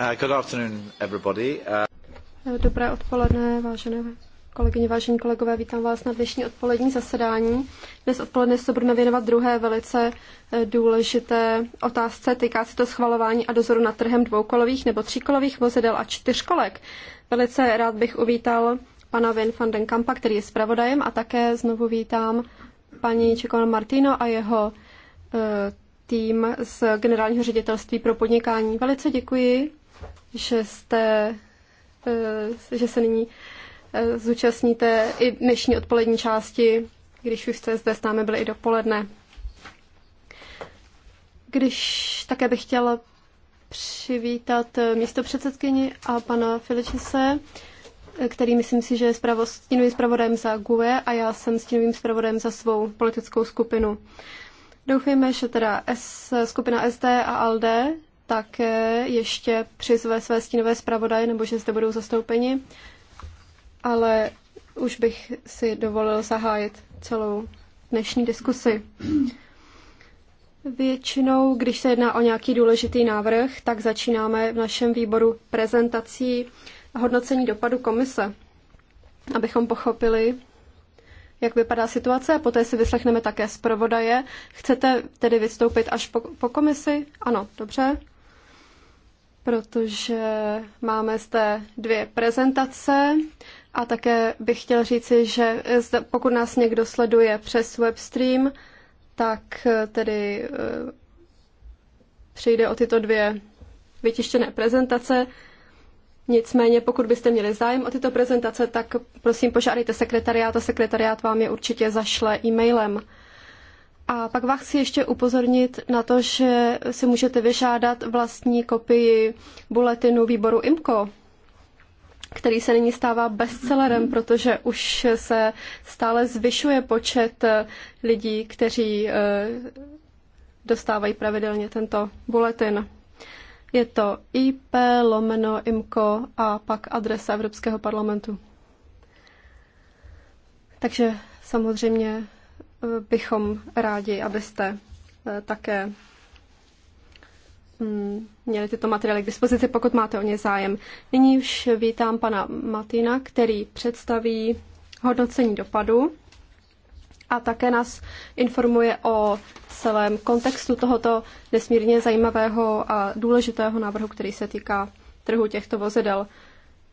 Uh, good afternoon, everybody. Uh, dobré odpoledne, vážené kolegyně, vážení kolegové, vítám vás na dnešní odpolední zasedání. Dnes odpoledne se budeme věnovat druhé velice uh, důležité otázce. Týká se to schvalování a dozoru nad trhem dvoukolových nebo tříkolových vozidel a čtyřkolek. Velice rád bych uvítal pana Vin van den Kampa, který je zpravodajem a také znovu vítám paní Čekon Martino a jeho tým z Generálního ředitelství pro podnikání. Velice děkuji že jste, eh, že se nyní eh, zúčastníte i dnešní odpolední části, když už jste zde s námi byli i dopoledne. Když také bych chtěla přivítat eh, místo předsedkyni a pana Filičise, který myslím si, že je spravo, stínovým zpravodajem za GUE a já jsem stínovým zpravodajem za svou politickou skupinu. Doufejme, že teda S, skupina SD a ALDE také ještě přizve své stínové zpravodaje, nebo že zde budou zastoupeni, ale už bych si dovolil zahájit celou dnešní diskusi. Většinou, když se jedná o nějaký důležitý návrh, tak začínáme v našem výboru prezentací hodnocení dopadu komise, abychom pochopili, jak vypadá situace a poté si vyslechneme také zpravodaje. Chcete tedy vystoupit až po, po komisi? Ano, dobře protože máme zde dvě prezentace a také bych chtěl říci, že zde, pokud nás někdo sleduje přes webstream, tak eh, tedy eh, přijde o tyto dvě vytištěné prezentace. Nicméně, pokud byste měli zájem o tyto prezentace, tak prosím požádejte sekretariát a sekretariát vám je určitě zašle e-mailem. A pak vás chci ještě upozornit na to, že si můžete vyžádat vlastní kopii buletinu výboru IMCO, který se nyní stává bestsellerem, protože už se stále zvyšuje počet lidí, kteří eh, dostávají pravidelně tento buletin. Je to IP lomeno IMCO a pak adresa Evropského parlamentu. Takže samozřejmě bychom rádi, abyste eh, také mm, měli tyto materiály k dispozici, pokud máte o ně zájem. Nyní už vítám pana Matina, který představí hodnocení dopadu a také nás informuje o celém kontextu tohoto nesmírně zajímavého a důležitého návrhu, který se týká trhu těchto vozidel.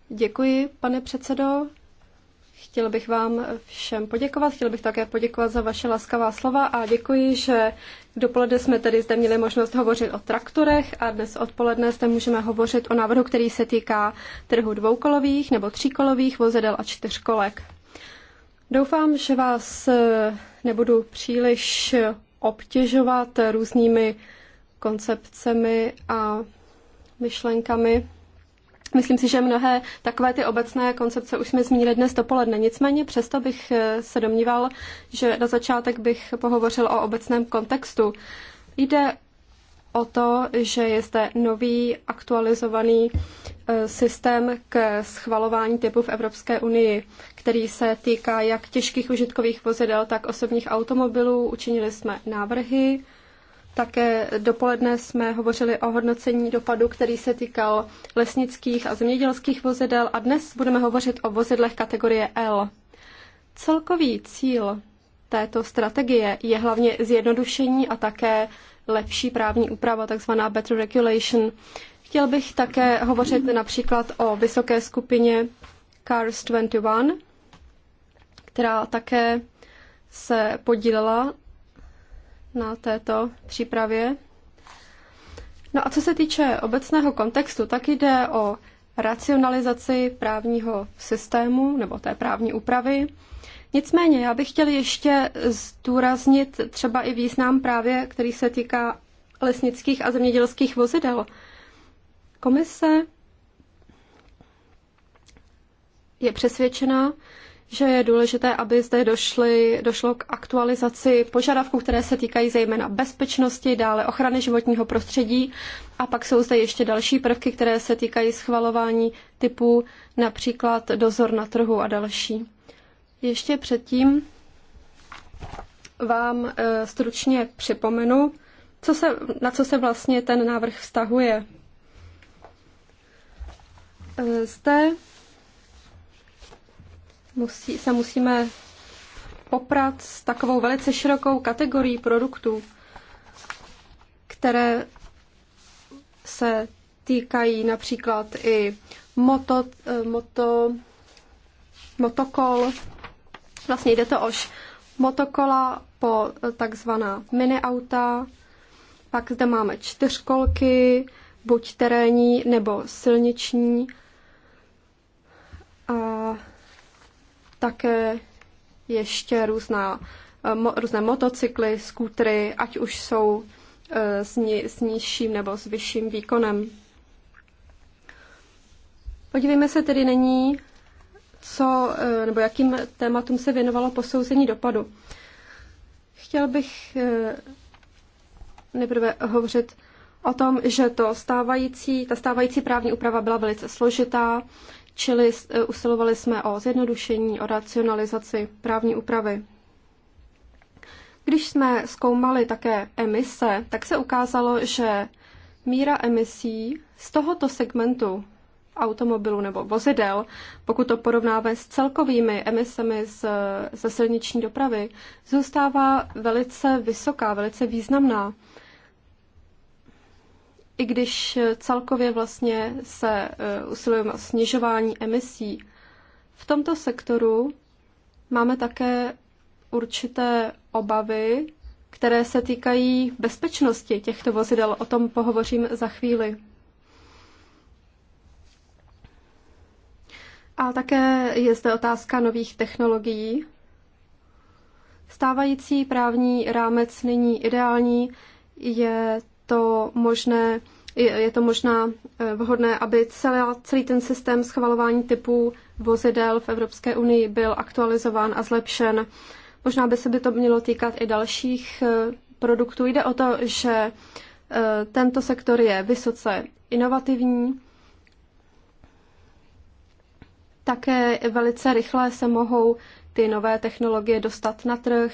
Děkuji, pane předsedo. Chtěl bych vám všem poděkovat, chtěl bych také poděkovat za vaše laskavá slova a děkuji, že dopoledne jsme tedy zde měli možnost hovořit o traktorech a dnes odpoledne zde můžeme hovořit o návrhu, který se týká trhu dvoukolových nebo tříkolových vozidel a čtyřkolek. Doufám, že vás eh, nebudu příliš obtěžovat různými koncepcemi a myšlenkami. Myslím si, že mnohé takové ty obecné koncepce už jsme zmínili dnes dopoledne. Nicméně přesto bych eh, se domníval, že na začátek bych pohovořil o obecném kontextu. Jde o to, že je zde nový aktualizovaný eh, systém k schvalování typu v Evropské unii, který se týká jak těžkých užitkových vozidel, tak osobních automobilů. Učinili jsme návrhy také dopoledne jsme hovořili o hodnocení dopadu, který se týkal lesnických a zemědělských vozidel a dnes budeme hovořit o vozidlech kategorie L. Celkový cíl této strategie je hlavně zjednodušení a také lepší právní úprava, takzvaná better regulation. Chtěl bych také hovořit například o vysoké skupině Cars 21, která také se podílela na této přípravě. No a co se týče obecného kontextu, tak jde o racionalizaci právního systému nebo té právní úpravy. Nicméně já bych chtěl ještě zdůraznit třeba i význam právě, který se týká lesnických a zemědělských vozidel. Komise je přesvědčena, že je důležité, aby zde došly, došlo k aktualizaci požadavků, které se týkají zejména bezpečnosti, dále ochrany životního prostředí a pak jsou zde ještě další prvky, které se týkají schvalování typů, například dozor na trhu a další. Ještě předtím vám eh, stručně připomenu, co se, na co se vlastně ten návrh vztahuje. Eh, zde musí, se musíme poprat s takovou velice širokou kategorií produktů, které se týkají například i moto, eh, moto, motokol. Vlastně jde to už motokola po eh, takzvaná mini auta. Pak zde máme čtyřkolky, buď terénní nebo silniční. A také ještě různá, eh, různé motocykly, skútry, ať už jsou eh, s, ni, s nižším nebo s vyšším výkonem. Podívejme se tedy nyní, co, eh, nebo jakým tématům se věnovalo posouzení dopadu. Chtěl bych nejprve hovořit o tom, že to stávající, ta stávající právní úprava byla velice složitá, čili eh, usilovali jsme o zjednodušení, o racionalizaci právní úpravy. Když jsme zkoumali také emise, tak se ukázalo, že míra emisí z tohoto segmentu automobilů nebo vozidel, pokud to porovnáme s celkovými emisemi z, ze silniční dopravy, zůstává velice vysoká, velice významná i když celkově vlastně se eh, usilujeme o snižování emisí, v tomto sektoru máme také určité obavy, které se týkají bezpečnosti těchto vozidel. O tom pohovořím za chvíli. A také je zde otázka nových technologií. Stávající právní rámec není ideální, je to možné, je to možná eh, vhodné, aby celá, celý ten systém schvalování typů vozidel v Evropské unii byl aktualizován a zlepšen. Možná by se by to mělo týkat i dalších eh, produktů. Jde o to, že eh, tento sektor je vysoce inovativní, také velice rychle se mohou ty nové technologie dostat na trh,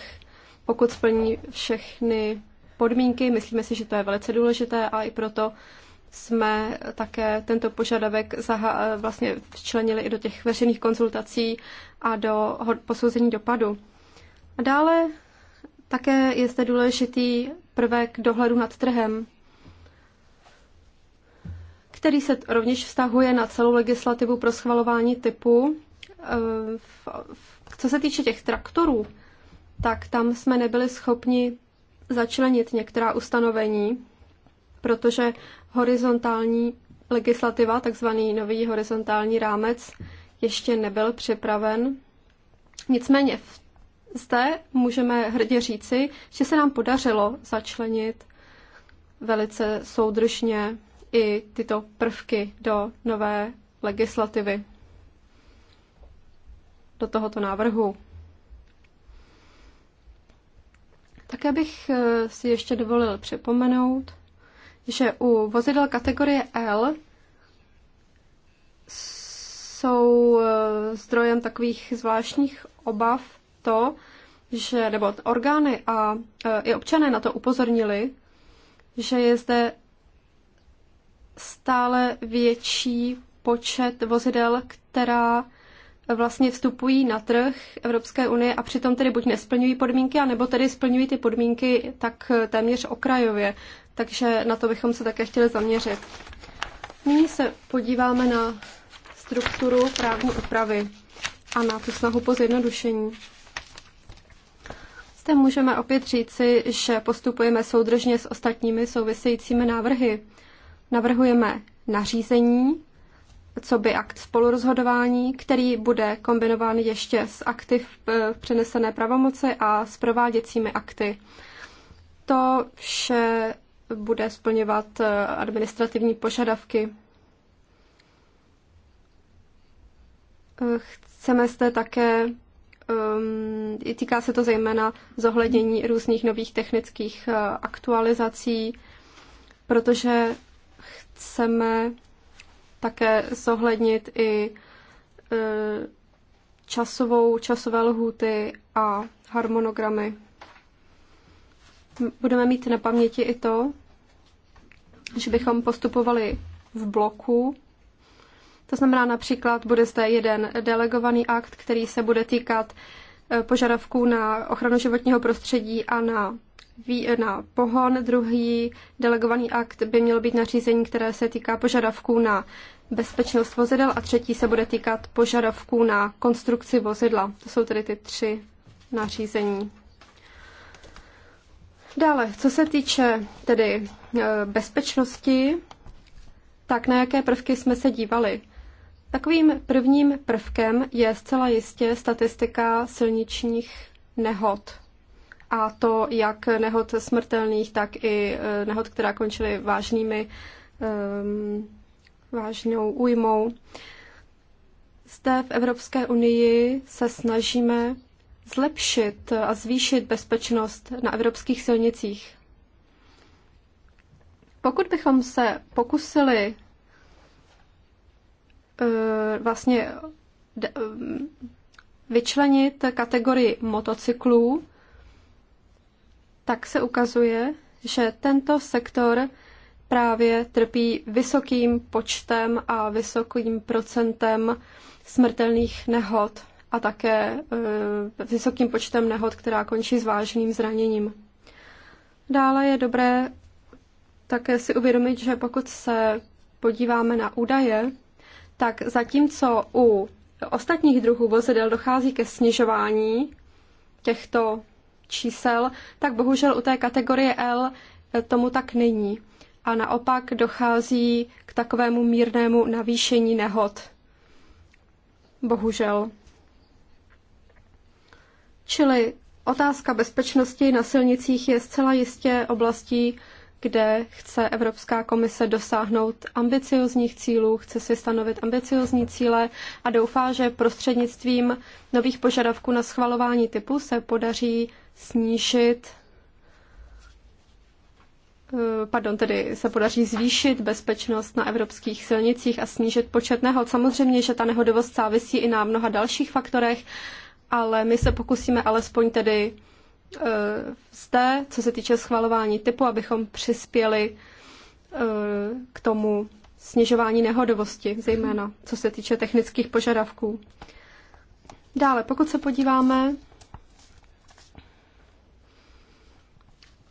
pokud splní všechny podmínky. Myslíme si, že to je velice důležité a i proto jsme také tento požadavek vlastně včlenili i do těch veřejných konzultací a do posouzení dopadu. A dále také je zde důležitý prvek dohledu nad trhem, který se rovněž vztahuje na celou legislativu pro schvalování typu. Ehm, co se týče těch traktorů, tak tam jsme nebyli schopni začlenit některá ustanovení, protože horizontální legislativa, takzvaný nový horizontální rámec, ještě nebyl připraven. Nicméně zde můžeme hrdě říci, že se nám podařilo začlenit velice soudržně i tyto prvky do nové legislativy, do tohoto návrhu. Také bych eh, si ještě dovolil připomenout, že u vozidel kategorie L jsou eh, zdrojem takových zvláštních obav to, že, nebo orgány a eh, i občané na to upozornili, že je zde stále větší počet vozidel, která vlastně vstupují na trh Evropské unie a přitom tedy buď nesplňují podmínky, anebo tedy splňují ty podmínky tak eh, téměř okrajově. Takže na to bychom se také chtěli zaměřit. Nyní se podíváme na strukturu právní úpravy a na tu snahu po zjednodušení. Zde můžeme opět říci, že postupujeme soudržně s ostatními souvisejícími návrhy. Navrhujeme nařízení, co by akt spolurozhodování, který bude kombinován ještě s akty v eh, přenesené pravomoci a s prováděcími akty. To vše bude splňovat eh, administrativní požadavky. Eh, chceme zde také, ehm, týká se to zejména zohlednění různých nových technických aktualizací, protože chceme také zohlednit i e, časovou, časové lhůty a harmonogramy. Budeme mít na paměti i to, že bychom postupovali v bloku. To znamená například, bude zde jeden delegovaný akt, který se bude týkat e, požadavků na ochranu životního prostředí a na na pohon, druhý delegovaný akt by mělo být nařízení, které se týká požadavků na bezpečnost vozidel a třetí se bude týkat požadavků na konstrukci vozidla. To jsou tedy ty tři nařízení. Dále, co se týče tedy e, bezpečnosti, tak na jaké prvky jsme se dívali? Takovým prvním prvkem je zcela jistě statistika silničních nehod a to jak nehod smrtelných, tak i e, nehod, která končily vážnými, um, vážnou újmou. Zde v Evropské unii se snažíme zlepšit a zvýšit bezpečnost na evropských silnicích. Pokud bychom se pokusili uh, vlastně e, vyčlenit kategorii motocyklů, tak se ukazuje, že tento sektor právě trpí vysokým počtem a vysokým procentem smrtelných nehod a také eh, vysokým počtem nehod, která končí s vážným zraněním. Dále je dobré také si uvědomit, že pokud se podíváme na údaje, tak zatímco u ostatních druhů vozidel dochází ke snižování těchto čísel, tak bohužel u té kategorie L tomu tak není. A naopak dochází k takovému mírnému navýšení nehod. Bohužel. Čili otázka bezpečnosti na silnicích je zcela jistě oblastí, kde chce Evropská komise dosáhnout ambiciozních cílů, chce si stanovit ambiciozní cíle a doufá, že prostřednictvím nových požadavků na schvalování typu se podaří snížit, eh, pardon, tedy se podaří zvýšit bezpečnost na evropských silnicích a snížit počet nehod. Samozřejmě, že ta nehodovost závisí i na mnoha dalších faktorech, ale my se pokusíme alespoň tedy eh, zde, co se týče schvalování typu, abychom přispěli eh, k tomu snižování nehodovosti, zejména co se týče technických požadavků. Dále, pokud se podíváme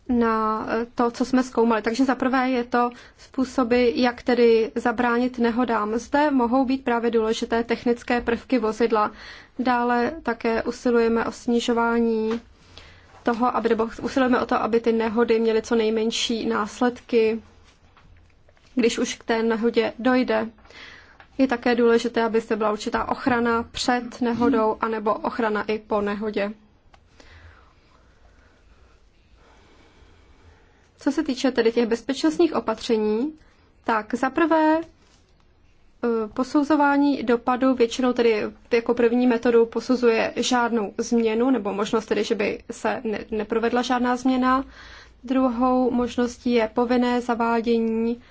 na to, co jsme zkoumali. Takže za prvé je to způsoby, jak tedy zabránit nehodám. Zde mohou být právě důležité technické prvky vozidla. Dále také usilujeme o snižování toho, aby, nebo usilujeme o to, aby ty nehody měly co nejmenší následky, když už k té nehodě dojde. Je také důležité, aby se byla určitá ochrana před nehodou anebo ochrana i po nehodě. Co se týče tedy těch bezpečnostních opatření, tak zaprvé e, posouzování dopadu většinou tedy jako první metodu posuzuje žádnou změnu, nebo možnost tedy, že by se ne, neprovedla žádná změna. Druhou možností je povinné zavádění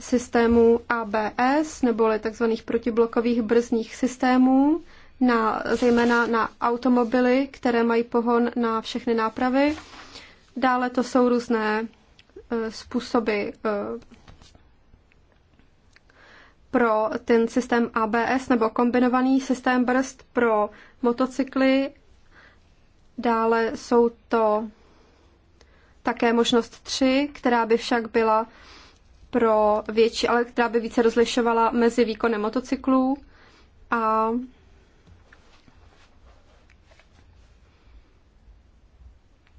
systému ABS, neboli tzv. protiblokových brzdních systémů, na, zejména na automobily, které mají pohon na všechny nápravy. Dále to jsou různé e, způsoby e, pro ten systém ABS nebo kombinovaný systém brzd pro motocykly. Dále jsou to také možnost 3, která by však byla pro větší, ale která by více rozlišovala mezi výkonem motocyklů a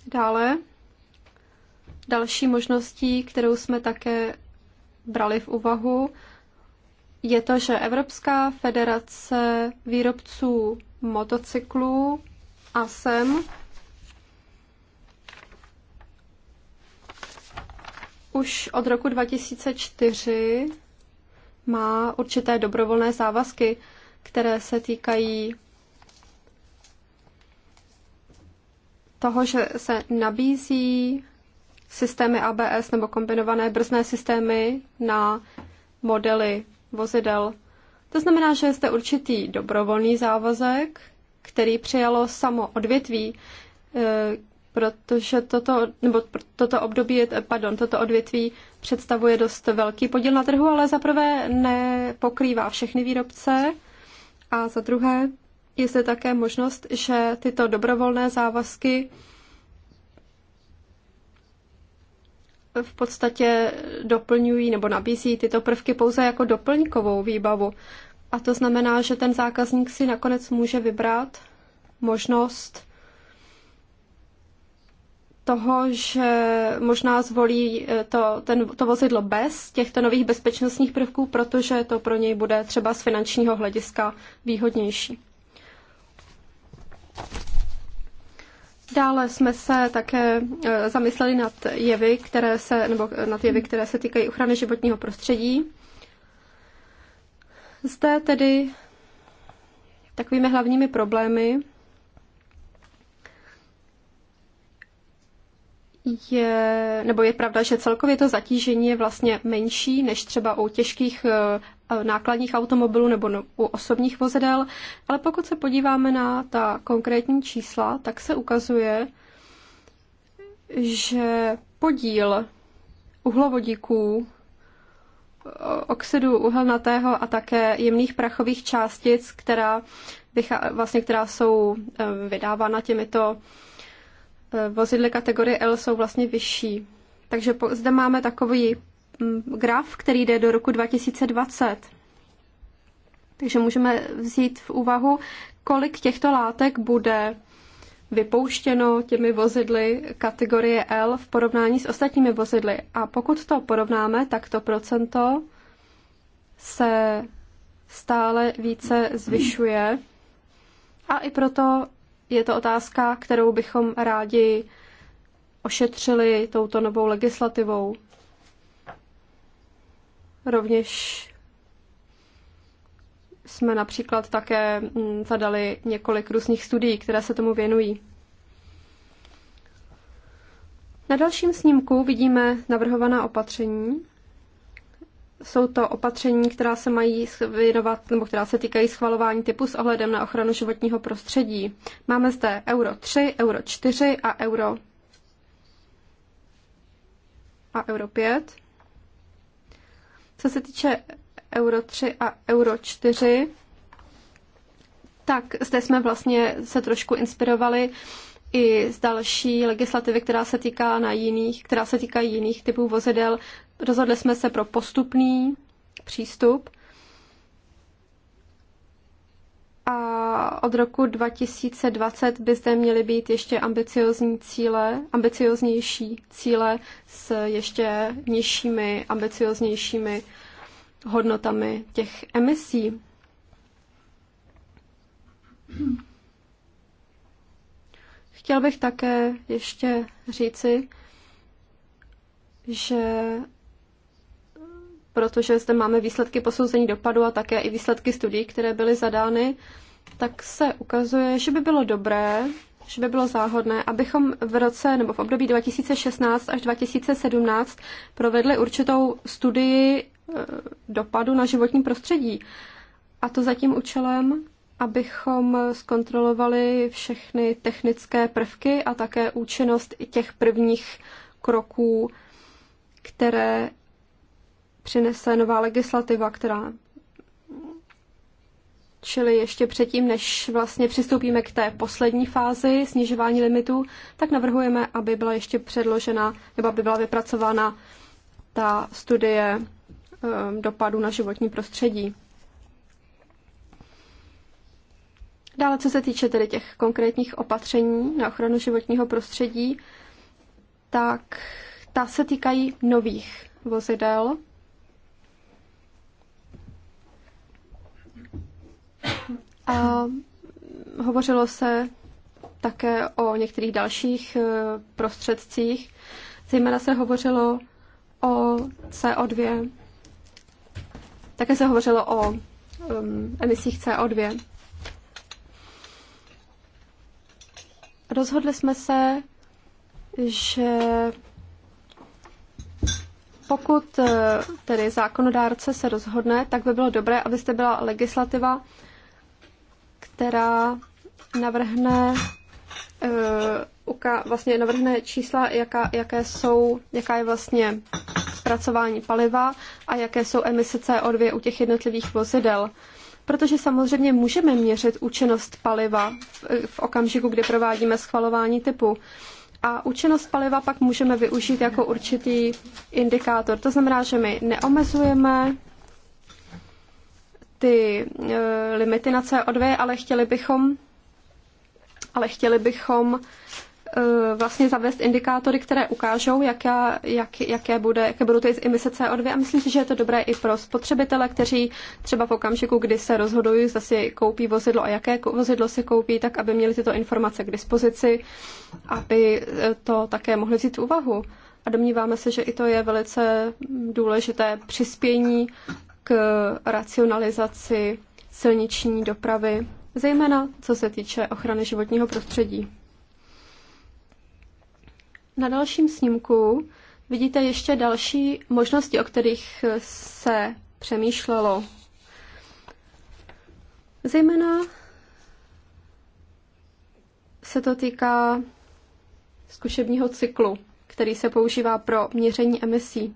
dále. Další možností, kterou jsme také brali v úvahu, je to, že Evropská federace výrobců motocyklů ASEM už od roku 2004 má určité dobrovolné závazky, které se týkají toho, že se nabízí systémy ABS nebo kombinované brzné systémy na modely vozidel. To znamená, že je zde určitý dobrovolný závazek, který přijalo samo odvětví, e, protože toto, nebo toto období, pardon, toto odvětví představuje dost velký podíl na trhu, ale za prvé nepokrývá všechny výrobce a za druhé je zde také možnost, že tyto dobrovolné závazky v podstatě doplňují nebo nabízí tyto prvky pouze jako doplňkovou výbavu. A to znamená, že ten zákazník si nakonec může vybrat možnost toho, že možná zvolí eh, to, ten, to vozidlo bez těchto nových bezpečnostních prvků, protože to pro něj bude třeba z finančního hlediska výhodnější. Dále jsme se také e, zamysleli nad jevy, které se, nebo e, nad jevy, které se týkají ochrany životního prostředí. Zde tedy takovými hlavními problémy je, nebo je pravda, že celkově to zatížení je vlastně menší než třeba u těžkých e, nákladních automobilů nebo no, u osobních vozidel, ale pokud se podíváme na ta konkrétní čísla, tak se ukazuje, že podíl uhlovodíků, oxidu uhelnatého a také jemných prachových částic, která, vlastně, která jsou e, vydávána těmito e, vozidly kategorie L, jsou vlastně vyšší. Takže zde máme takový Mm, graf, který jde do roku 2020. Takže můžeme vzít v úvahu, kolik těchto látek bude vypouštěno těmi vozidly kategorie L v porovnání s ostatními vozidly. A pokud to porovnáme, tak to procento se stále více zvyšuje. A i proto je to otázka, kterou bychom rádi ošetřili touto novou legislativou. Rovněž jsme například také mm, zadali několik různých studií, které se tomu věnují. Na dalším snímku vidíme navrhovaná opatření. Jsou to opatření, která se mají věnovat, nebo která se týkají schvalování typu s ohledem na ochranu životního prostředí. Máme zde euro 3, euro 4 a euro a euro 5. Co se týče Euro 3 a Euro 4, tak zde jsme vlastně se trošku inspirovali i z další legislativy, která se týká na jiných, která se týká jiných typů vozidel. Rozhodli jsme se pro postupný přístup a od roku 2020 by zde měly být ještě ambiciozní cíle, ambicioznější cíle s ještě nižšími, ambicioznějšími hodnotami těch emisí. Chtěl bych také ještě říci, že protože zde máme výsledky posouzení dopadu a také i výsledky studií, které byly zadány, tak se ukazuje, že by bylo dobré, že by bylo záhodné, abychom v roce nebo v období 2016 až 2017 provedli určitou studii e, dopadu na životní prostředí. A to za tím účelem, abychom zkontrolovali všechny technické prvky a také účinnost těch prvních kroků, které přinese nová legislativa, která čili ještě předtím, než vlastně přistoupíme k té poslední fázi snižování limitů, tak navrhujeme, aby byla ještě předložena nebo aby byla vypracována ta studie ehm, dopadu na životní prostředí. Dále, co se týče tedy těch konkrétních opatření na ochranu životního prostředí, tak ta se týkají nových vozidel, A hovořilo se také o některých dalších e, prostředcích. Zejména se hovořilo o CO2. Také se hovořilo o um, emisích CO2. Rozhodli jsme se, že pokud e, tedy zákonodárce se rozhodne, tak by bylo dobré, abyste byla legislativa, která navrhne uh, uka, vlastně navrhne čísla, jaká, jaké jsou, jaká je vlastně zpracování paliva a jaké jsou emise CO2 u těch jednotlivých vozidel. Protože samozřejmě můžeme měřit účinnost paliva v okamžiku, kdy provádíme schvalování typu. A účinnost paliva pak můžeme využít jako určitý indikátor. To znamená, že my neomezujeme ty eh, limity na CO2, ale chtěli bychom, ale chtěli bychom eh, vlastně zavést indikátory, které ukážou, jaká, jak, jaké, bude, jaké budou ty emise CO2 a myslím si, že je to dobré i pro spotřebitele, kteří třeba v okamžiku, kdy se rozhodují, zda si koupí vozidlo a jaké vozidlo si koupí, tak aby měli tyto informace k dispozici, aby eh, to také mohli vzít v úvahu. A domníváme se, že i to je velice důležité přispění k racionalizaci silniční dopravy, zejména co se týče ochrany životního prostředí. Na dalším snímku vidíte ještě další možnosti, o kterých se přemýšlelo. Zejména se to týká zkušebního cyklu, který se používá pro měření emisí.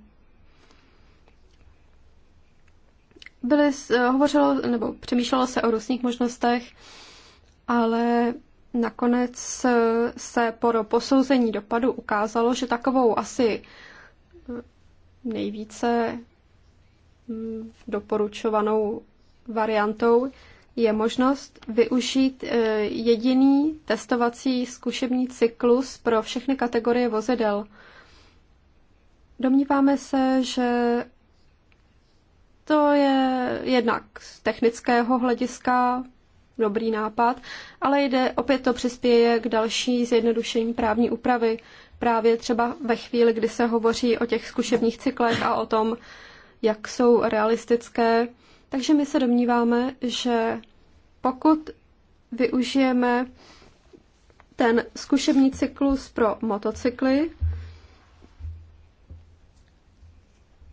byly, eh, hovořilo nebo přemýšlelo se o různých možnostech, ale nakonec eh, se po posouzení dopadu ukázalo, že takovou asi eh, nejvíce mm, doporučovanou variantou je možnost využít jediný testovací zkušební cyklus pro všechny kategorie vozidel. Domníváme se, že to je jednak z technického hlediska dobrý nápad, ale jde opět to přispěje k další zjednodušení právní úpravy, právě třeba ve chvíli, kdy se hovoří o těch zkušebních cyklech a o tom, jak jsou realistické. Takže my se domníváme, že pokud využijeme ten zkušební cyklus pro motocykly,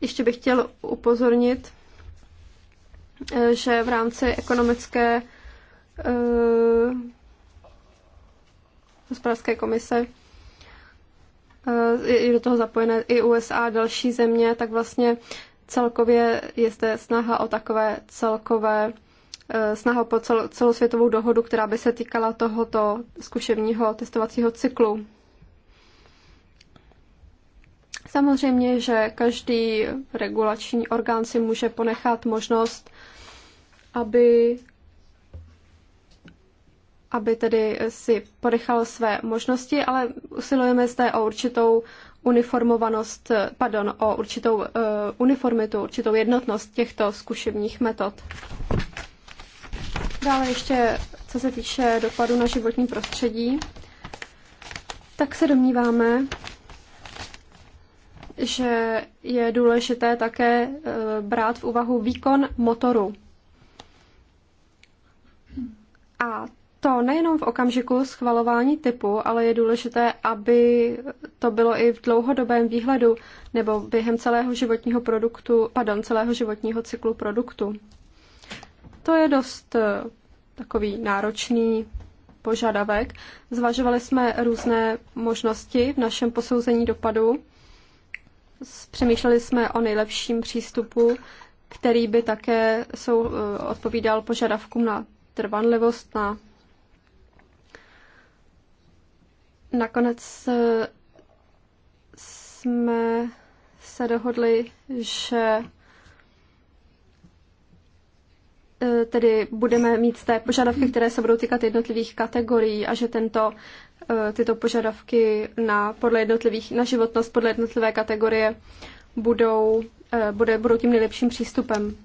ještě bych chtěl upozornit Eh, že v rámci ekonomické uh, hospodářské komise eh, je do toho zapojené i USA a další země, tak vlastně celkově je zde snaha o takové celkové snaha po celosvětovou dohodu, která by se týkala tohoto zkušebního testovacího cyklu. Samozřejmě, že každý regulační orgán si může ponechat možnost aby aby tedy si podechal své možnosti, ale usilujeme zde o určitou uniformovanost, pardon, o určitou uh, uniformitu, určitou jednotnost těchto zkušebních metod. Dále ještě, co se týče dopadu na životní prostředí, tak se domníváme, že je důležité také eh, brát v úvahu výkon motoru a to nejenom v okamžiku schvalování typu, ale je důležité, aby to bylo i v dlouhodobém výhledu nebo během celého životního produktu, pardon, celého životního cyklu produktu. To je dost eh, takový náročný požadavek. Zvažovali jsme různé možnosti v našem posouzení dopadu. Přemýšleli jsme o nejlepším přístupu, který by také sou, eh, odpovídal požadavkům na trvanlivost na Nakonec eh, jsme se dohodli, že eh, tedy budeme mít té požadavky, které se budou týkat jednotlivých kategorií a že tento, eh, tyto požadavky na, podle jednotlivých, na životnost podle jednotlivé kategorie budou, bude, budou tím nejlepším přístupem.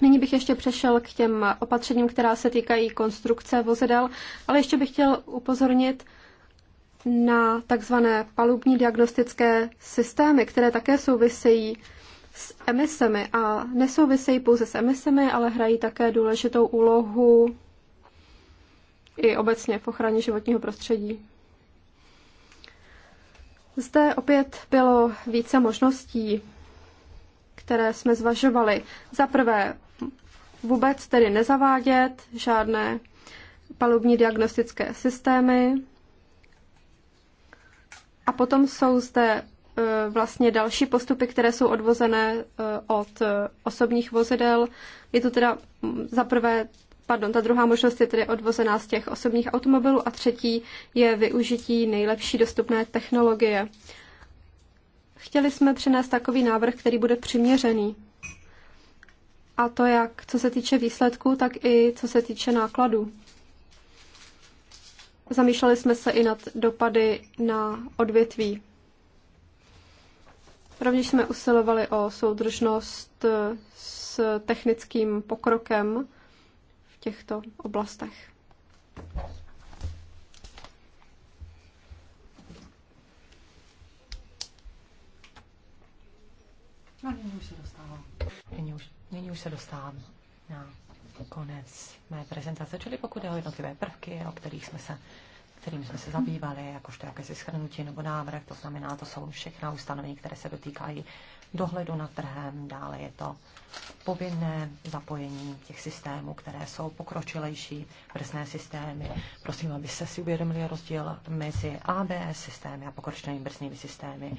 Nyní bych ještě přešel k těm opatřením, která se týkají konstrukce vozidel, ale ještě bych chtěl upozornit na takzvané palubní diagnostické systémy, které také souvisejí s emisemi a nesouvisejí pouze s emisemi, ale hrají také důležitou úlohu i obecně v ochraně životního prostředí. Zde opět bylo více možností, které jsme zvažovali. Za prvé vůbec tedy nezavádět žádné palubní diagnostické systémy. A potom jsou zde e, vlastně další postupy, které jsou odvozené e, od e, osobních vozidel. Je to teda za prvé, pardon, ta druhá možnost je tedy odvozená z těch osobních automobilů a třetí je využití nejlepší dostupné technologie. Chtěli jsme přinést takový návrh, který bude přiměřený. A to jak co se týče výsledků, tak i co se týče nákladů. Zamýšleli jsme se i nad dopady na odvětví. Rovněž jsme usilovali o soudržnost s technickým pokrokem v těchto oblastech. Ani no, už se dostávám. Ani už nyní už se dostávám na konec mé prezentace, čili pokud je o jednotlivé prvky, o kterých jsme se kterým jsme se zabývali, jakožto jakési schrnutí nebo návrh, to znamená, to jsou všechna ustanovení, které se dotýkají dohledu nad trhem, dále je to povinné zapojení těch systémů, které jsou pokročilejší, brzné systémy. Prosím, aby se si uvědomili rozdíl mezi ABS systémy a pokročilými brznými systémy.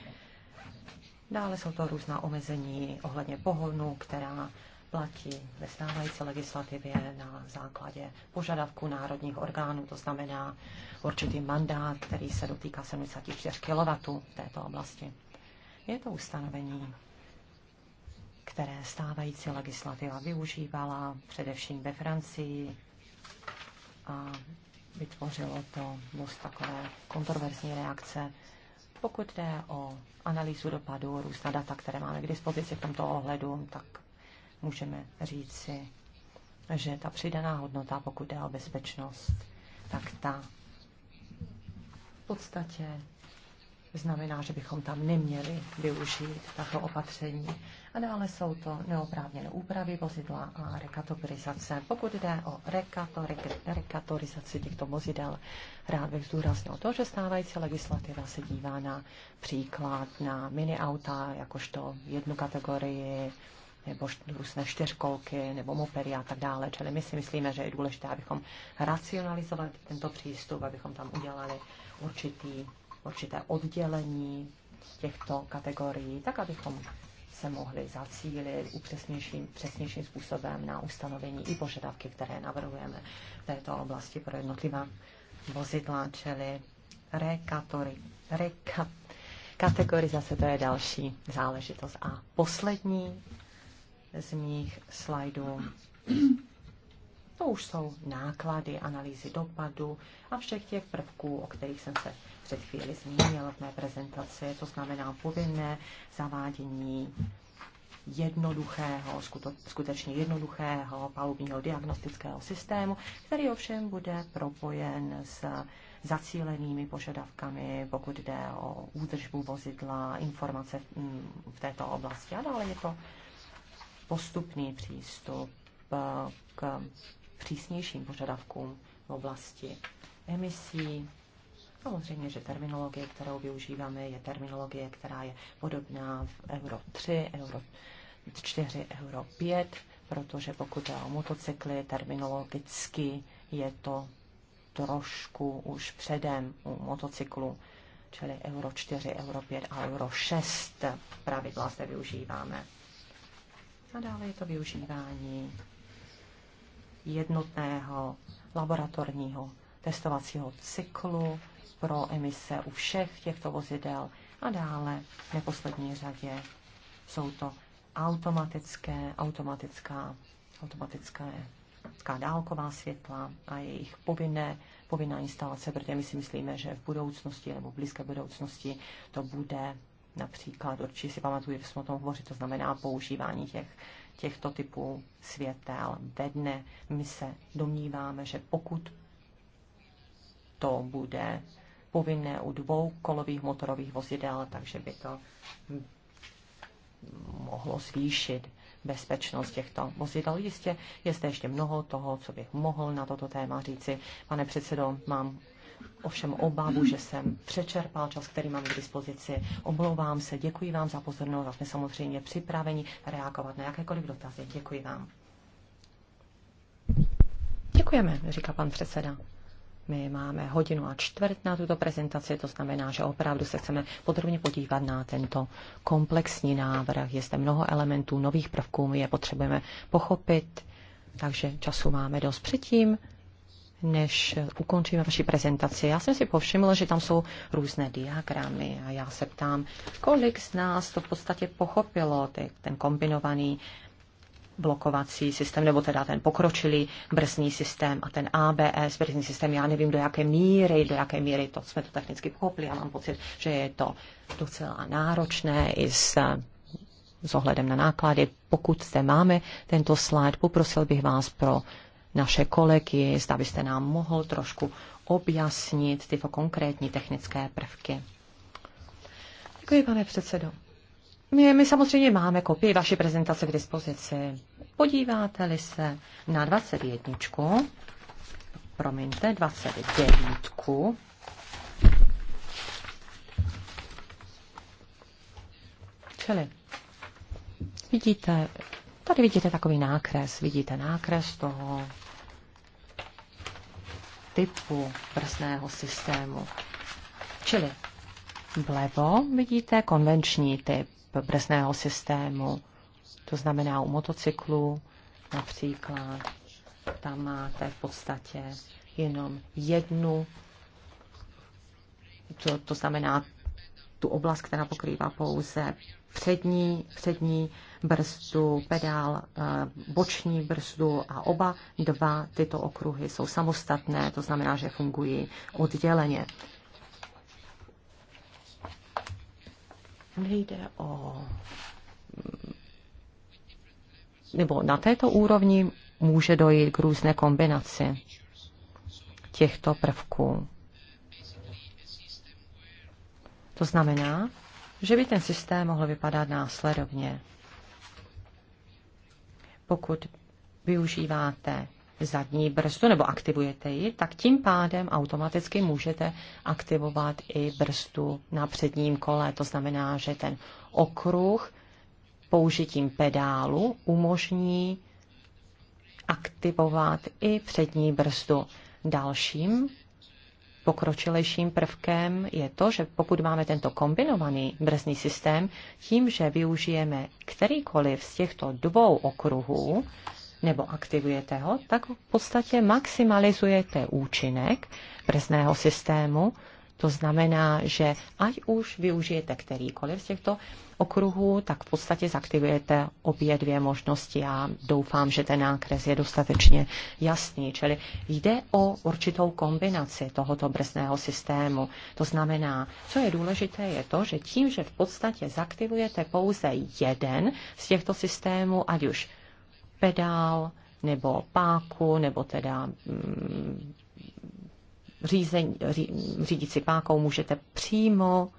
Dále jsou to různá omezení ohledně pohonu, která platí ve stávající legislativě na základě požadavku národních orgánů, to znamená určitý mandát, který se dotýká 74 kW v této oblasti. Je to ustanovení, které stávající legislativa využívala především ve Francii a vytvořilo to dost takové kontroverzní reakce pokud jde o analýzu dopadů, různá data, které máme k dispozici v tomto ohledu, tak můžeme říci, že ta přidaná hodnota, pokud jde o bezpečnost, tak ta v podstatě znamená, že bychom tam neměli využít tato opatření. A dále jsou to neoprávněné úpravy vozidla a rekatorizace. Pokud jde o rekator, rekatorizaci těchto vozidel, rád bych zdůraznil to, že stávající legislativa se dívá na příklad na mini auta, jakožto jednu kategorii, nebo různé čtyřkolky, nebo mopery a tak dále. Čili my si myslíme, že je důležité, abychom racionalizovali tento přístup, abychom tam udělali určitý určité oddělení těchto kategorií, tak abychom se mohli zacílit upřesnějším přesnějším způsobem na ustanovení i požadavky, které navrhujeme v této oblasti pro jednotlivá vozidla, čili rekatory, reka, kategorizace, to je další záležitost. A poslední z mých slajdů, to už jsou náklady, analýzy dopadu a všech těch prvků, o kterých jsem se před chvíli zmínil v mé prezentaci, to znamená povinné zavádění jednoduchého, skutečně jednoduchého palubního diagnostického systému, který ovšem bude propojen s zacílenými požadavkami, pokud jde o údržbu vozidla, informace v této oblasti. A dále je to postupný přístup eh, k přísnějším požadavkům v oblasti emisí, Samozřejmě, že terminologie, kterou využíváme, je terminologie, která je podobná v Euro 3, Euro 4, Euro 5, protože pokud je o motocykly, terminologicky je to trošku už předem u motocyklu, čili Euro 4, Euro 5 a Euro 6 pravidla zde využíváme. A dále je to využívání jednotného laboratorního testovacího cyklu pro emise u všech těchto vozidel a dále v neposlední řadě jsou to automatické, automatická, automatická dálková světla a jejich povinné, povinná instalace, protože my si myslíme, že v budoucnosti nebo v blízké budoucnosti to bude například, určitě si pamatuju, že jsme o tom hovořili, to znamená používání těch, těchto typů světel ve dne. My se domníváme, že pokud to bude povinné u dvou kolových motorových vozidel, takže by to mohlo zvýšit bezpečnost těchto vozidel. Jistě je zde ještě mnoho toho, co bych mohl na toto téma říci. Pane předsedo, mám ovšem obavu, že jsem přečerpal čas, který mám k dispozici. Omlouvám se, děkuji vám za pozornost a jsme samozřejmě připraveni reagovat na jakékoliv dotazy. Děkuji vám. Děkujeme, říká pan předseda. My máme hodinu a čtvrt na tuto prezentaci, to znamená, že opravdu se chceme podrobně podívat na tento komplexní návrh. Je zde mnoho elementů, nových prvků, my je potřebujeme pochopit, takže času máme dost předtím než ukončíme vaši prezentaci. Já jsem si povšimla, že tam jsou různé diagramy a já se ptám, kolik z nás to v podstatě pochopilo, ten kombinovaný blokovací systém, nebo teda ten pokročilý brzdní systém a ten ABS brzdní systém, já nevím do jaké míry, do jaké míry to jsme to technicky pochopili, já mám pocit, že je to docela náročné i s s ohledem na náklady. Pokud zde máme tento slide, poprosil bych vás pro naše kolegy, zda byste nám mohl trošku objasnit tyto konkrétní technické prvky. Děkuji, pane předsedo. My, my samozřejmě máme kopii vaší prezentace k dispozici. Podíváte-li se na 21, promiňte, 29, čili vidíte, tady vidíte takový nákres, vidíte nákres toho typu prsného systému. Čili vlevo vidíte konvenční typ, brzného systému. To znamená u motocyklu například, tam máte v podstatě jenom jednu, to, to znamená tu oblast, která pokrývá pouze přední, přední brzdu, pedál, eh, boční brzdu a oba dva tyto okruhy jsou samostatné, to znamená, že fungují odděleně. Nejde o nebo na této úrovni může dojít k různé kombinaci těchto prvků. To znamená, že by ten systém mohl vypadat následovně. Pokud využíváte zadní brzdu nebo aktivujete ji, tak tím pádem automaticky můžete aktivovat i brzdu na předním kole. To znamená, že ten okruh použitím pedálu umožní aktivovat i přední brzdu. Dalším pokročilejším prvkem je to, že pokud máme tento kombinovaný brzdný systém, tím, že využijeme kterýkoliv z těchto dvou okruhů, nebo aktivujete ho, tak v podstatě maximalizujete účinek brzného systému. To znamená, že ať už využijete kterýkoliv z těchto okruhů, tak v podstatě zaktivujete obě dvě možnosti. Já doufám, že ten nákres je dostatečně jasný. Čili jde o určitou kombinaci tohoto brzného systému. To znamená, co je důležité, je to, že tím, že v podstatě zaktivujete pouze jeden z těchto systémů, ať už pedál nebo páku, nebo teda mm, řízení, ří, pákou můžete přímo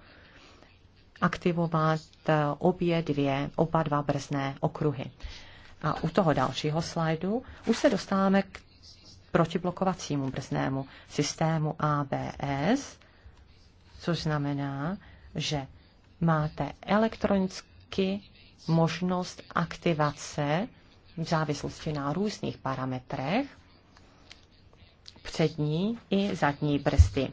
aktivovat eh, obě dvě, oba dva brzné okruhy. A u toho dalšího slajdu už se dostáváme k protiblokovacímu brznému systému ABS, což znamená, že máte elektronicky možnost aktivace v závislosti na různých parametrech, přední i zadní prsty.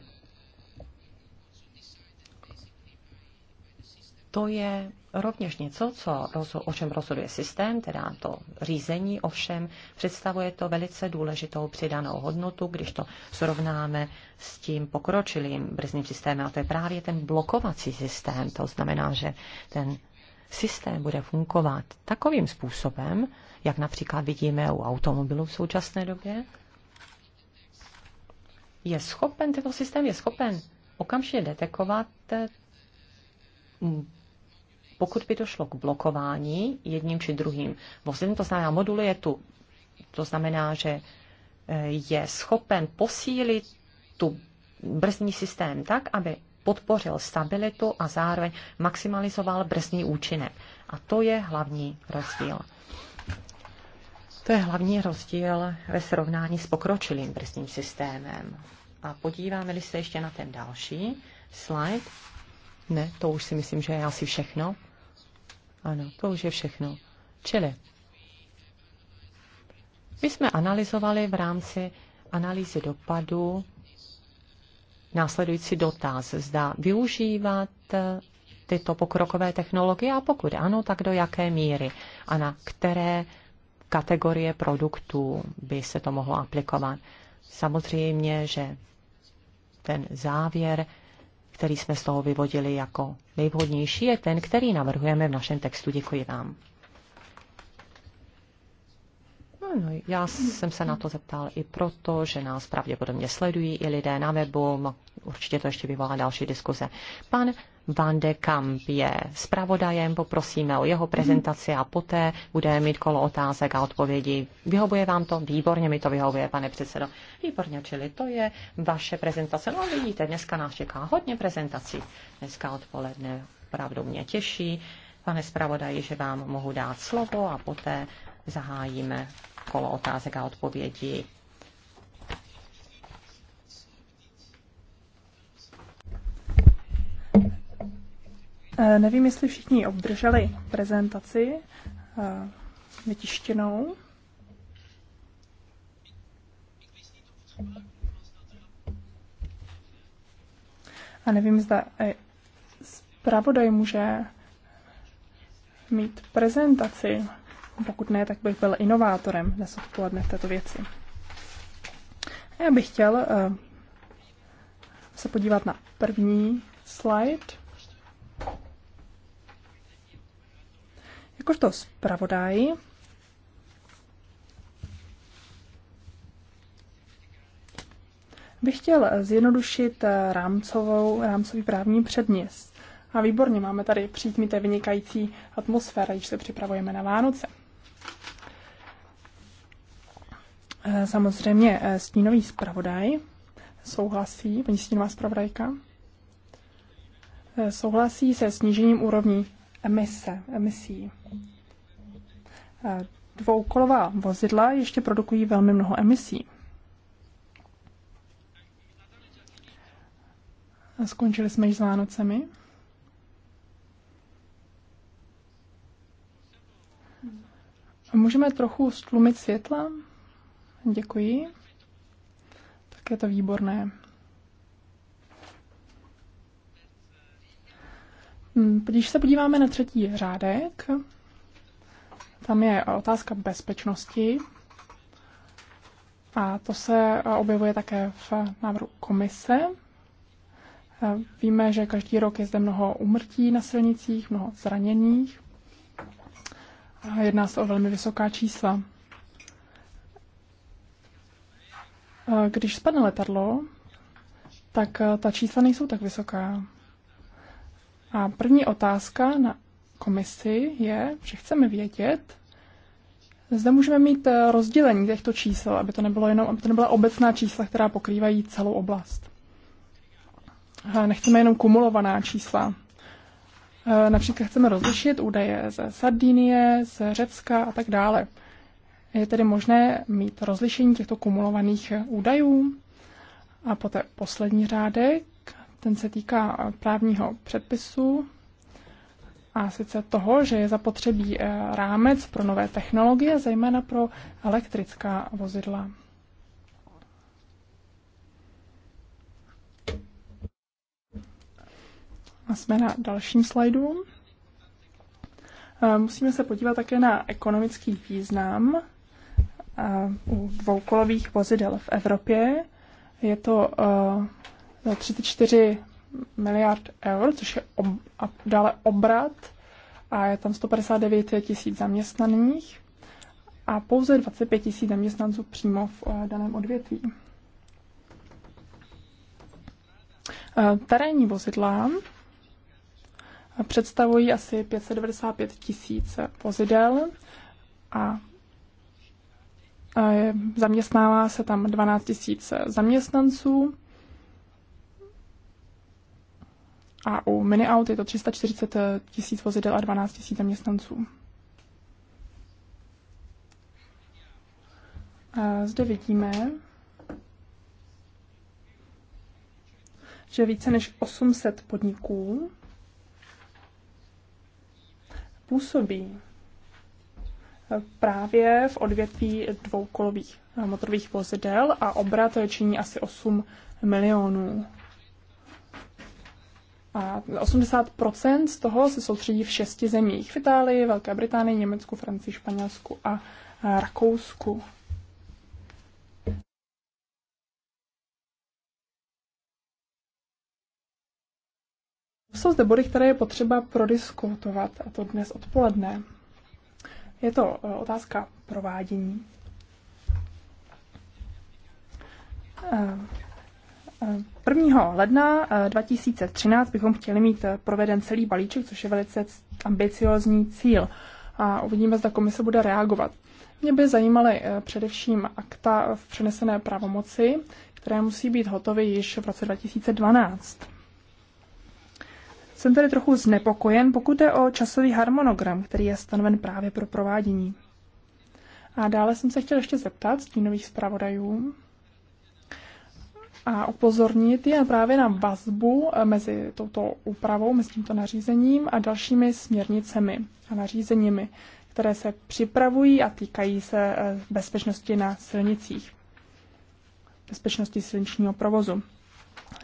To je rovněž něco, co, o čem rozhoduje systém, teda to řízení, ovšem představuje to velice důležitou přidanou hodnotu, když to srovnáme s tím pokročilým brzdným systémem, a to je právě ten blokovací systém. To znamená, že ten systém bude fungovat takovým způsobem, jak například vidíme u automobilů v současné době? Je schopen, tento systém je schopen okamžitě detekovat, mm, pokud by došlo k blokování jedním či druhým vozidlem, to znamená je tu, to znamená, že eh, je schopen posílit tu brzdní systém tak, aby podpořil stabilitu a zároveň maximalizoval brzdní účinek. A to je hlavní rozdíl. To je hlavní rozdíl ve srovnání s pokročilým brzdním systémem. A podíváme-li se ještě na ten další slide. Ne, to už si myslím, že je asi všechno. Ano, to už je všechno. Čili my jsme analyzovali v rámci analýzy dopadu následující dotaz. Zda využívat eh, tyto pokrokové technologie a pokud ano, tak do jaké míry a na které kategorie produktů by se to mohlo aplikovat. Samozřejmě, že ten závěr, který jsme z toho vyvodili jako nejvhodnější, je ten, který navrhujeme v našem textu. Děkuji vám. No, já jsem se na to zeptal i proto, že nás pravděpodobně sledují i lidé na webu. Určitě to ještě vyvolá další diskuze. Pan Van de Kamp je zpravodajem, poprosíme o jeho prezentaci a poté budeme mít kolo otázek a odpovědí. Vyhovuje vám to? Výborně mi to vyhovuje, pane předsedo. Výborně, čili to je vaše prezentace. No vidíte, dneska nás čeká hodně prezentací. Dneska odpoledne opravdu mě těší. Pane zpravodaji, že vám mohu dát slovo a poté zahájíme kolo otázek a odpovědí. Eh, nevím, jestli všichni obdrželi prezentaci eh, vytištěnou. A nevím, zda eh, zpravodaj může mít prezentaci. Pokud ne, tak bych byl inovátorem dnes odpoledne v této věci. Já bych chtěl eh, se podívat na první slide. Jakožto zpravodaj bych chtěl zjednodušit eh, rámcovou, rámcový právní předměst. A výborně, máme tady přítmíte vynikající atmosféra, když se připravujeme na Vánoce. Eh, samozřejmě eh, stínový zpravodaj souhlasí, paní stínová zpravodajka, eh, souhlasí se snížením úrovní emise, emisí. Dvoukolová vozidla ještě produkují velmi mnoho emisí. Skončili jsme již s Vánocemi. Můžeme trochu stlumit světla? Děkuji. Tak je to výborné. Hmm, když se podíváme na třetí řádek, tam je otázka bezpečnosti. A to se eh, objevuje také v návrhu komise. Eh, víme, že každý rok je zde mnoho umrtí na silnicích, mnoho zraněních. Jedná se o velmi vysoká čísla. Když spadne letadlo, tak eh, ta čísla nejsou tak vysoká. A první otázka na komisi je, že chceme vědět, zda můžeme mít eh, rozdělení těchto čísel, aby to, nebylo jenom, aby to nebyla obecná čísla, která pokrývají celou oblast. A eh, nechceme jenom kumulovaná čísla. Například chceme rozlišit údaje ze Sardinie, z Řecka a tak dále. Je tedy možné mít rozlišení těchto kumulovaných údajů? A poté poslední řádek, ten se týká právního předpisu a sice toho, že je zapotřebí eh, rámec pro nové technologie, zejména pro elektrická vozidla. A jsme na dalším slajdu. Eh, musíme se podívat také na ekonomický význam Eh, u dvoukolových vozidel v Evropě. Je to 34 eh, miliard eur, což je ob, a dále obrat a je tam 159 tisíc zaměstnaných a pouze 25 tisíc zaměstnanců přímo v eh, daném odvětví. terénní vozidla představují asi 595 tisíc vozidel a zaměstnává se tam 12 000 zaměstnanců a u miniaut je to 340 tisíc vozidel a 12 tisíc zaměstnanců. A zde vidíme, že více než 800 podniků působí právě v odvětví dvoukolových eh, motorových vozidel a obrat činí asi 8 milionů. A 80% z toho se soustředí v šesti zemích. V Itálii, Velké Británii, Německu, Francii, Španělsku a eh, Rakousku. Jsou zde body, které je potřeba prodiskutovat, a to dnes odpoledne. Je to eh, otázka provádění. Eh, eh, prvního ledna 2013 bychom chtěli mít proveden celý balíček, což je velice ambiciozní cíl. A uvidíme, zda komise bude reagovat. Mě by zajímaly především akta v přenesené pravomoci, které musí být hotovy již v roce 2012. Jsem tedy trochu znepokojen, pokud je o časový harmonogram, který je stanoven právě pro provádění. A dále jsem se chtěl ještě zeptat stínových zpravodajů a upozornit je právě na vazbu eh, mezi touto úpravou, mezi tímto nařízením a dalšími směrnicemi a nařízeními, které se připravují a týkají se eh, bezpečnosti na silnicích, bezpečnosti silničního provozu.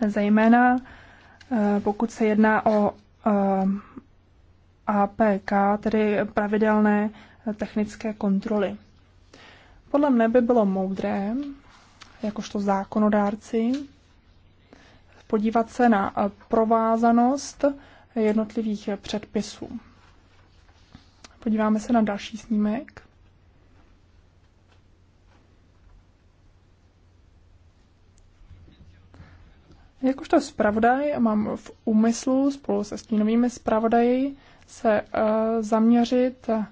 Zejména Eh, pokud se jedná o eh, APK, tedy pravidelné eh, technické kontroly. Podle mne by bylo moudré, jakožto zákonodárci, podívat se na provázanost jednotlivých předpisů. Podíváme se na další snímek. Jakožto zpravodaj mám v úmyslu spolu se stínovými zpravodaji se eh, zaměřit eh,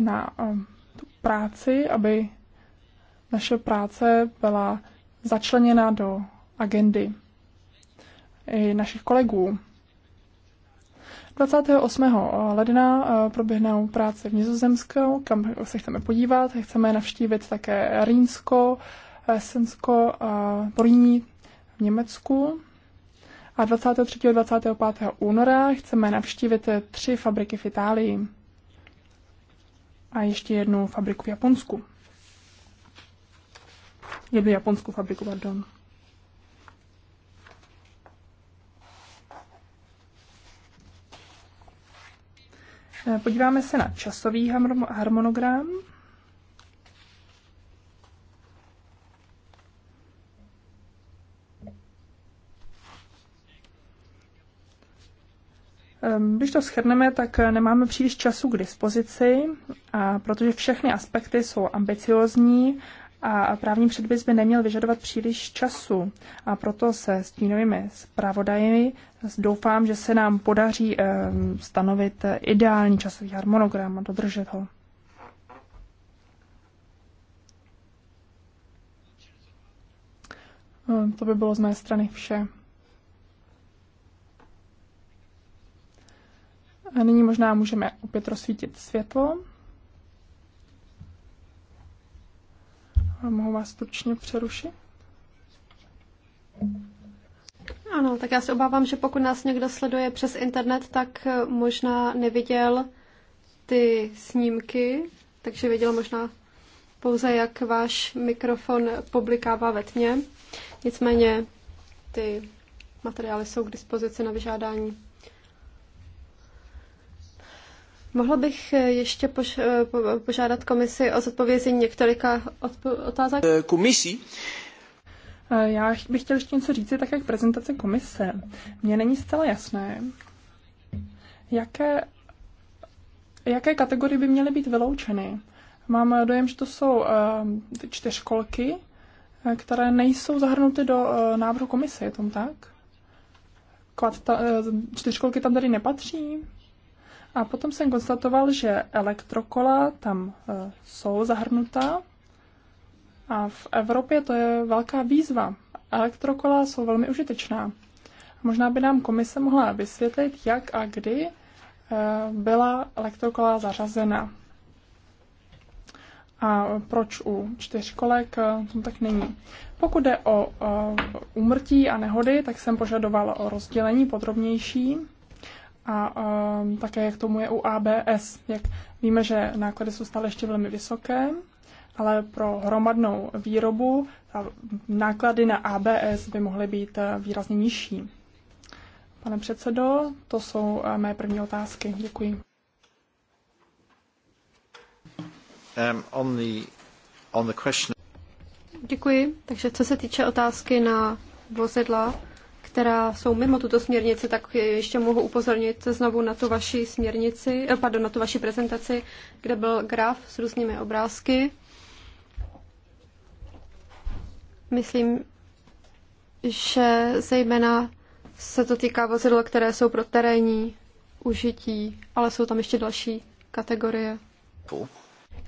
na eh, tu práci, aby naše práce byla začleněna do agendy i našich kolegů. 28. ledna proběhnou práce v Nizozemsku, kam se chceme podívat. Chceme navštívit také Rýnsko, Sensko, Poríní, v Německu. A 23. a 25. února chceme navštívit tři fabriky v Itálii a ještě jednu fabriku v Japonsku. Jednu japonskou fabriku, pardon. Eh, podíváme se na časový harmonogram. Ehm, když to schrneme, tak eh, nemáme příliš času k dispozici, a protože všechny aspekty jsou ambiciozní a právní předpis by neměl vyžadovat příliš času. A proto se s zpravodaji doufám, že se nám podaří ehm, stanovit eh, ideální časový harmonogram a dodržet ho. Ehm, to by bylo z mé strany vše. A nyní možná můžeme opět rozsvítit světlo. A mohu vás stručně přerušit? Ano, tak já se obávám, že pokud nás někdo sleduje přes internet, tak eh, možná neviděl ty snímky, takže viděl možná pouze, jak váš mikrofon publikává ve tmě. Nicméně ty materiály jsou k dispozici na vyžádání. Mohla bych eh, ještě eh, požádat komisi o zodpovězení několika otázek? Eh, Komisí? Já bych chtěl ještě něco říct, také k prezentace komise. Mně není zcela jasné, jaké, jaké kategorie by měly být vyloučeny. Mám dojem, že to jsou uh, čtyřkolky, které nejsou zahrnuty do návrhu komise, je tom tak? uh, čtyřkolky tam tady nepatří? A potom jsem konstatoval, že elektrokola tam e, jsou zahrnutá a v Evropě to je velká výzva. Elektrokola jsou velmi užitečná. Možná by nám komise mohla vysvětlit, jak a kdy e, byla elektrokola zařazena. A proč u čtyřkolek e, to tak není. Pokud jde o úmrtí a nehody, tak jsem požadovala o rozdělení podrobnější a um, také jak tomu je u ABS. Jak víme, že náklady jsou stále ještě velmi vysoké, ale pro hromadnou výrobu náklady na ABS by mohly být eh, výrazně nižší. Pane předsedo, to jsou eh, mé první otázky. Děkuji. Um, on the, on the question... Děkuji. Takže co se týče otázky na vozidla, která jsou mimo tuto směrnici, tak ještě mohu upozornit znovu na tu vaši směrnici, eh, pardon, na tu vaši prezentaci, kde byl graf s různými obrázky. Myslím, že zejména se to týká vozidel, které jsou pro terénní užití, ale jsou tam ještě další kategorie.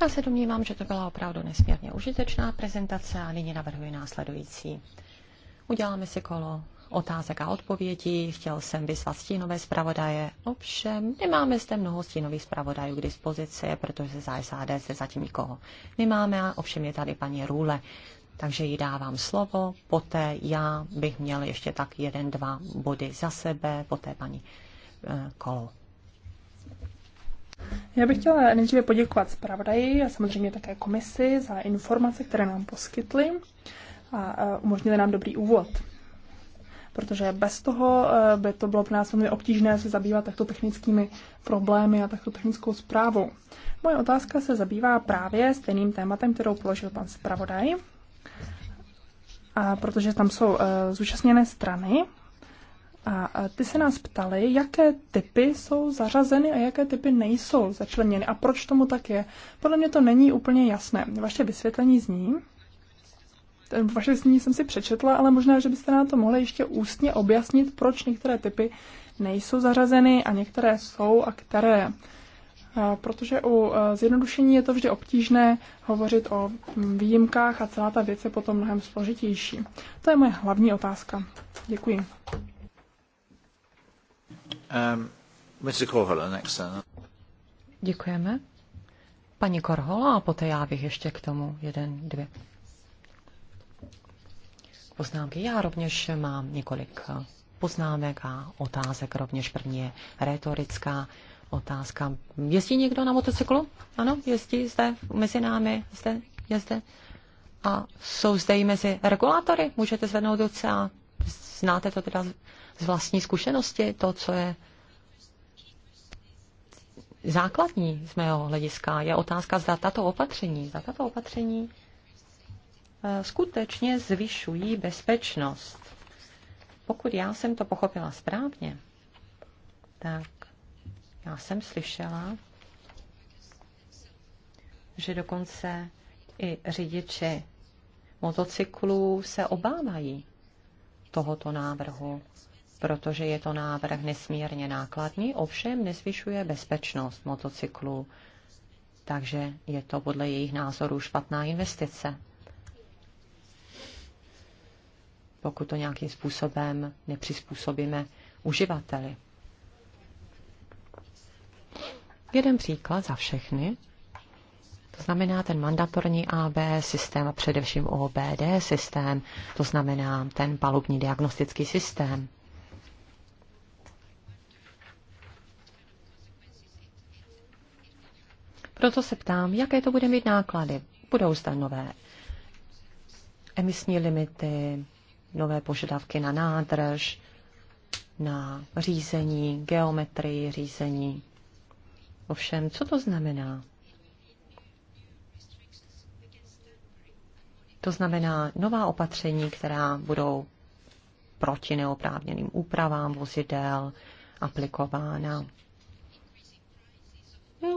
Já se domnívám, že to byla opravdu nesmírně užitečná prezentace a nyní navrhuji následující. Uděláme si kolo otázek a odpovědí. Chtěl jsem vyzvat stínové zpravodaje. Ovšem, nemáme zde mnoho stínových zpravodajů k dispozici, protože za SAD se zatím nikoho nemáme. A ovšem je tady paní Růle. Takže jí dávám slovo, poté já bych měl ještě tak jeden, dva body za sebe, poté paní eh, Kolo. Já bych chtěla nejdříve poděkovat zpravodaji a samozřejmě také komisi za informace, které nám poskytly a eh, umožnili nám dobrý úvod protože bez toho eh, by to bylo pro nás velmi obtížné se zabývat takto technickými problémy a takto technickou zprávou. Moje otázka se zabývá právě stejným tématem, kterou položil pan zpravodaj, a protože tam jsou eh, zúčastněné strany, a ty se nás ptali, jaké typy jsou zařazeny a jaké typy nejsou začleněny a proč tomu tak je. Podle mě to není úplně jasné. Vaše vysvětlení zní, vaše sní jsem si přečetla, ale možná, že byste nám to mohli ještě ústně objasnit, proč některé typy nejsou zařazeny a některé jsou a které. Protože u zjednodušení je to vždy obtížné hovořit o výjimkách a celá ta věc je potom mnohem složitější. To je moje hlavní otázka. Děkuji. Um, Mr. Korhola, next time. Uh, Děkujeme. Paní Korhola a poté já bych ještě k tomu jeden, dvě poznámky. Já rovněž mám několik poznámek a otázek. Rovněž první je retorická otázka. Jezdí někdo na motocyklu? Ano, jezdí zde mezi námi, zde, je zde. A jsou zde i mezi regulátory? Můžete zvednout ruce a znáte to teda z vlastní zkušenosti, to, co je základní z mého hlediska, je otázka, zda tato opatření, zda tato opatření Eh, skutečně zvyšují bezpečnost. Pokud já jsem to pochopila správně, tak já jsem slyšela, že dokonce i řidiči motocyklů se obávají tohoto návrhu, protože je to návrh nesmírně nákladný, ovšem nezvyšuje bezpečnost motocyklů. Takže je to podle jejich názoru špatná investice. pokud to nějakým způsobem nepřizpůsobíme uživateli. Jeden příklad za všechny. To znamená ten mandatorní AB systém a především OBD systém, to znamená ten palubní diagnostický systém. Proto se ptám, jaké to bude mít náklady. Budou zda nové emisní limity, nové požadavky na nádrž, na řízení, geometrii řízení. Ovšem, co to znamená? To znamená nová opatření, která budou proti neoprávněným úpravám vozidel aplikována.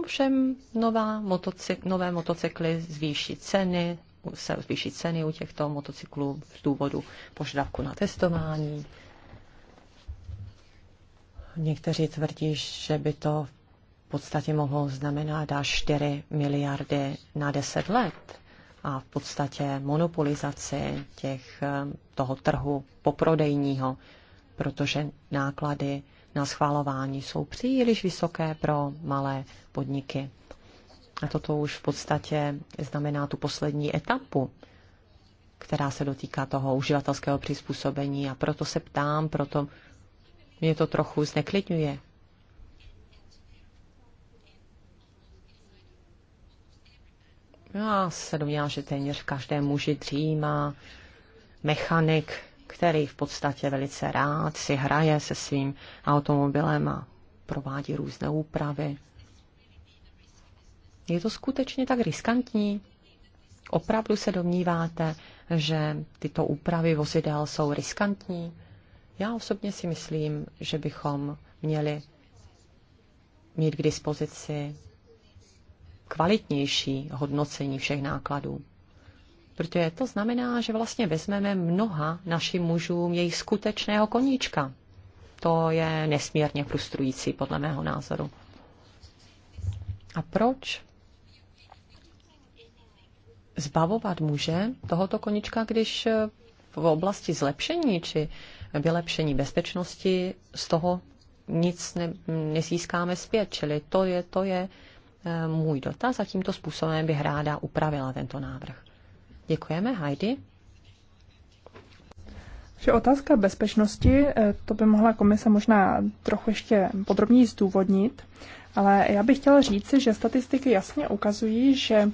Všem nová motocykl, nové motocykly zvýší ceny, se zvýšit ceny u těchto motocyklů z důvodu požadavku na testování. Někteří tvrdí, že by to v podstatě mohlo znamenat až 4 miliardy na 10 let a v podstatě monopolizaci těch, eh, toho trhu poprodejního, protože náklady na schvalování jsou příliš vysoké pro malé podniky. A toto už v podstatě znamená tu poslední etapu, která se dotýká toho uživatelského přizpůsobení. A proto se ptám, proto mě to trochu zneklidňuje. Já no se domnívám, že téměř v každém muži dříma mechanik, který v podstatě velice rád si hraje se svým automobilem a provádí různé úpravy. Je to skutečně tak riskantní? Opravdu se domníváte, že tyto úpravy vozidel jsou riskantní? Já osobně si myslím, že bychom měli mít k dispozici kvalitnější hodnocení všech nákladů. Protože to znamená, že vlastně vezmeme mnoha našim mužům jejich skutečného koníčka. To je nesmírně frustrující, podle mého názoru. A proč zbavovat muže tohoto konička, když eh, v oblasti zlepšení či vylepšení bezpečnosti z toho nic ne, nezískáme zpět. Čili to je, to je eh, můj dotaz a tímto způsobem bych ráda upravila tento návrh. Děkujeme, Heidi. Že otázka bezpečnosti, eh, to by mohla komise možná trochu ještě podrobněji zdůvodnit, ale já bych chtěla říct, že statistiky jasně ukazují, že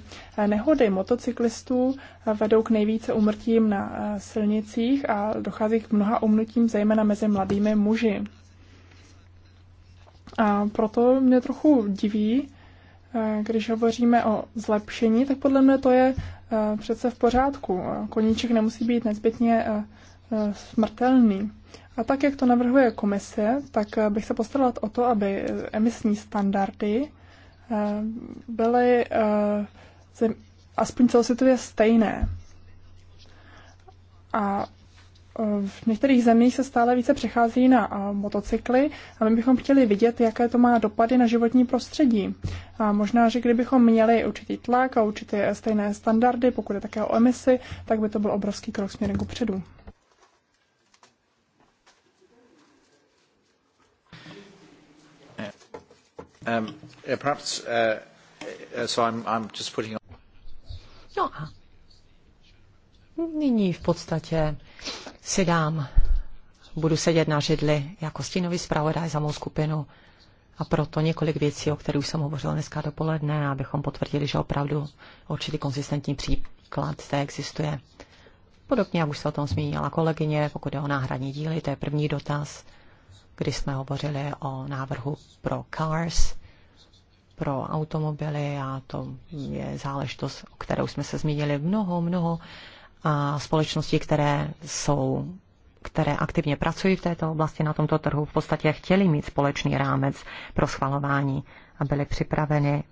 nehody motocyklistů vedou k nejvíce umrtím na eh, silnicích a dochází k mnoha umnutím, zejména mezi mladými muži. A proto mě trochu diví, eh, když hovoříme o zlepšení, tak podle mě to je eh, přece v pořádku. Koníček nemusí být nezbytně smrtelný. A tak, jak to navrhuje komise, tak eh, bych se postarala o to, aby eh, emisní standardy eh, byly aspoň celosvětově stejné. A v některých zemích se stále více přechází na motocykly a my bychom chtěli vidět, jaké to má dopady na životní prostředí. A možná, že kdybychom měli určitý tlak a určité stejné standardy, pokud je také o emisi, tak by to byl obrovský krok směrem kupředu. předu. Um, perhaps, uh, uh, so I'm, I'm just putting on... No a nyní v podstatě si dám, budu sedět na židli jako stínový zpravodaj za mou skupinu a proto několik věcí, o kterých jsem hovořil dneska dopoledne, abychom potvrdili, že opravdu určitý konzistentní příklad zde existuje. Podobně, jak už se o tom zmínila kolegyně, pokud je o náhradní díly, to je první dotaz kdy jsme hovořili o návrhu pro cars, pro automobily a to je záležitost, o kterou jsme se zmínili mnoho, mnoho a společností, které jsou které aktivně pracují v této oblasti na tomto trhu, v podstatě chtěli mít společný rámec pro schvalování a byli připraveni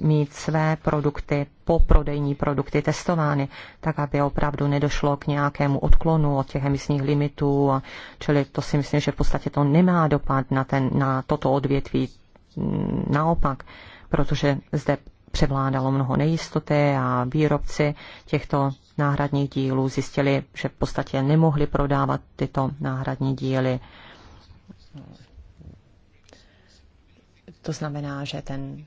mít své produkty, poprodejní produkty testovány, tak aby opravdu nedošlo k nějakému odklonu od těch emisních limitů. A čili to si myslím, že v podstatě to nemá dopad na, ten, na toto odvětví. Mm, naopak, protože zde převládalo mnoho nejistoty a výrobci těchto náhradních dílů zjistili, že v podstatě nemohli prodávat tyto náhradní díly. To znamená, že ten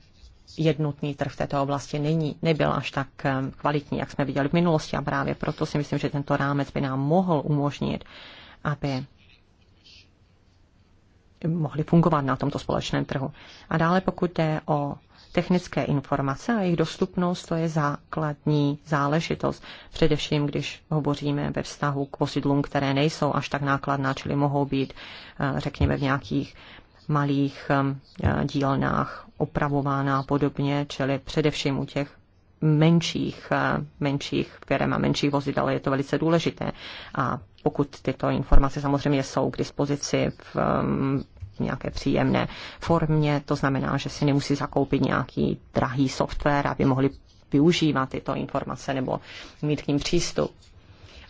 jednotný trh v této oblasti není, nebyl až tak kvalitní, jak jsme viděli v minulosti a právě proto si myslím, že tento rámec by nám mohl umožnit, aby mohli fungovat na tomto společném trhu. A dále pokud jde o technické informace a jejich dostupnost, to je základní záležitost. Především, když hovoříme ve vztahu k vozidlům, které nejsou až tak nákladná, čili mohou být, eh, řekněme, v nějakých malých eh, dílnách opravována a podobně, čili především u těch menších, eh, menších firm a menších vozidel je to velice důležité. A pokud tyto informace samozřejmě jsou k dispozici v eh, nějaké příjemné formě, to znamená, že si nemusí zakoupit nějaký drahý software, aby mohli využívat tyto informace nebo mít k ním přístup.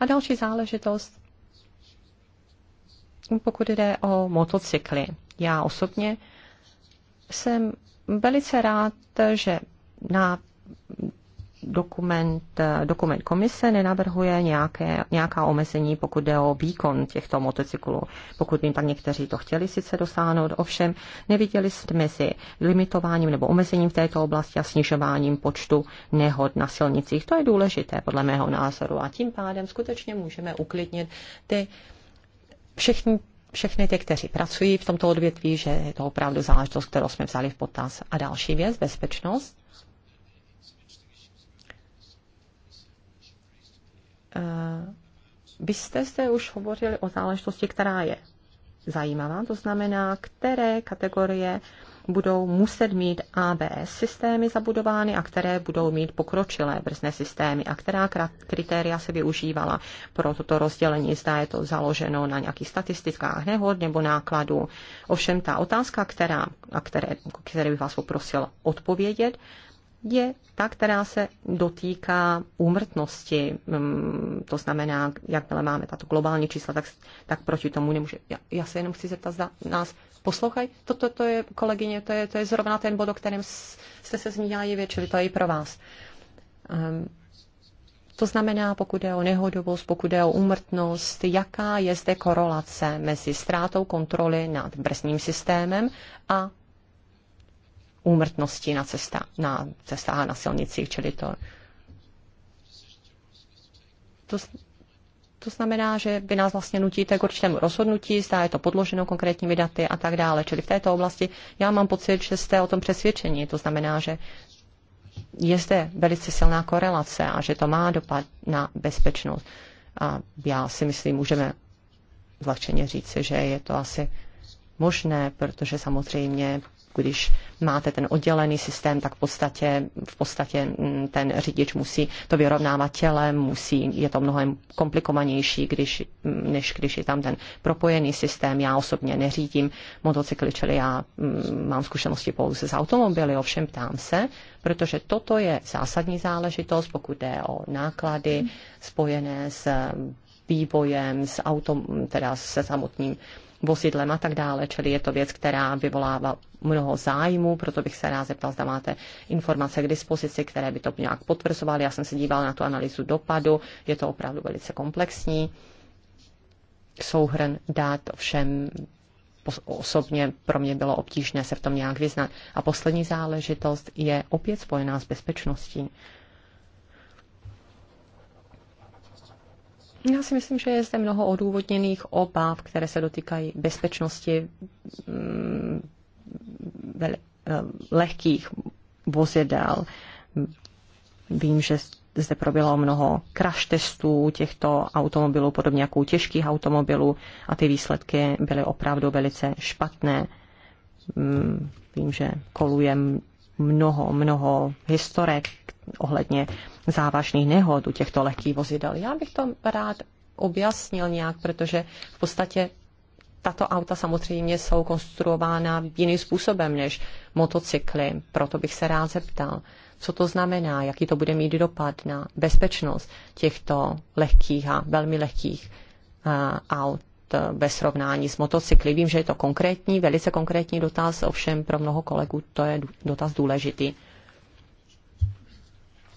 A další záležitost, pokud jde o motocykly. Já osobně jsem velice rád, že na dokument, dokument komise nenavrhuje nějaké, nějaká omezení, pokud jde o výkon těchto motocyklů. Pokud by tak někteří to chtěli sice dosáhnout, ovšem neviděli jsme mezi limitováním nebo omezením v této oblasti a snižováním počtu nehod na silnicích. To je důležité podle mého názoru a tím pádem skutečně můžeme uklidnit ty všechny všechny ty, kteří pracují v tomto odvětví, že je to opravdu záležitost, kterou jsme vzali v potaz. A další věc, bezpečnost. Eh, vy jste zde už hovořili o záležitosti, která je zajímavá, to znamená, které kategorie uh, budou muset mít ABS systémy zabudovány a které budou mít pokročilé brzné systémy a která kritéria se využívala pro toto rozdělení. Zda je to založeno na nějakých statistikách nehod nebo nákladů. Ovšem ta otázka, která, a které, které bych vás poprosil odpovědět, je ta, která se dotýká úmrtnosti. Mm, to znamená, jakmile máme tato globální čísla, tak, tak proti tomu nemůže. Já, já se jenom chci zeptat, zda nás Poslouchej, to, to, to je, kolegyně, to je, to je zrovna ten bod, o kterém jste se zmínila i většinou, to je i pro vás. Um, to znamená, pokud je o nehodovost, pokud je o umrtnost, jaká je zde korolace mezi ztrátou kontroly nad brzdním systémem a úmrtností na, cesta, na cestách a na silnicích, čili to, to to znamená, že vy nás vlastně nutíte k určitému rozhodnutí, zda je to podloženo konkrétními daty a tak dále. Čili v této oblasti já mám pocit, že jste o tom přesvědčení. To znamená, že je zde velice silná korelace a že to má dopad na bezpečnost. A já si myslím, můžeme zlehčeně říci, že je to asi možné, protože samozřejmě když máte ten oddělený systém, tak v podstatě, v podstatě mm, ten řidič musí to vyrovnávat tělem, musí, je to mnohem komplikovanější, když, mm, než když je tam ten propojený systém. Já osobně neřídím motocykly, čili já mm, mám zkušenosti pouze z automobily, ovšem ptám se, protože toto je zásadní záležitost, pokud jde o náklady spojené s vývojem, s autom, teda se samotným vozidlem a tak dále. Čili je to věc, která vyvolává mnoho zájmu, proto bych se rád zeptal, zda máte informace k dispozici, které by to nějak potvrzovaly. Já jsem se díval na tu analýzu dopadu, je to opravdu velice komplexní. Souhrn dát všem osobně pro mě bylo obtížné se v tom nějak vyznat. A poslední záležitost je opět spojená s bezpečností. Já si myslím, že je zde mnoho odůvodněných obáv, které se dotýkají bezpečnosti mm, eh, lehkých vozidel. Vím, že zde proběhlo mnoho crash testů těchto automobilů, podobně jako u těžkých automobilů, a ty výsledky byly opravdu velice špatné. Mm, vím, že koluje mnoho, mnoho historek ohledně závažných nehod u těchto lehkých vozidel. Já bych to rád objasnil nějak, protože v podstatě tato auta samozřejmě jsou konstruována jiným způsobem než motocykly. Proto bych se rád zeptal, co to znamená, jaký to bude mít dopad na bezpečnost těchto lehkých a velmi lehkých uh, aut eh, ve srovnání s motocykly. Vím, že je to konkrétní, velice konkrétní dotaz, ovšem pro mnoho kolegů to je dotaz důležitý.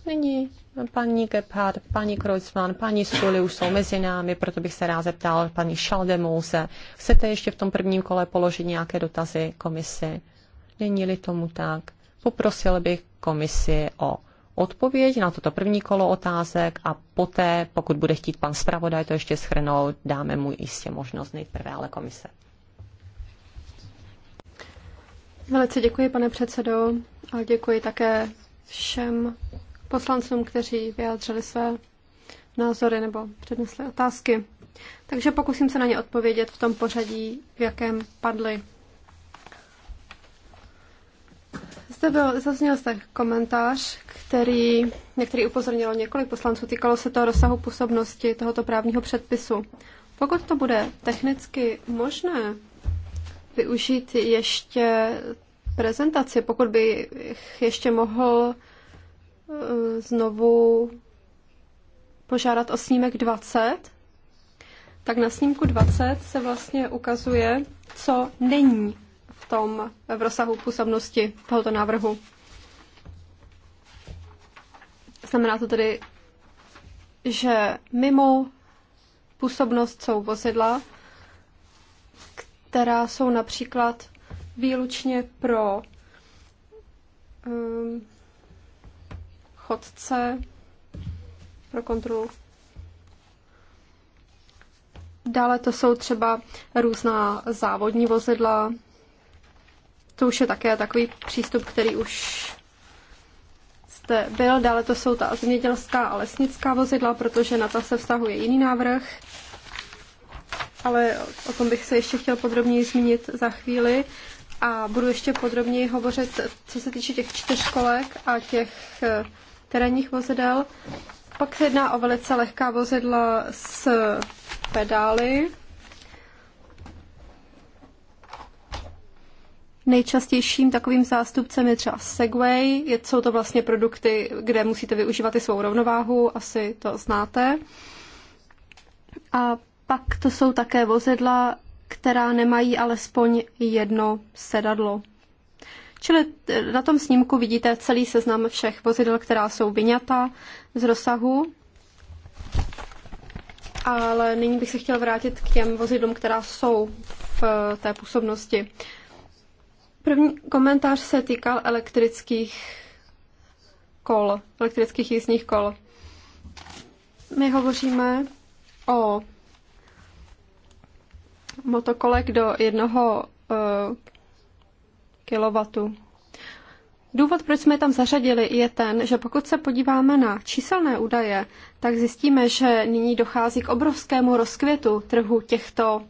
Nyní paní Gebhardt, paní Kreuzmann, paní Suly už jsou mezi námi, proto bych se rád zeptal paní Šaldemouze. Chcete ještě v tom prvním kole položit nějaké dotazy komisi? Není-li tomu tak, poprosil bych komisi o odpověď na toto první kolo otázek a poté, pokud bude chtít pan zpravodaj to ještě schrnout, dáme mu jistě možnost nejprve, ale komise. Velice děkuji, pane předsedo, a děkuji také všem poslancům, kteří vyjádřili své názory nebo přednesli otázky. Takže pokusím se na ně odpovědět v tom pořadí, v jakém padly. Zde byl, zazněl zde komentář, který, některý upozornilo několik poslanců, týkalo se to rozsahu působnosti tohoto právního předpisu. Pokud to bude technicky možné využít ještě prezentaci, pokud bych ještě mohl Eh, znovu požádat o snímek 20, tak na snímku 20 se vlastně ukazuje, co není v tom v rozsahu působnosti tohoto návrhu. Znamená to tedy, že mimo působnost jsou vozidla, která jsou například výlučně pro um, chodce pro kontrolu. Dále to jsou třeba různá závodní vozidla. To už je také takový přístup, který už jste byl. Dále to jsou ta zemědělská a lesnická vozidla, protože na ta se vztahuje jiný návrh. Ale o tom bych se ještě chtěl podrobněji zmínit za chvíli. A budu ještě podrobněji hovořit, co se týče těch čtyřkolek a těch eh, terénních vozidel. Pak se jedná o velice lehká vozidla s pedály. Nejčastějším takovým zástupcem je třeba Segway. Jsou to vlastně produkty, kde musíte využívat i svou rovnováhu, asi to znáte. A pak to jsou také vozidla, která nemají alespoň jedno sedadlo. Čili eh, na tom snímku vidíte celý seznam všech vozidel, která jsou vyňata z rozsahu. Ale nyní bych se chtěl vrátit k těm vozidlům, která jsou v eh, té působnosti. První komentář se týkal elektrických kol, elektrických jízdních kol. My hovoříme o motokolek do jednoho eh, kW. Důvod, proč jsme je tam zařadili, je ten, že pokud se podíváme na číselné údaje, tak zjistíme, že nyní dochází k obrovskému rozkvětu trhu těchto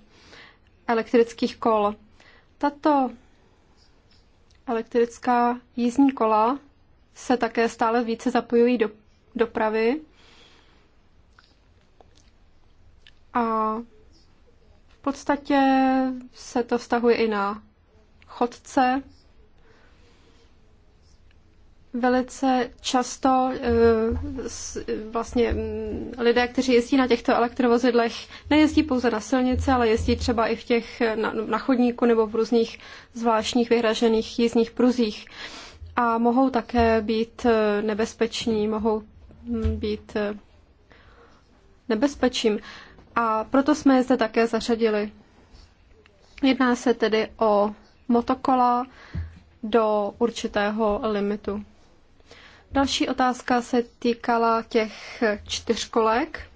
elektrických kol. Tato elektrická jízdní kola se také stále více zapojují do dopravy a v podstatě se to vztahuje i na chodce. Velice často eh, vlastně mm, lidé, kteří jezdí na těchto elektrovozidlech, nejezdí pouze na silnici, ale jezdí třeba i v těch na, na chodníku nebo v různých zvláštních vyhražených jízdních pruzích. A mohou také být eh, nebezpeční, mohou mm, být eh, nebezpečím. A proto jsme je zde také zařadili. Jedná se tedy o motokola do určitého limitu. Další otázka se týkala těch čtyřkolek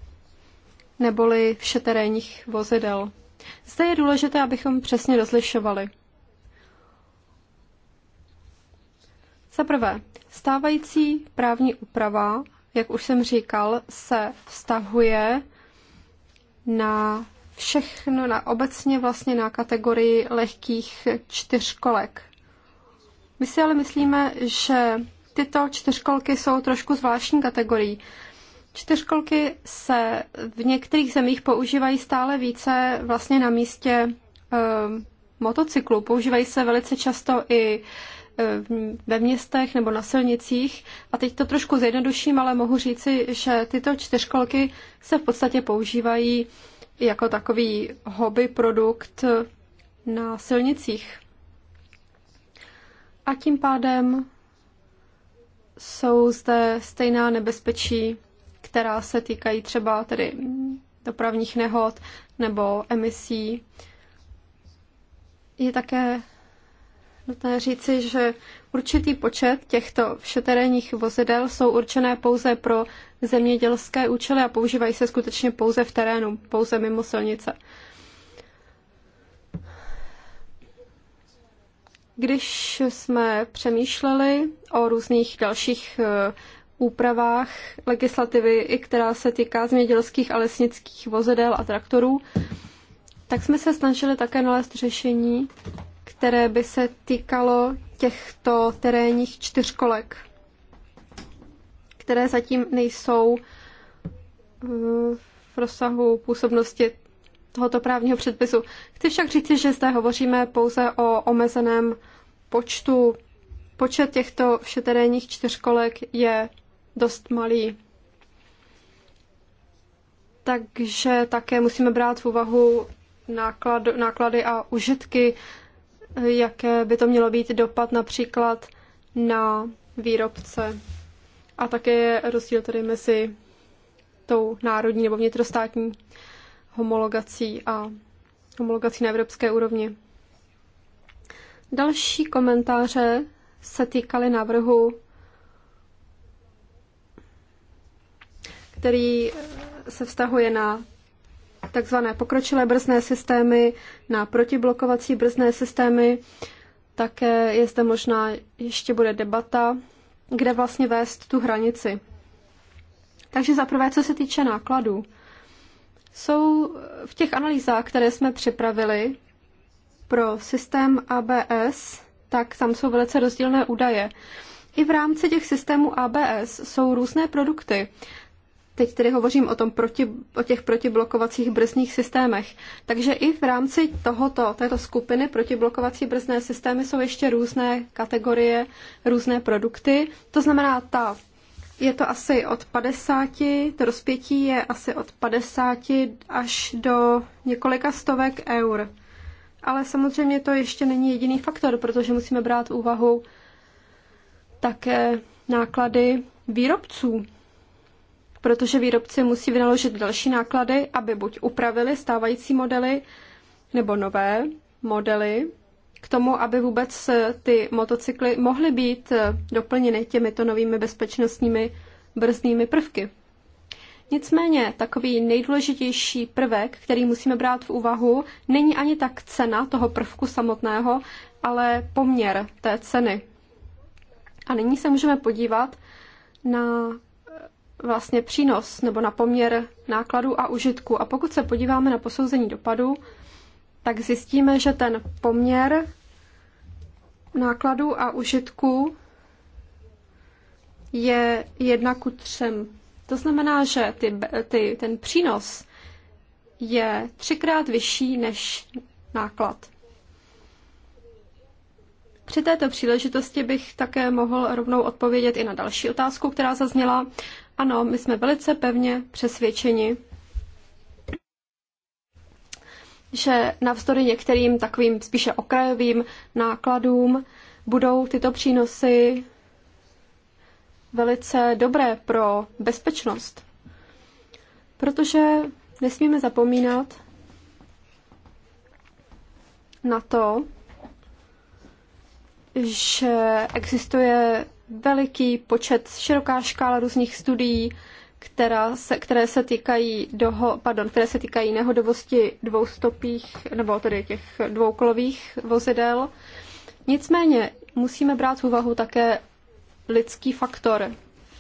neboli všeterénních vozidel. Zde je důležité, abychom přesně rozlišovali. Za prvé, stávající právní úprava, jak už jsem říkal, se vztahuje na všechno na, obecně vlastně na kategorii lehkých čtyřkolek. My si ale myslíme, že tyto čtyřkolky jsou trošku zvláštní kategorií. Čtyřkolky se v některých zemích používají stále více vlastně na místě e, motocyklu. Používají se velice často i ehm, ve městech nebo na silnicích. A teď to trošku zjednoduším, ale mohu říci, že tyto čtyřkolky se v podstatě používají jako takový hobby produkt na silnicích. A tím pádem jsou zde stejná nebezpečí, která se týkají třeba tedy dopravních nehod nebo emisí. Je také nutné říci, že Určitý počet těchto všeterénních vozidel jsou určené pouze pro zemědělské účely a používají se skutečně pouze v terénu, pouze mimo silnice. Když jsme přemýšleli o různých dalších eh, úpravách legislativy, i která se týká zemědělských a lesnických vozidel a traktorů, tak jsme se snažili také nalézt řešení, které by se týkalo těchto terénních čtyřkolek, které zatím nejsou eh, v rozsahu působnosti tohoto právního předpisu. Chci však říci, že zde hovoříme pouze o omezeném počtu. Počet těchto všeterénních čtyřkolek je dost malý. Takže také musíme brát v úvahu náklad, náklady a užitky jaké by to mělo být dopad například na výrobce. A také je rozdíl tedy mezi tou národní nebo vnitrostátní homologací a homologací na evropské úrovni. Další komentáře se týkaly návrhu, který se vztahuje na takzvané pokročilé brzné systémy, na protiblokovací brzné systémy. Také je zde možná ještě bude debata, kde vlastně vést tu hranici. Takže za prvé, co se týče nákladů, jsou v těch analýzách, které jsme připravili pro systém ABS, tak tam jsou velice rozdílné údaje. I v rámci těch systémů ABS jsou různé produkty. Teď tedy hovořím o, tom proti, o těch protiblokovacích brzdních systémech. Takže i v rámci tohoto, této skupiny protiblokovací brzdné systémy jsou ještě různé kategorie, různé produkty. To znamená, ta, je to asi od 50, to rozpětí je asi od 50 až do několika stovek eur. Ale samozřejmě to ještě není jediný faktor, protože musíme brát v úvahu také náklady výrobců protože výrobci musí vynaložit další náklady, aby buď upravili stávající modely nebo nové modely k tomu, aby vůbec ty motocykly mohly být eh, doplněny těmito novými bezpečnostními brzdnými prvky. Nicméně takový nejdůležitější prvek, který musíme brát v úvahu, není ani tak cena toho prvku samotného, ale poměr té ceny. A nyní se můžeme podívat na vlastně přínos nebo na poměr nákladů a užitku. A pokud se podíváme na posouzení dopadu, tak zjistíme, že ten poměr nákladů a užitku je jedna ku třem. To znamená, že ty, ty, ten přínos je třikrát vyšší než náklad. Při této příležitosti bych také mohl rovnou odpovědět i na další otázku, která zazněla. Ano, my jsme velice pevně přesvědčeni, že navzdory některým takovým spíše okrajovým nákladům budou tyto přínosy velice dobré pro bezpečnost. Protože nesmíme zapomínat na to, že existuje veliký počet, široká škála různých studií, která se, které se týkají doho, pardon, které se týkají nehodovosti dvoustopých, nebo tedy těch dvoukolových vozidel. Nicméně musíme brát v úvahu také lidský faktor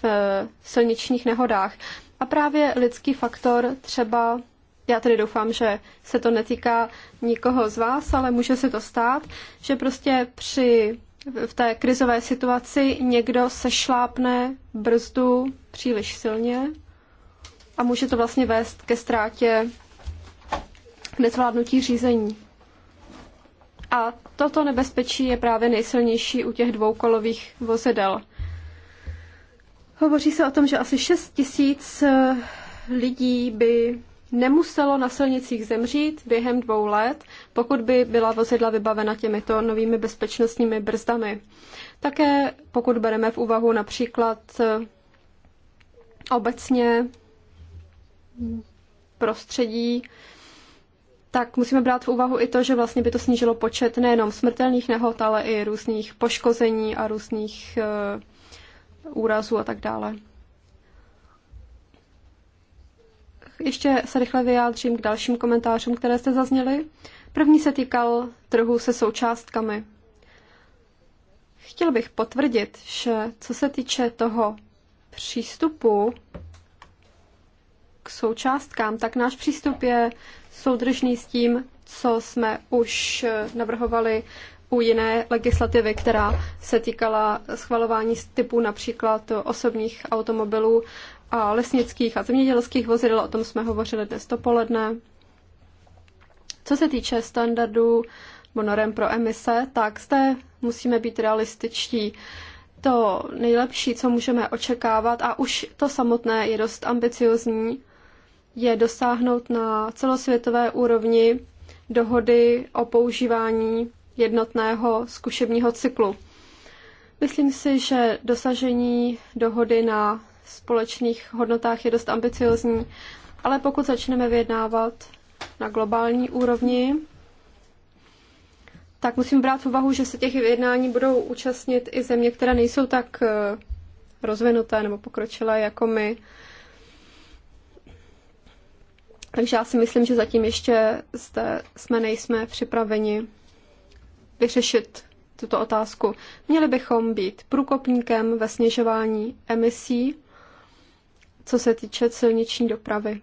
v eh, silničních nehodách. A právě lidský faktor třeba, já tedy doufám, že se to netýká nikoho z vás, ale může se to stát, že prostě při v té krizové situaci někdo sešlápne brzdu příliš silně a může to vlastně vést ke ztrátě k nezvládnutí řízení. A toto nebezpečí je právě nejsilnější u těch dvoukolových vozidel. Hovoří se o tom, že asi 6 tisíc eh, lidí by nemuselo na silnicích zemřít během dvou let, pokud by byla vozidla vybavena těmito novými bezpečnostními brzdami. Také pokud bereme v úvahu například eh, obecně prostředí, tak musíme brát v úvahu i to, že vlastně by to snížilo počet nejenom smrtelných nehod, ale i různých poškození a různých eh, úrazů a tak dále. ještě se rychle vyjádřím k dalším komentářům, které jste zazněli. První se týkal trhu se součástkami. Chtěl bych potvrdit, že co se týče toho přístupu k součástkám, tak náš přístup je soudržný s tím, co jsme už navrhovali u jiné legislativy, která se týkala schvalování typů například osobních automobilů a lesnických a zemědělských vozidel, o tom jsme hovořili dnes dopoledne. Co se týče standardů monorem pro emise, tak zde musíme být realističtí. To nejlepší, co můžeme očekávat, a už to samotné je dost ambiciozní, je dosáhnout na celosvětové úrovni dohody o používání jednotného zkušebního cyklu. Myslím si, že dosažení dohody na společných hodnotách je dost ambiciozní, ale pokud začneme vyjednávat na globální úrovni, tak musím brát v úvahu, že se těch vyjednání budou účastnit i země, které nejsou tak eh, rozvinuté nebo pokročilé jako my. Takže já si myslím, že zatím ještě zde jsme nejsme připraveni vyřešit tuto otázku. Měli bychom být průkopníkem ve snižování emisí, co se týče silniční dopravy.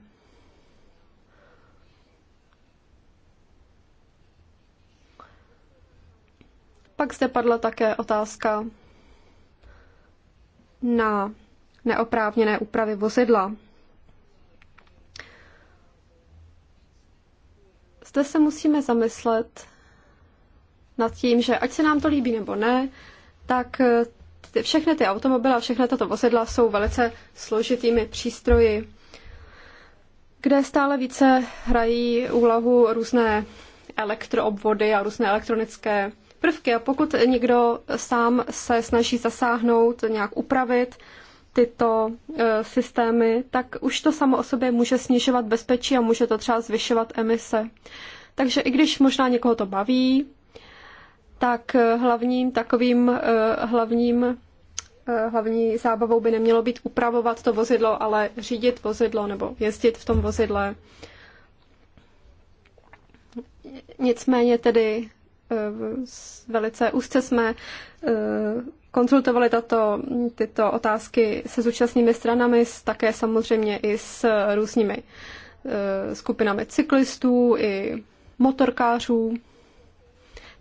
Pak zde padla také otázka na neoprávněné úpravy vozidla. Zde se musíme zamyslet nad tím, že ať se nám to líbí nebo ne, tak eh, ty, všechny ty automobily a všechny tato vozidla jsou velice složitými přístroji, kde stále více hrají úlohu různé elektroobvody a různé elektronické prvky. A pokud někdo sám se snaží zasáhnout, nějak upravit tyto e, systémy, tak už to samo o sobě může snižovat bezpečí a může to třeba zvyšovat emise. Takže i když možná někoho to baví, tak hlavním takovým eh, hlavním eh, hlavní zábavou by nemělo být upravovat to vozidlo, ale řídit vozidlo nebo jezdit v tom vozidle. Nicméně tedy eh, velice úzce jsme konzultovali tato, tyto otázky se zúčastnými stranami, také samozřejmě i s různými skupinami cyklistů i motorkářů.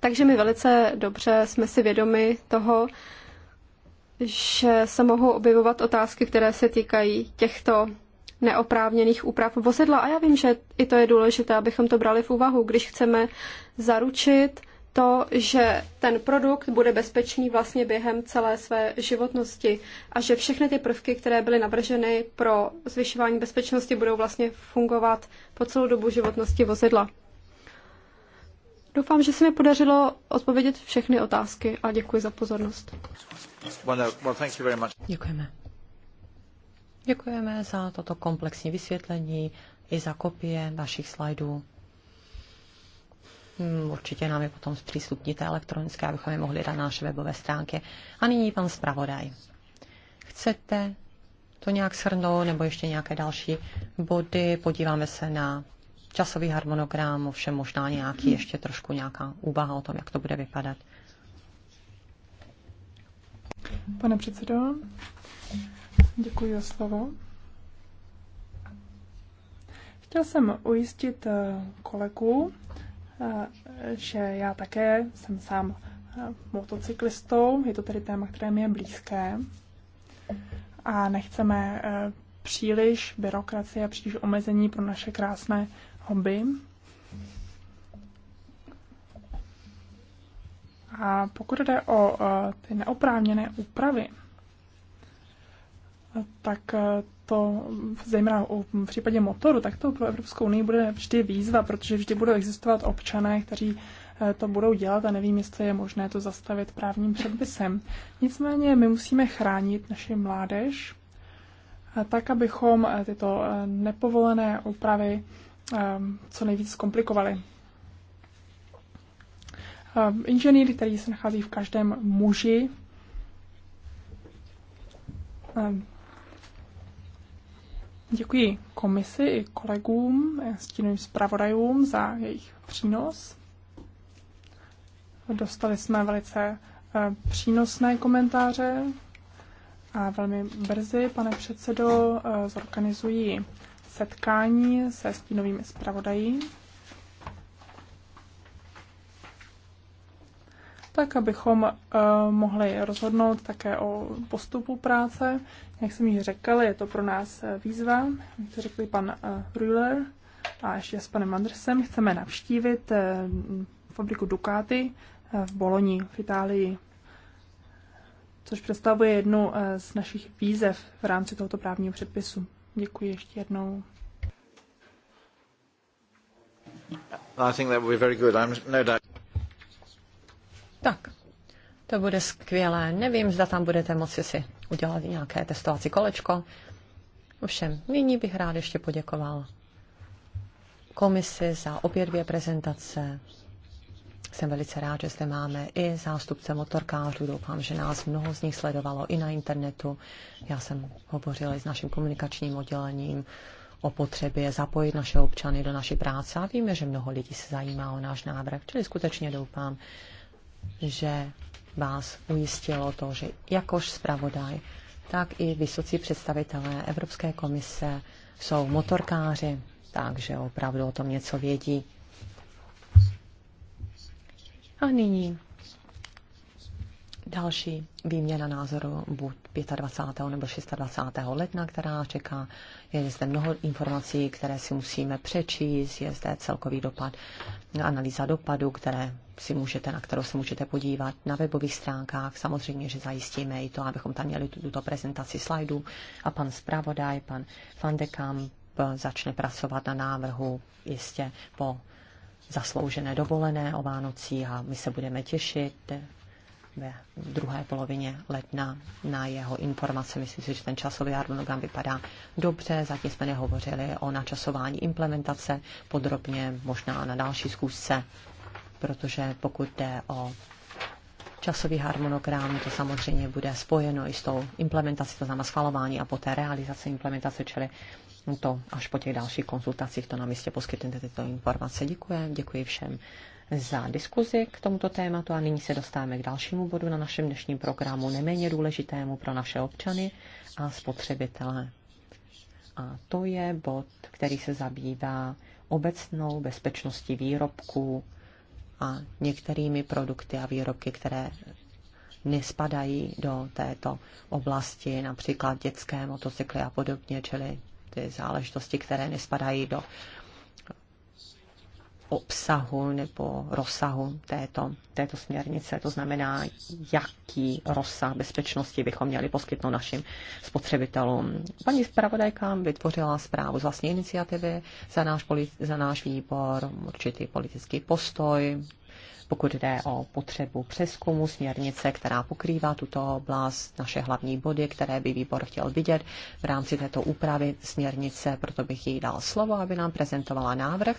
Takže my velice dobře jsme si vědomi toho, že se mohou objevovat otázky, které se týkají těchto neoprávněných úprav vozidla. A já vím, že i to je důležité, abychom to brali v úvahu, když chceme zaručit to, že ten produkt bude bezpečný vlastně během celé své životnosti a že všechny ty prvky, které byly navrženy pro zvyšování bezpečnosti, budou vlastně fungovat po celou dobu životnosti vozidla. Doufám, že se mi podařilo odpovědět všechny otázky a děkuji za pozornost. Děkujeme. Děkujeme za toto komplexní vysvětlení i za kopie vašich slajdů. Hmm, určitě nám je potom zpřístupníte elektronické, abychom je mohli dát na naše webové stránky. A nyní pan zpravodaj. Chcete to nějak shrnout nebo ještě nějaké další body? Podíváme se na časový harmonogram, ovšem možná nějaký ještě trošku nějaká úvaha o tom, jak to bude vypadat. Pane předsedo, děkuji za slovo. Chtěl jsem ujistit eh, kolegu, eh, že já také jsem sám eh, motocyklistou, je to tedy téma, které mi je blízké a nechceme příliš byrokracie a příliš omezení pro naše krásné hobby. A pokud jde o eh, ty neoprávněné úpravy, eh, tak eh, to zejména v případě motoru, tak to pro Evropskou unii bude vždy výzva, protože vždy budou existovat občané, kteří to budou dělat a nevím, jestli je možné to zastavit právním předpisem. Nicméně my musíme chránit naši mládež tak, abychom tyto nepovolené úpravy Ehm, co nejvíc zkomplikovaly. Ehm, inženýr, který se nachází v každém muži, ehm, Děkuji komisi i kolegům, stínovým zpravodajům za jejich přínos. Dostali jsme velice přínosné komentáře a velmi brzy, pane předsedo, zorganizují setkání se stínovými zpravodají, tak abychom uh, mohli rozhodnout také o postupu práce. Jak jsem již řekl, je to pro nás eh, výzva, jak to řekli pan uh, eh, Ruler a ještě s panem Andersem. Chceme navštívit uh, fabriku Ducati uh, v Boloni v Itálii což představuje jednu z našich výzev v rámci tohoto právního předpisu. Děkuji ještě jednou. I think that would be very good. I'm no doubt. Tak, to bude skvělé. Nevím, zda tam budete moci si udělat nějaké testovací kolečko. Ovšem, nyní bych rád ještě poděkoval komisi za obě dvě prezentace, jsem velice rád, že zde máme i zástupce motorkářů. Doufám, že nás mnoho z nich sledovalo i na internetu. Já jsem hovořila i s naším komunikačním oddělením o potřebě zapojit naše občany do naší práce a víme, že mnoho lidí se zajímá o náš návrh, čili skutečně doufám, že vás ujistilo to, že jakož zpravodaj, tak i vysocí představitelé Evropské komise jsou motorkáři, takže opravdu o tom něco vědí. A nyní další výměna názoru buď 25. nebo 26. ledna, která čeká. Je zde mnoho informací, které si musíme přečíst, je zde celkový dopad, analýza dopadu, které si můžete, na kterou se můžete podívat na webových stránkách. Samozřejmě, že zajistíme i to, abychom tam měli tuto prezentaci slajdů. A pan zpravodaj, pan Fandekamp začne pracovat na návrhu jistě po zasloužené dovolené o Vánocí a my se budeme těšit ve druhé polovině ledna na jeho informace. Myslím si, že ten časový harmonogram vypadá dobře. Zatím jsme nehovořili o načasování implementace podrobně, možná na další zkusce, protože pokud jde o časový harmonogram, to samozřejmě bude spojeno i s tou implementací, to znamená schvalování a poté realizace implementace, čili to až po těch dalších konzultacích to nám jistě poskytnete tyto informace. Děkuji, děkuji všem za diskuzi k tomuto tématu a nyní se dostáváme k dalšímu bodu na našem dnešním programu, neméně důležitému pro naše občany a spotřebitele. A to je bod, který se zabývá obecnou bezpečností výrobků a některými produkty a výrobky, které nespadají do této oblasti, například dětské motocykly a podobně, čili ty záležitosti, které nespadají do obsahu nebo rozsahu této, této směrnice. To znamená, jaký rozsah bezpečnosti bychom měli poskytnout našim spotřebitelům. Paní zpravodajka vytvořila zprávu z vlastní iniciativy za náš, za náš výbor, určitý politický postoj, pokud jde o potřebu přeskumu směrnice, která pokrývá tuto oblast, naše hlavní body, které by výbor chtěl vidět v rámci této úpravy směrnice, proto bych jí dal slovo, aby nám prezentovala návrh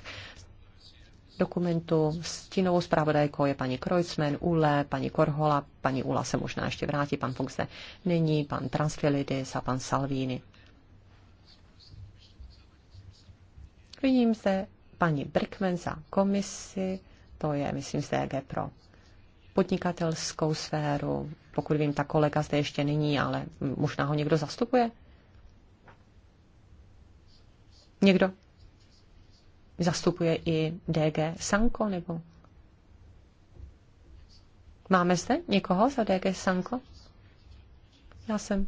dokumentu. Stínovou zpravodajkou je paní Kreuzmann, Ule, paní Korhola, paní Ula se možná ještě vrátí, pan Funk se není, pan Transfilidis a pan Salvini. Vidím se paní Brickman za komisi to je, myslím, z DG Pro podnikatelskou sféru. Pokud vím, ta kolega zde ještě není, ale možná ho někdo zastupuje. Někdo? Zastupuje i DG Sanko, nebo? Máme zde někoho za DG Sanko? Já jsem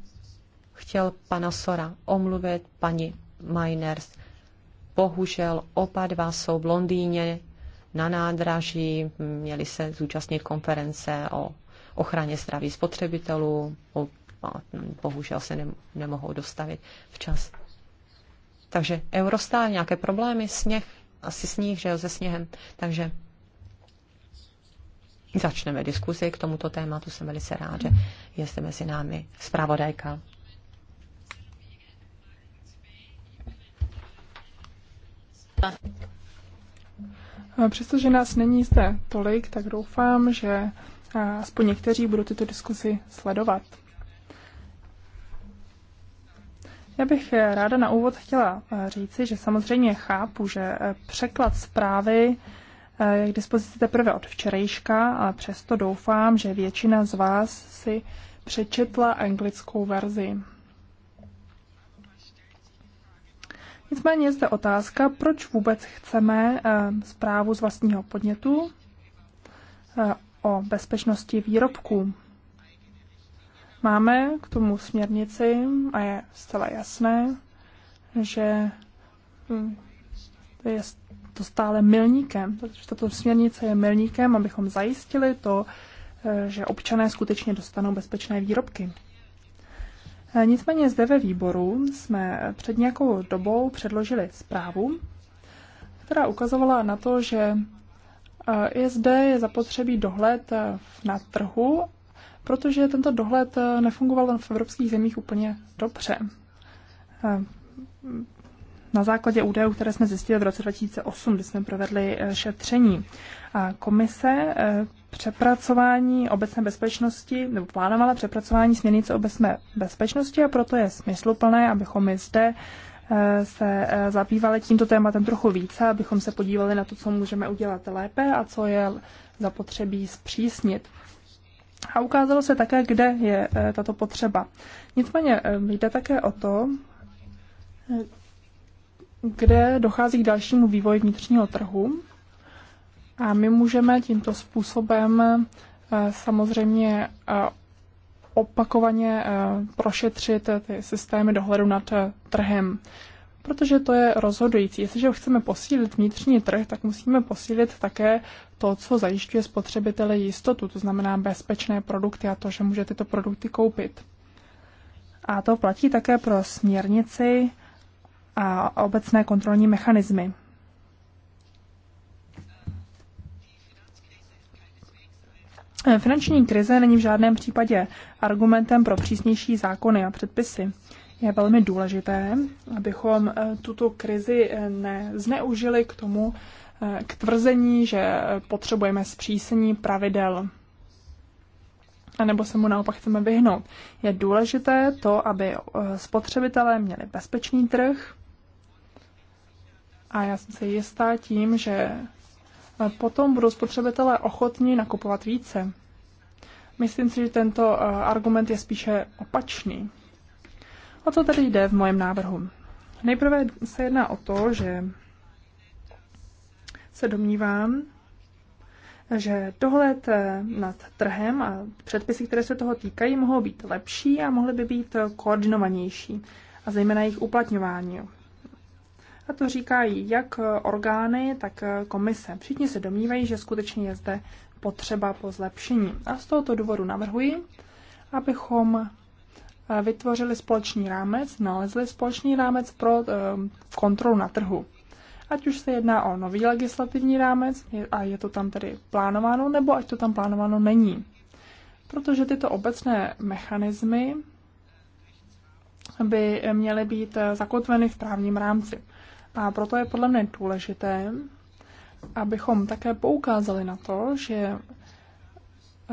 chtěl pana Sora omluvit, paní Miners. Bohužel oba dva jsou v Londýně, na nádraží, měli se zúčastnit konference o ochraně zdraví spotřebitelů, o, a bohužel se ne, nemohou dostavit včas. Takže Eurostar, nějaké problémy, sněh, asi sníh, že jo, se sněhem. Takže začneme diskuzi k tomuto tématu. Jsem velice rád, že jste mezi námi zpravodajka. Přestože nás není zde tolik, tak doufám, že aspoň někteří budou tyto diskusy sledovat. Já bych e, ráda na úvod chtěla e, říci, že samozřejmě chápu, že e, překlad zprávy je k dispozici teprve od včerejška, ale přesto doufám, že většina z vás si přečetla anglickou verzi. Nicméně je zde otázka, proč vůbec chceme eh, zprávu z vlastního podnětu eh, o bezpečnosti výrobků. Máme k tomu směrnici a je zcela jasné, že to eh, je to stále milníkem. Protože tato směrnice je milníkem, abychom zajistili to, že občané skutečně dostanou bezpečné výrobky. Eh, nicméně zde ve výboru jsme před nějakou dobou předložili zprávu, která ukazovala na to, že eh, i zde je zapotřebí dohled eh, na trhu, protože tento dohled nefungoval v evropských zemích úplně dobře. Na základě údajů, které jsme zjistili v roce 2008, kdy jsme provedli šetření, a komise přepracování obecné bezpečnosti, nebo plánovala přepracování směrnice obecné bezpečnosti a proto je smysluplné, abychom my zde eh, se eh, zabývali tímto tématem trochu více, abychom se podívali na to, co můžeme udělat lépe a co je zapotřebí zpřísnit. A ukázalo se také, kde je eh, tato potřeba. Nicméně jde také o to, kde dochází k dalšímu vývoji vnitřního trhu a my můžeme tímto způsobem eh, samozřejmě eh, opakovaně eh, prošetřit ty systémy dohledu nad trhem. Protože to je rozhodující. Jestliže chceme posílit vnitřní trh, tak musíme posílit také to, co zajišťuje spotřebiteli jistotu, to znamená bezpečné produkty a to, že může tyto produkty koupit. A to platí také pro směrnici a obecné kontrolní mechanismy. Eh, finanční krize není v žádném případě argumentem pro přísnější zákony a předpisy. Je velmi důležité, abychom eh, tuto krizi eh, nezneužili k tomu, k tvrzení, že potřebujeme zpřísnění pravidel a nebo se mu naopak chceme vyhnout. Je důležité to, aby spotřebitelé měli bezpečný trh a já jsem si jistá tím, že potom budou spotřebitelé ochotní nakupovat více. Myslím si, že tento eh, argument je spíše opačný. O co tedy jde v mojem návrhu? Nejprve se jedná o to, že se domnívám, že dohled eh, nad trhem a předpisy, které se toho týkají, mohou být lepší a mohly by být eh, koordinovanější, a zejména jejich uplatňování. A to říkají jak orgány, tak komise. Všichni se domnívají, že skutečně je zde potřeba po zlepšení. A z tohoto důvodu navrhuji, abychom eh, vytvořili společný rámec, nalezli společný rámec pro eh, kontrolu na trhu. Ať už se jedná o nový legislativní rámec a je to tam tedy plánováno, nebo ať to tam plánováno není. Protože tyto obecné mechanismy by měly být eh, zakotveny v právním rámci. A proto je podle mě důležité, abychom také poukázali na to, že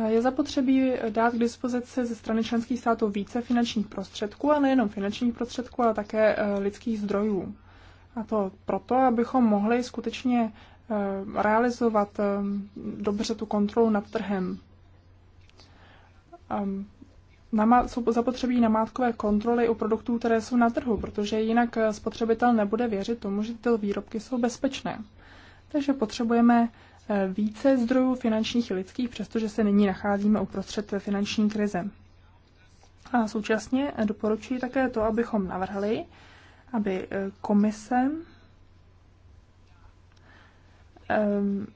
eh, je zapotřebí dát k dispozici ze strany členských států více finančních prostředků, a nejenom finančních prostředků, ale také eh, lidských zdrojů. A to proto, abychom mohli skutečně eh, realizovat dobře tu kontrolu nad trhem. Ehm, jsou zapotřebí namátkové kontroly u produktů, které jsou na trhu, protože jinak eh, spotřebitel nebude věřit tomu, že ty výrobky jsou bezpečné. Takže potřebujeme eh, více zdrojů finančních i lidských, přestože se nyní nacházíme uprostřed finanční krize. A současně eh, doporučuji také to, abychom navrhli, aby komise ehm,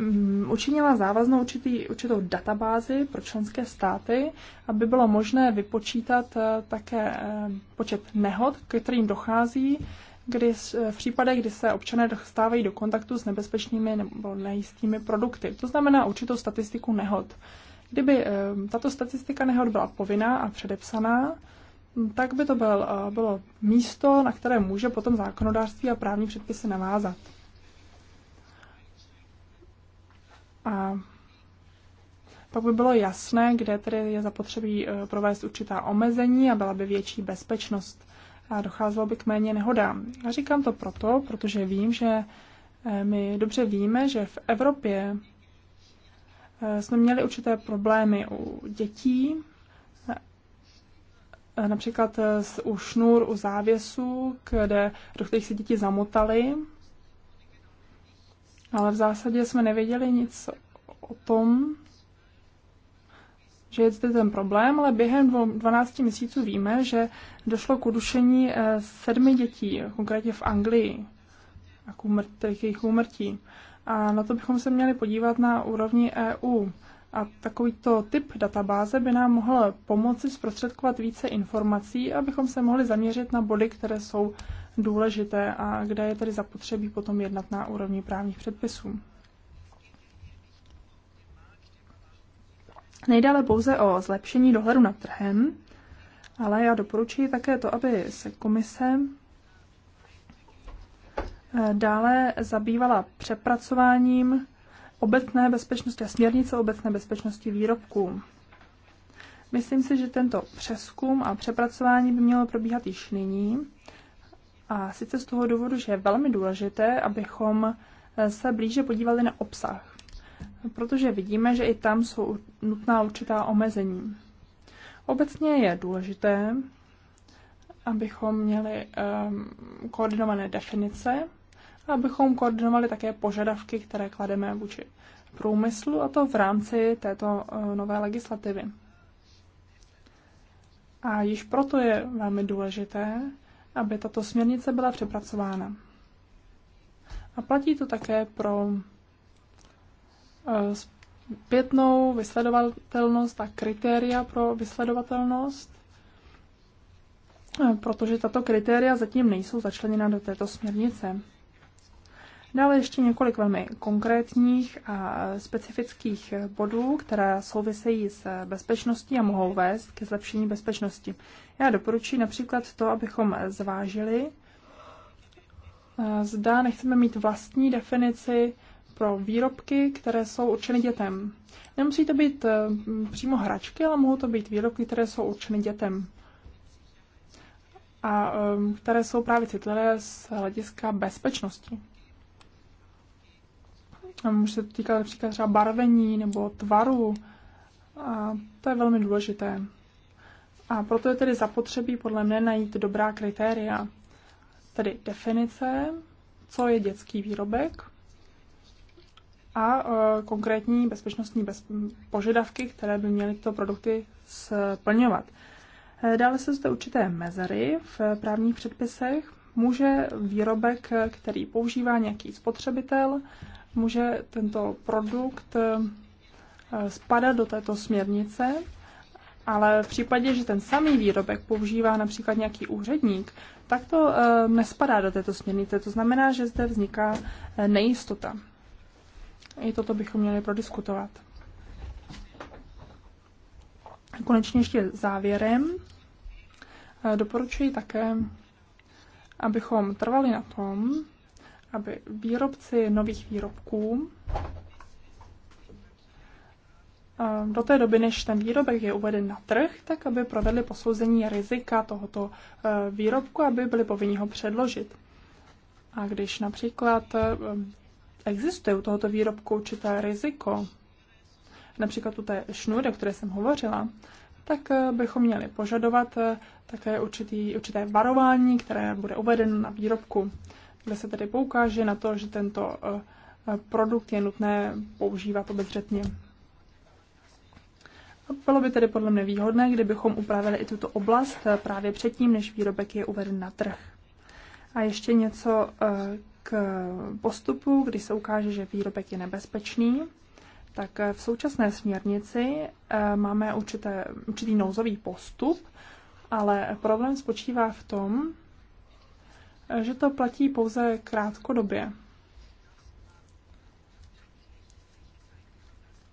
Mm, učinila závaznou určitý, určitou databázi pro členské státy, aby bylo možné vypočítat eh, také eh, počet nehod, k kterým dochází, kdy eh, v případech, kdy se občané dostávají do kontaktu s nebezpečnými nebo nejistými produkty. To znamená určitou statistiku nehod. Kdyby tato statistika nehod byla povinná a předepsaná, mm, tak by to byl, bylo místo, na které může potom zákonodárství a právní předpisy navázat. A pak by bylo jasné, kde tedy je zapotřebí e, provést určitá omezení a byla by větší bezpečnost a docházelo by k méně nehodám. Já říkám to proto, protože vím, že e, my dobře víme, že v Evropě e, jsme měli určité problémy u dětí, například u šnůr, u závěsů, kde, do kterých se děti zamotaly ale v zásadě jsme nevěděli nic o tom, že je zde ten problém, ale během 12 měsíců víme, že došlo k udušení eh, sedmi dětí, konkrétně v Anglii, a k, umrt, k jejich úmrtí. A na to bychom se měli podívat na úrovni EU. A takovýto typ databáze by nám mohl pomoci zprostředkovat více informací, abychom se mohli zaměřit na body, které jsou důležité a kde je tedy zapotřebí potom jednat na úrovni právních předpisů. Nejdále pouze o zlepšení dohledu nad trhem, ale já doporučuji také to, aby se komise eh, dále zabývala přepracováním obecné bezpečnosti a směrnice obecné bezpečnosti výrobků. Myslím si, že tento přeskum a přepracování by mělo probíhat již nyní, a sice z toho důvodu, že je velmi důležité, abychom se blíže podívali na obsah, protože vidíme, že i tam jsou nutná určitá omezení. Obecně je důležité, abychom měli um, koordinované definice a abychom koordinovali také požadavky, které klademe vůči průmyslu, a to v rámci této uh, nové legislativy. A již proto je velmi důležité, aby tato směrnice byla přepracována. A platí to také pro eh, zpětnou vysledovatelnost a kritéria pro vysledovatelnost, eh, protože tato kritéria zatím nejsou začleněna do této směrnice. Dále ještě několik velmi konkrétních a specifických bodů, které souvisejí s bezpečností a mohou vést ke zlepšení bezpečnosti. Já doporučuji například to, abychom zvážili, eh, zda nechceme mít vlastní definici pro výrobky, které jsou určeny dětem. Nemusí to být eh, přímo hračky, ale mohou to být výrobky, které jsou určeny dětem a eh, které jsou právě citlivé z hlediska bezpečnosti. Může se to týkat například třeba barvení nebo tvaru. A to je velmi důležité. A proto je tedy zapotřebí podle mne najít dobrá kritéria. Tedy definice, co je dětský výrobek a e, konkrétní bezpečnostní bez, požadavky, které by měly tyto produkty splňovat. E, dále se zde určité mezery v právních předpisech. Může výrobek, který používá nějaký spotřebitel, může tento produkt eh, spadat do této směrnice, ale v případě, že ten samý výrobek používá například nějaký úředník, tak to eh, nespadá do této směrnice. To znamená, že zde vzniká eh, nejistota. I toto bychom měli prodiskutovat. Konečně ještě závěrem doporučuji také, abychom trvali na tom, aby výrobci nových výrobků do té doby, než ten výrobek je uveden na trh, tak aby provedli posouzení rizika tohoto e, výrobku, aby byli povinni ho předložit. A když například e, existuje u tohoto výrobku určité riziko, například u té šnury, o které jsem hovořila, tak e, bychom měli požadovat také určitý, určité varování, které bude uvedeno na výrobku kde se tedy poukáže na to, že tento eh, produkt je nutné používat obezřetně. Bylo by tedy podle mě výhodné, kdybychom upravili i tuto oblast eh, právě předtím, než výrobek je uveden na trh. A ještě něco eh, k postupu, kdy se ukáže, že výrobek je nebezpečný. Tak v současné směrnici máme určité, určitý nouzový postup, ale problém spočívá v tom, že to platí pouze krátkodobě.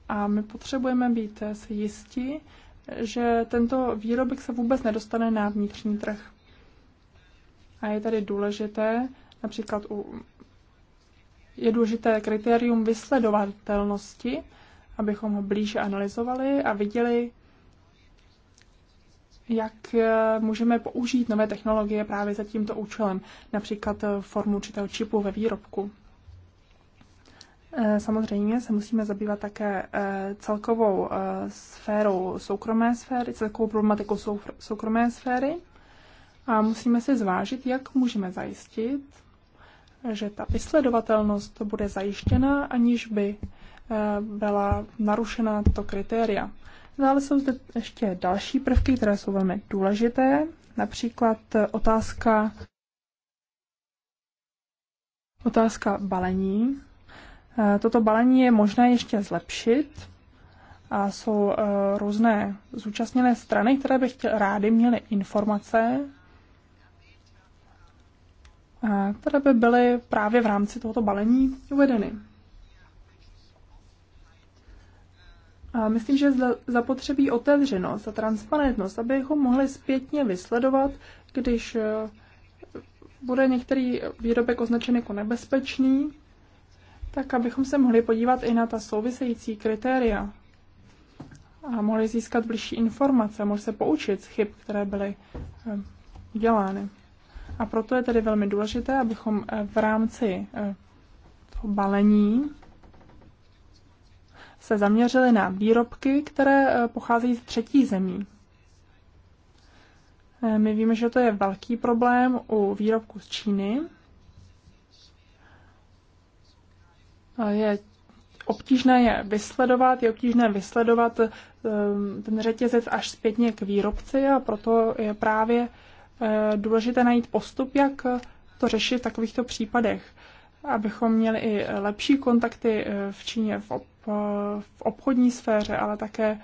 A my potřebujeme být si jisti, že tento výrobek se vůbec nedostane na vnitřní trh. A je tady důležité, například u, je důležité kritérium vysledovatelnosti, abychom ho blíže analyzovali a viděli, jak eh, můžeme použít nové technologie právě za tímto účelem, například eh, formu určitého čipu ve výrobku. Eh, samozřejmě se musíme zabývat také celkovou sférou soukromé sféry, celkovou problematikou soukromé sféry a musíme si zvážit, jak můžeme zajistit, že ta vysledovatelnost bude zajištěna, aniž by byla narušena tato kritéria. Dále jsou zde ještě další prvky, které jsou velmi důležité, například otázka Otázka balení. Eh, toto balení je možné ještě zlepšit a jsou eh, různé zúčastněné strany, které by chtěl, rády měly informace, eh, které by byly právě v rámci tohoto balení uvedeny. A myslím, že zapotřebí otevřenost a transparentnost, abychom mohli zpětně vysledovat, když eh, bude některý výrobek označen jako nebezpečný, tak abychom se mohli podívat i na ta související kritéria a mohli získat blížší informace, mohli se poučit z chyb, které byly eh, udělány. A proto je tedy velmi důležité, abychom eh, v rámci toho balení se zaměřili na výrobky, které eh, pocházejí z třetí zemí. Eh, my víme, že to je velký problém u výrobků z Číny. Eh, je obtížné je vysledovat, je obtížné vysledovat ten řetězec až zpětně k výrobci a proto je právě důležité najít postup, jak to řešit v takovýchto případech, abychom měli i lepší kontakty v Číně v Eh, v obchodní sféře, ale také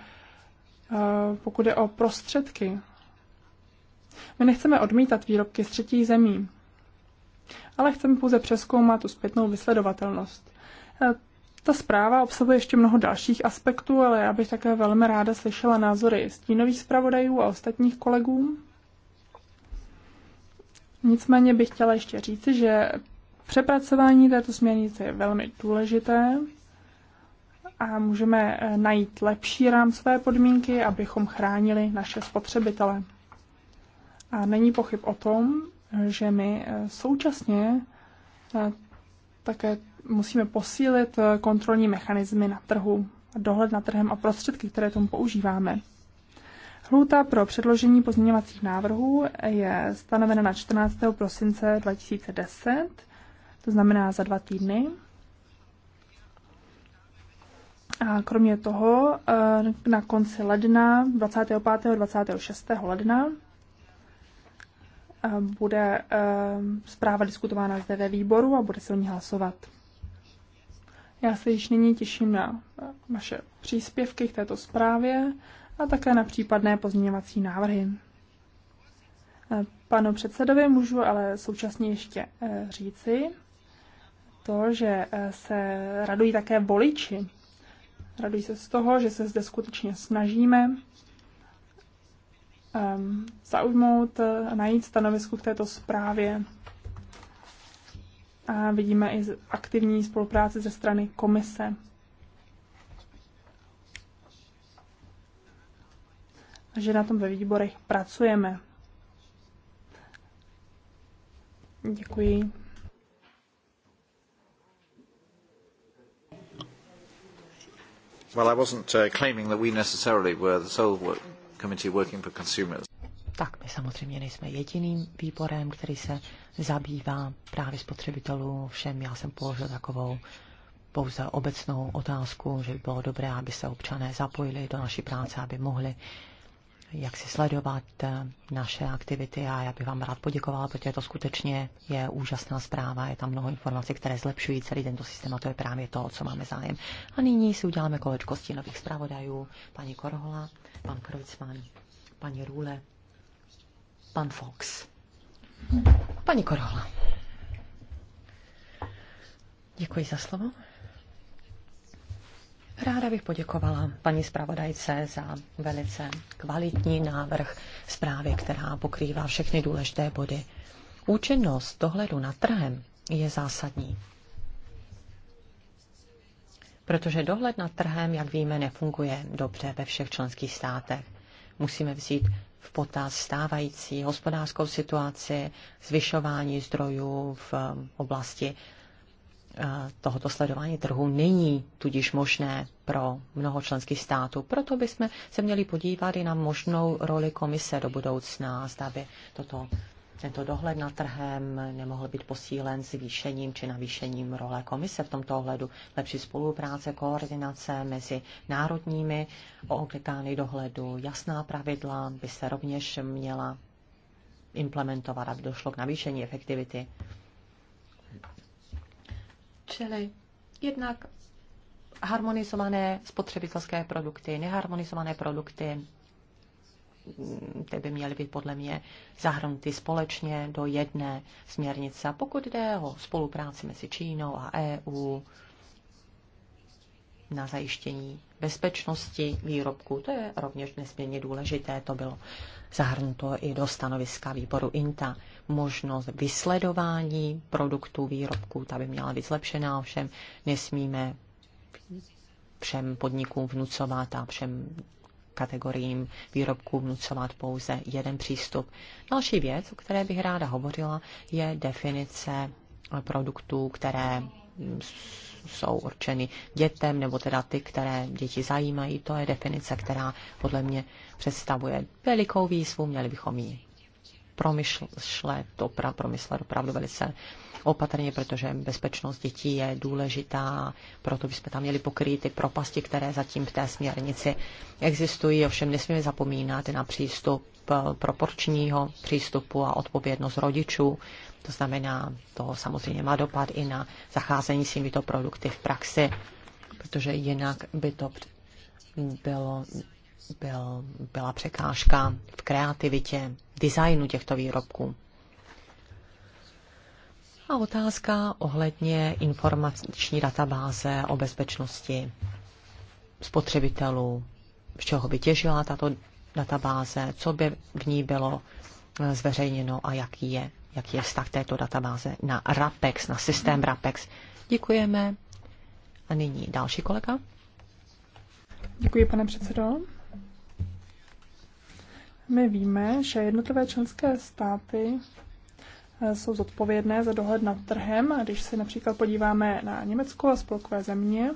eh, pokud je o prostředky. My nechceme odmítat výrobky z třetích zemí, ale chceme pouze přeskoumat tu zpětnou vysledovatelnost. Eh, ta zpráva obsahuje ještě mnoho dalších aspektů, ale já bych také velmi ráda slyšela názory stínových zpravodajů a ostatních kolegů. Nicméně bych chtěla ještě říci, že přepracování této směrnice je velmi důležité a můžeme eh, najít lepší rámcové podmínky, abychom chránili naše spotřebitele. A není pochyb o tom, eh, že my eh, současně také musíme posílit kontrolní mechanismy na trhu, dohled na trhem a prostředky, které tomu používáme. Hluta pro předložení pozměňovacích návrhů je stanovena na 14. prosince 2010, to znamená za dva týdny. A kromě toho eh, na konci ledna, 25. a 26. ledna, eh, bude eh, zpráva diskutována zde ve výboru a bude se o ní hlasovat. Já se již nyní těším na vaše příspěvky k této zprávě a také na případné pozměňovací návrhy. Panu předsedovi můžu ale současně ještě říci to, že se radují také voliči Raduji se z toho, že se zde skutečně snažíme um, zaujmout, najít stanovisku k této zprávě. A vidíme i aktivní spolupráci ze strany komise. a že na tom ve výborech pracujeme. Děkuji. Well, I wasn't uh, claiming that we necessarily were the sole work, committee working for consumers. Tak my samozřejmě nejsme jediným výborem, který se zabývá právě spotřebitelů všem. Já jsem položil takovou pouze obecnou otázku, že by bylo dobré, aby se občané zapojili do naší práce, aby mohli uh, jak si sledovat eh, naše aktivity a já bych vám rád poděkovala, protože to skutečně je úžasná zpráva, je tam mnoho informací, které zlepšují celý tento systém a to je právě to, co máme zájem. A nyní si uděláme kolečko stínových zpravodajů, paní Korhola, pan Krojcman, paní Růle, pan Fox. Paní Korhola. Děkuji za slovo. Ráda bych poděkovala paní zpravodajce za velice kvalitní návrh zprávy, která pokrývá všechny důležité body. Účinnost dohledu nad trhem je zásadní. Protože dohled nad trhem, jak víme, nefunguje dobře ve všech členských státech. Musíme vzít v potaz stávající hospodářskou situaci, zvyšování zdrojů v oblasti Eh, tohoto sledování trhu není tudíž možné pro mnoho členských států. Proto bychom se měli podívat i na možnou roli komise do budoucna, zda by toto, tento dohled nad trhem nemohl být posílen zvýšením či navýšením role komise v tomto ohledu. Lepší spolupráce, koordinace mezi národními orgány dohledu, jasná pravidla by se rovněž měla implementovat, aby došlo k navýšení efektivity Čili jednak harmonizované spotřebitelské produkty, neharmonizované produkty, ty by měly být podle mě zahrnuty společně do jedné směrnice. A pokud jde o spolupráci mezi Čínou a EU na zajištění bezpečnosti výrobků. To je rovněž nesmírně důležité. To bylo zahrnuto i do stanoviska výboru INTA. Možnost vysledování produktů, výrobků, ta by měla být zlepšená, ovšem nesmíme všem podnikům vnucovat a všem kategoriím výrobků vnucovat pouze jeden přístup. Další věc, o které bych ráda hovořila, je definice produktů, které jsou určeny dětem, nebo teda ty, které děti zajímají. To je definice, která podle mě představuje velikou výzvu. Měli bychom ji promyšlet, opra, promyslet opravdu velice opatrně, protože bezpečnost dětí je důležitá, proto bychom tam měli pokrýt ty propasti, které zatím v té směrnici existují. Ovšem nesmíme zapomínat na přístup eh, proporčního přístupu a odpovědnost rodičů to znamená, to samozřejmě má dopad i na zacházení s těmito produkty v praxi, protože jinak by to bylo, byl, byla překážka v kreativitě, designu těchto výrobků. A otázka ohledně informační databáze o bezpečnosti spotřebitelů, z čeho by těžila tato databáze, co by v ní bylo eh, zveřejněno a jaký je jaký je vztah této databáze na RAPEX, na systém RAPEX. Děkujeme. A nyní další kolega. Děkuji, pane předsedo. My víme, že jednotlivé členské státy eh, jsou zodpovědné za dohled nad trhem. A když se například podíváme na Německo a spolkové země,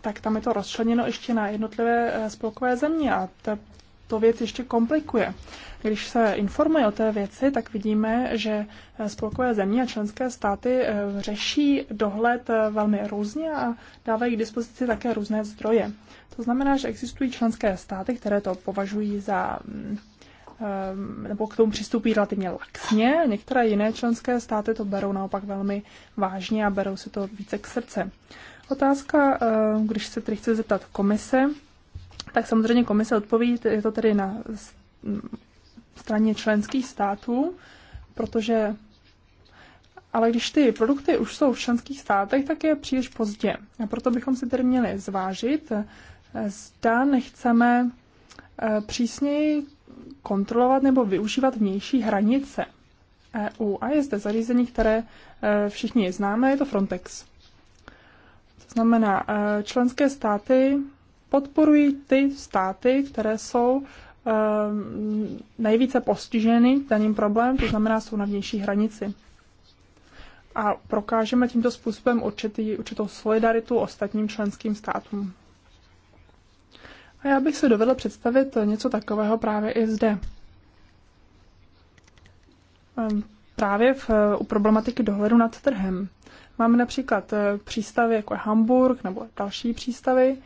tak tam je to rozčleněno ještě na jednotlivé eh, spolkové země a to věc ještě komplikuje. Když se informuje o té věci, tak vidíme, že spolkové země a členské státy eh, řeší dohled eh, velmi různě a dávají k dispozici také různé zdroje. To znamená, že existují členské státy, které to považují za mm, eh, nebo k tomu přistupují relativně laxně, některé jiné členské státy to berou naopak velmi vážně a berou si to více k srdce. Otázka, když se tedy chce zeptat komise, tak samozřejmě komise odpoví, je to tedy na straně členských států, protože ale když ty produkty už jsou v členských státech, tak je příliš pozdě. A proto bychom si tedy měli zvážit, eh, zda nechceme eh, přísněji kontrolovat nebo využívat vnější hranice EU. A je zde zařízení, které eh, všichni známe, je to Frontex. To znamená, členské státy podporuji ty státy, které jsou ehm, nejvíce postiženy daným problém, to znamená, jsou na vnější hranici. A prokážeme tímto způsobem určitý, určitou solidaritu ostatním členským státům. A já bych se dovedla představit něco takového právě i zde. Ehm, právě v, u problematiky dohledu nad trhem. Máme například eh, přístavy jako je Hamburg nebo další přístavy,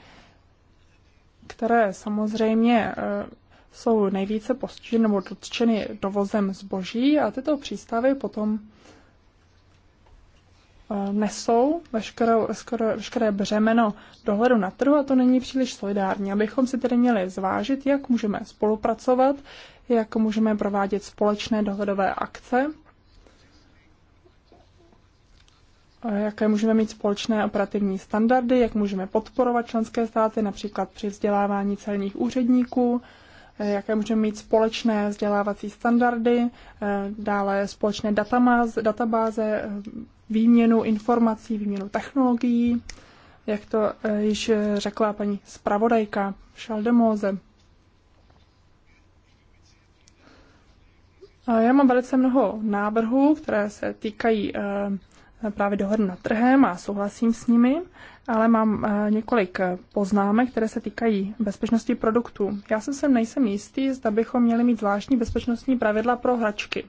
které samozřejmě eh, jsou nejvíce postiženy nebo dotčeny dovozem zboží a tyto přístavy potom eh, nesou veškeré, veškeré, veškeré břemeno dohledu na trhu a to není příliš solidární. Abychom si tedy měli zvážit, jak můžeme spolupracovat, jak můžeme provádět společné dohledové akce jaké můžeme mít společné operativní standardy, jak můžeme podporovat členské státy, například při vzdělávání celních úředníků, eh, jaké můžeme mít společné vzdělávací standardy, eh, dále společné databáze, databáze eh, výměnu informací, výměnu technologií, jak to již řekla paní zpravodajka Šaldemóze. Já mám velice mnoho návrhů, které se týkají právě dohodu nad trhem a souhlasím s nimi, ale mám eh, několik poznámek, které se týkají bezpečnosti produktů. Já jsem se nejsem jistý, zda bychom měli mít zvláštní bezpečnostní pravidla pro hračky.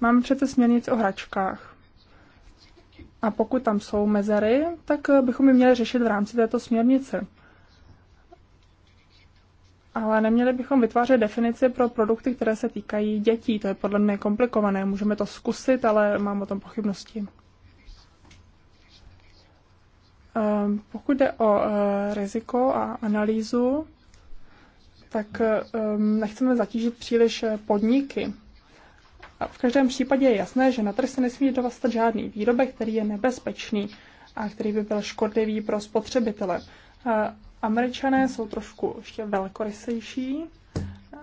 Máme přece směrnic o hračkách. A pokud tam jsou mezery, tak eh, bychom je měli řešit v rámci této směrnice ale neměli bychom vytvářet definici pro produkty, které se týkají dětí. To je podle mě komplikované. Můžeme to zkusit, ale mám o tom pochybnosti. Ehm, pokud jde o eh, riziko a analýzu, tak ehm, nechceme zatížit příliš eh, podniky. A v každém případě je jasné, že na trh se nesmí dovastat žádný výrobek, který je nebezpečný a který by byl škodlivý pro spotřebitele. Eh, Američané jsou trošku ještě velkorysejší,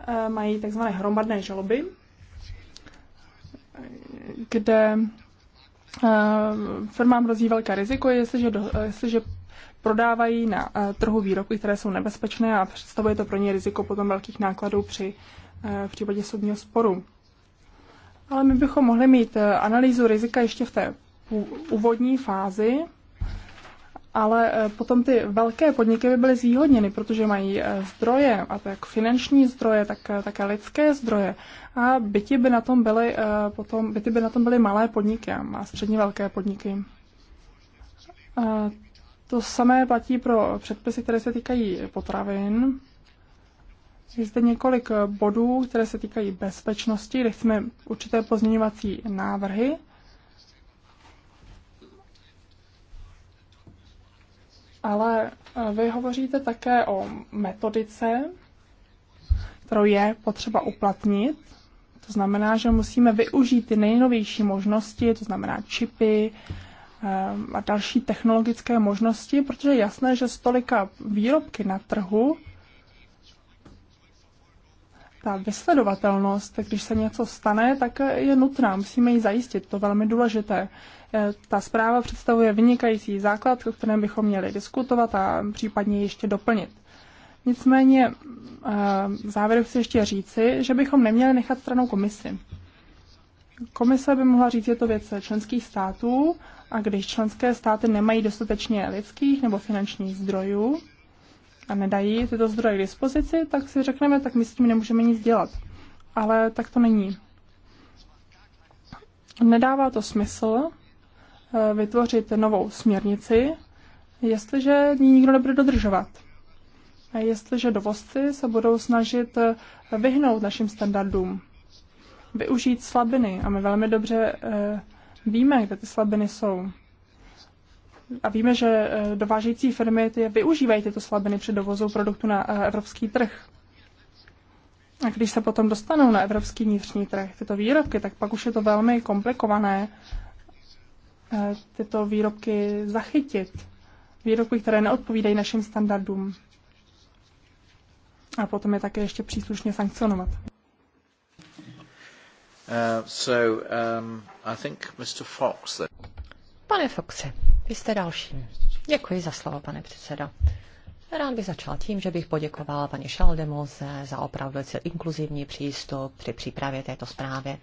eh, mají takzvané hromadné žaloby, kde eh, firmám hrozí velké riziko, jestliže, do, jestliže prodávají na eh, trhu výrobky, které jsou nebezpečné a představuje to pro ně riziko potom velkých nákladů při v případě soudního sporu. Ale my bychom mohli mít analýzu rizika ještě v té úvodní fázi, ale e, potom ty velké podniky by byly zvýhodněny, protože mají e, zdroje, a to jak finanční zdroje, tak e, také lidské zdroje. A byti by na tom byly, potom, byty by na tom byly malé podniky a středně velké podniky. To samé platí pro předpisy, které se týkají potravin. Je zde několik bodů, které se týkají bezpečnosti, kde chceme určité pozměňovací návrhy. ale eh, vy hovoříte také o metodice, kterou je potřeba uplatnit. To znamená, že musíme využít ty nejnovější možnosti, to znamená čipy eh, a další technologické možnosti, protože je jasné, že stolika výrobky na trhu ta vysledovatelnost, když se něco stane, tak je nutná, musíme ji zajistit, to je velmi důležité. Eh, ta zpráva představuje vynikající základ, o kterém bychom měli diskutovat a případně ještě doplnit. Nicméně eh, v závěru chci ještě říci, že bychom neměli nechat stranou komisi. Komise by mohla říct, je to věc členských států a když členské státy nemají dostatečně lidských nebo finančních zdrojů a nedají tyto zdroje k dispozici, tak si řekneme, tak my s tím nemůžeme nic dělat. Ale tak to není. Nedává to smysl, Eh, vytvořit novou směrnici, jestliže nikdo nebude dodržovat. A jestliže dovozci se budou snažit eh, vyhnout našim standardům, využít slabiny. A my velmi dobře eh, víme, kde ty slabiny jsou. A víme, že dovážející firmy ty využívají tyto slabiny při dovozu produktu na evropský trh. A když se potom dostanou na evropský vnitřní trh tyto výrobky, tak pak už je to velmi komplikované Eh, tyto výrobky zachytit. Výrobky, které neodpovídají našim standardům. A potom je také ještě příslušně sankcionovat. Uh, so, um, I think Mr. Fox, that... Pane Foxe, vy jste další. Děkuji za slovo, pane předsedo. Rád bych začal tím, že bych poděkoval paní Šaldemoze za opravdu inkluzivní přístup při přípravě této zprávy.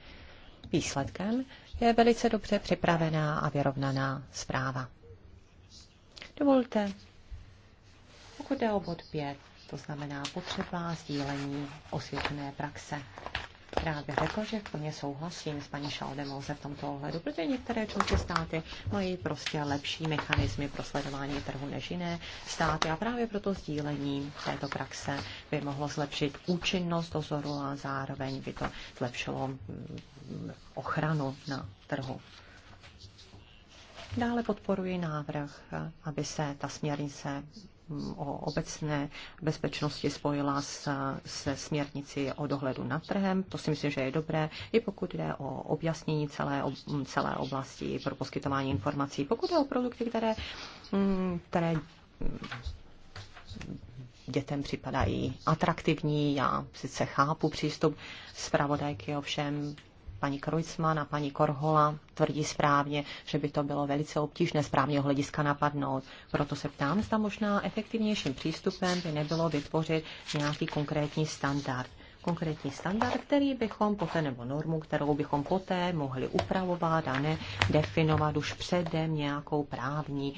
Výsledkem je velice dobře připravená a vyrovnaná zpráva. Dovolte, pokud je o bod 5, to znamená potřeba sdílení osvětlené praxe. Rád bych řekl, že plně souhlasím s paní Šaldemoze v tomto ohledu, protože některé členské státy mají prostě lepší mechanismy pro sledování trhu než jiné státy a právě proto sdílení této praxe by mohlo zlepšit účinnost dozoru a zároveň by to zlepšilo ochranu na trhu. Dále podporuji návrh, aby se ta směrnice o obecné bezpečnosti spojila s, se směrnici o dohledu nad trhem. To si myslím, že je dobré, i pokud jde o objasnění celé, celé oblasti pro poskytování informací. Pokud jde o produkty, které, mm, které dětem připadají atraktivní. Já sice chápu přístup zpravodajky, ovšem paní Krujcman a paní Korhola tvrdí správně, že by to bylo velice obtížné správního hlediska napadnout. Proto se ptám, zda možná efektivnějším přístupem by nebylo vytvořit nějaký konkrétní standard konkrétní standard, který bychom poté, nebo normu, kterou bychom poté mohli upravovat a ne definovat už předem nějakou právní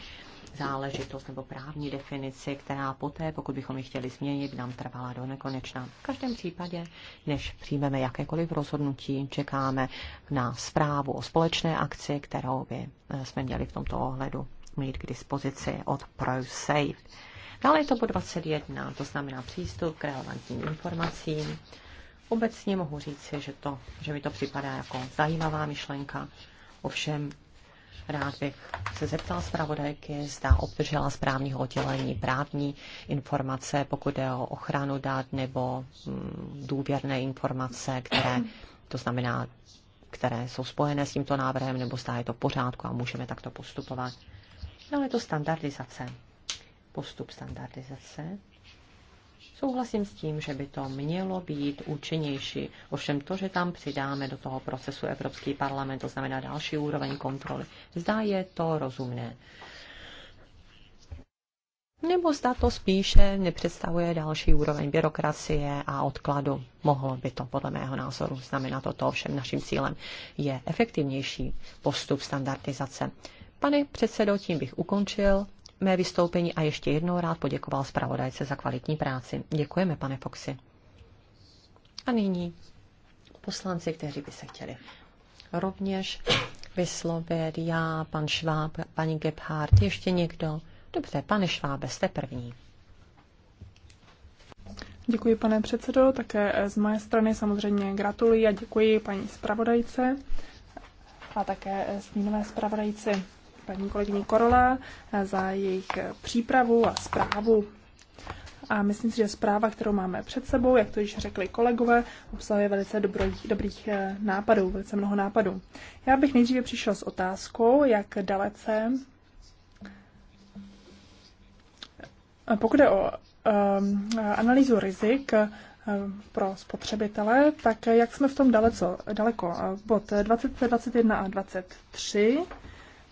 záležitost nebo právní definici, která poté, pokud bychom ji chtěli změnit, by nám trvala do nekonečna. V každém případě, než přijmeme jakékoliv rozhodnutí, čekáme na zprávu o společné akci, kterou by eh, jsme měli v tomto ohledu mít k dispozici od ProSafe. Dále je to bod 21, to znamená přístup k relevantním informacím. Obecně mohu říci, že, to, že mi to připadá jako zajímavá myšlenka, ovšem Rád bych se zeptal zpravodajky, zda obdržela z právního oddělení právní informace, pokud je o ochranu dát nebo mm, důvěrné informace, které, to znamená, které jsou spojené s tímto návrhem, nebo zda je to v pořádku a můžeme takto postupovat. No, je to standardizace. Postup standardizace. Souhlasím s tím, že by to mělo být účinnější. Ovšem to, že tam přidáme do toho procesu Evropský parlament, to znamená další úroveň kontroly, zdá je to rozumné. Nebo zda to spíše nepředstavuje další úroveň byrokracie a odkladu. Mohlo by to podle mého názoru znamenat toto, ovšem naším cílem je efektivnější postup standardizace. Pane předsedo, tím bych ukončil mé vystoupení a ještě jednou rád poděkoval zpravodajce za kvalitní práci. Děkujeme, pane Foxy. A nyní poslanci, kteří by se chtěli rovněž vyslovit. Já, pan Šváb, paní Gebhardt, ještě někdo? Dobře, pane Švábe, jste první. Děkuji, pane předsedo. Také z mé strany samozřejmě gratuluji a děkuji paní zpravodajce a také stínové zpravodajci paní kolegyni Korola eh, za jejich eh, přípravu a zprávu. A myslím si, že zpráva, kterou máme před sebou, jak to již řekli kolegové, obsahuje velice dobrých, dobrých eh, nápadů, velice mnoho nápadů. Já bych nejdříve přišel s otázkou, jak dalece, pokud je o um, analýzu rizik, pro spotřebitele, tak jak jsme v tom daleco, daleko? Bod 20, 21 a 23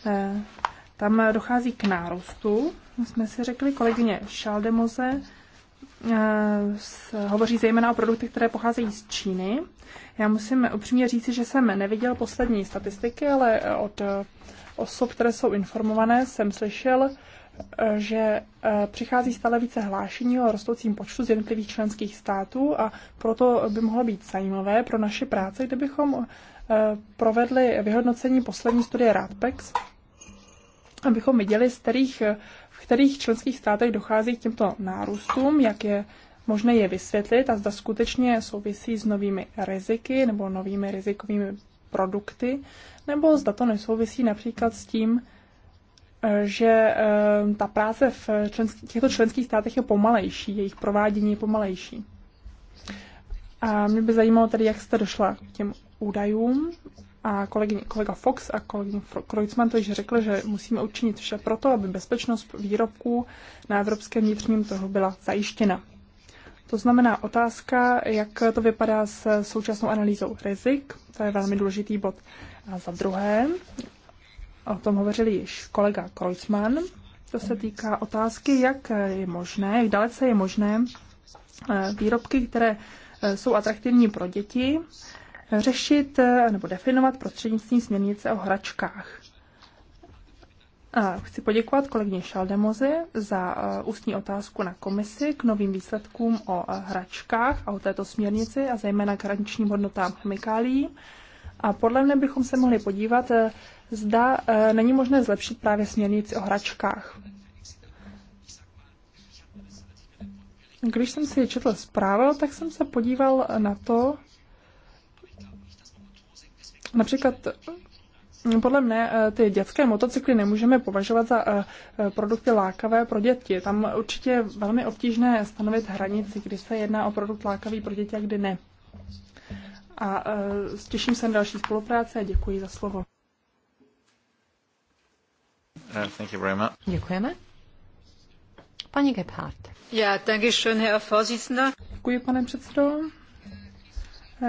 Eh, tam dochází k nárůstu. My jsme si řekli, kolegyně Šaldemoze eh, hovoří zejména o produktech, které pocházejí z Číny. Já musím upřímně říci, že jsem neviděl poslední statistiky, ale od eh, osob, které jsou informované, jsem slyšel, že přichází stále více hlášení o rostoucím počtu z jednotlivých členských států a proto by mohlo být zajímavé pro naše práce, kdybychom provedli vyhodnocení poslední studie RADPEX, abychom viděli, z kterých, v kterých členských státech dochází k těmto nárůstům, jak je možné je vysvětlit a zda skutečně souvisí s novými riziky nebo novými rizikovými produkty, nebo zda to nesouvisí například s tím, eh, že eh, ta práce v těchto členských státech je pomalejší, jejich provádění je pomalejší. A mě by zajímalo tedy, jak jste došla k těm údajům a kolegyně, kolega Fox a kolegyně Kreuzmann to již řekl, že musíme učinit vše proto, aby bezpečnost výrobků na evropském vnitřním trhu byla zajištěna. To znamená otázka, jak to vypadá s současnou analýzou rizik, to je velmi důležitý bod. A za druhé, o tom hovořil již kolega Kreuzmann, to se týká otázky, jak je možné, jak dalece je možné eh, výrobky, které eh, jsou atraktivní pro děti, řešit eh, nebo definovat prostřednictvím směrnice o hračkách. Chci poděkovat kolegyně Šaldemozy za eh, ústní otázku na komisi k novým výsledkům o eh, hračkách a o této směrnici a zejména k hraničním hodnotám chemikálií. A podle mne bychom se mohli podívat, zda není možné zlepšit právě směrnici o hračkách. Když jsem si četl zprávu, tak jsem se podíval na to, Například mm, podle mne eh, ty dětské motocykly nemůžeme považovat za eh, eh, produkty lákavé pro děti. Tam určitě je velmi obtížné stanovit hranici, kdy se jedná o produkt lákavý pro děti a kdy ne. A těším se na další spolupráce a děkuji za slovo. Uh, thank you very much. Děkujeme. Paní Gebhardt. Ja, danke schön, Herr Vorsitzender. Děkuji, pane předsedo.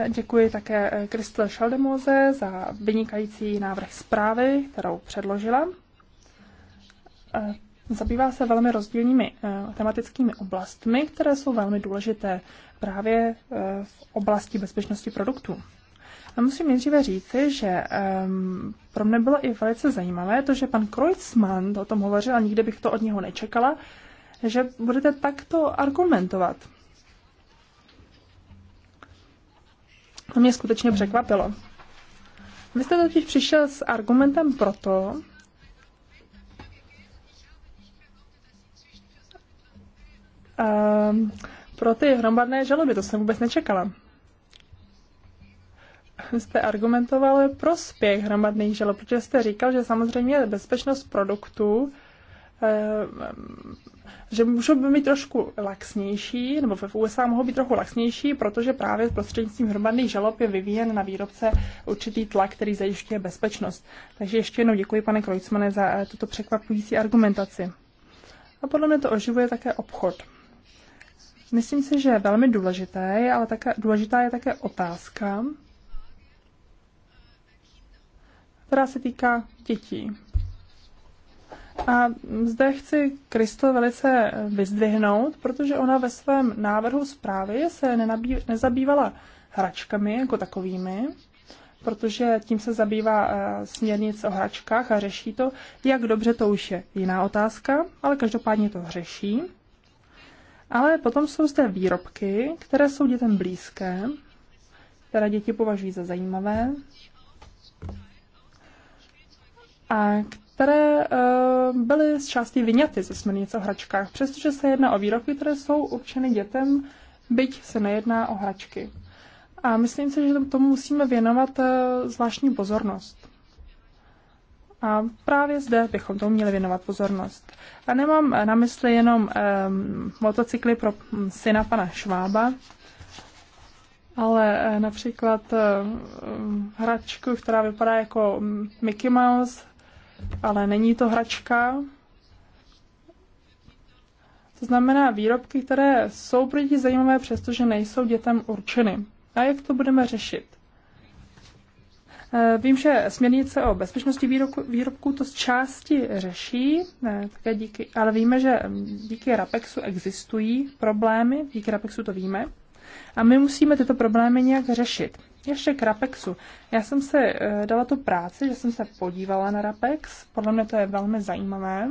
Děkuji také Kristel eh, Šaldemoze za vynikající návrh zprávy, kterou předložila. Eh, zabývá se velmi rozdílnými eh, tematickými oblastmi, které jsou velmi důležité právě v oblasti bezpečnosti produktů. A musím nejdříve říci, že um, pro mě bylo i velice zajímavé to, že pan Kreuzmann o tom hovořil a nikdy bych to od něho nečekala, že budete takto argumentovat. To mě skutečně překvapilo. Vy jste totiž přišel s argumentem proto, um, pro ty hromadné žaloby, to jsem vůbec nečekala. Vy jste argumentoval prospěch hromadných žalob, protože jste říkal, že samozřejmě bezpečnost produktů Eh, že můžou být trošku laxnější, nebo v USA mohou být trochu laxnější, protože právě prostřednictvím hromadných žalob je vyvíjen na výrobce určitý tlak, který zajišťuje bezpečnost. Takže ještě jednou děkuji, pane Krojcmane, za eh, tuto překvapující argumentaci. A podle mě to oživuje také obchod. Myslím si, že velmi důležité je, ale také, důležitá je také otázka, která se týká dětí. A zde chci Kristo velice vyzdvihnout, protože ona ve svém návrhu zprávy se nenabí, nezabývala hračkami jako takovými, protože tím se zabývá eh, směrnic o hračkách a řeší to. Jak dobře, to už je jiná otázka, ale každopádně to řeší. Ale potom jsou zde výrobky, které jsou dětem blízké, které děti považují za zajímavé a které eh, byly z části vyňaty ze směrnice o hračkách, přestože se jedná o výrobky, které jsou určeny dětem, byť se nejedná o hračky. A myslím si, že tomu musíme věnovat eh, zvláštní pozornost. A právě zde bychom tomu měli věnovat pozornost. A nemám na mysli jenom um, motocykly pro syna pana Švába, ale eh, například um, hračku, která vypadá jako Mickey Mouse, ale není to hračka. To znamená výrobky, které jsou pro děti zajímavé, přestože nejsou dětem určeny. A jak to budeme řešit? Eh, vím, že směrnice o bezpečnosti výrobku, to z části řeší, ne, eh, také díky, ale víme, že mm, díky RAPEXu existují problémy, díky RAPEXu to víme, a my musíme tyto problémy nějak řešit. Ještě k Rapexu. Já jsem se eh, dala tu práci, že jsem se podívala na Rapex. Podle mě to je velmi zajímavé.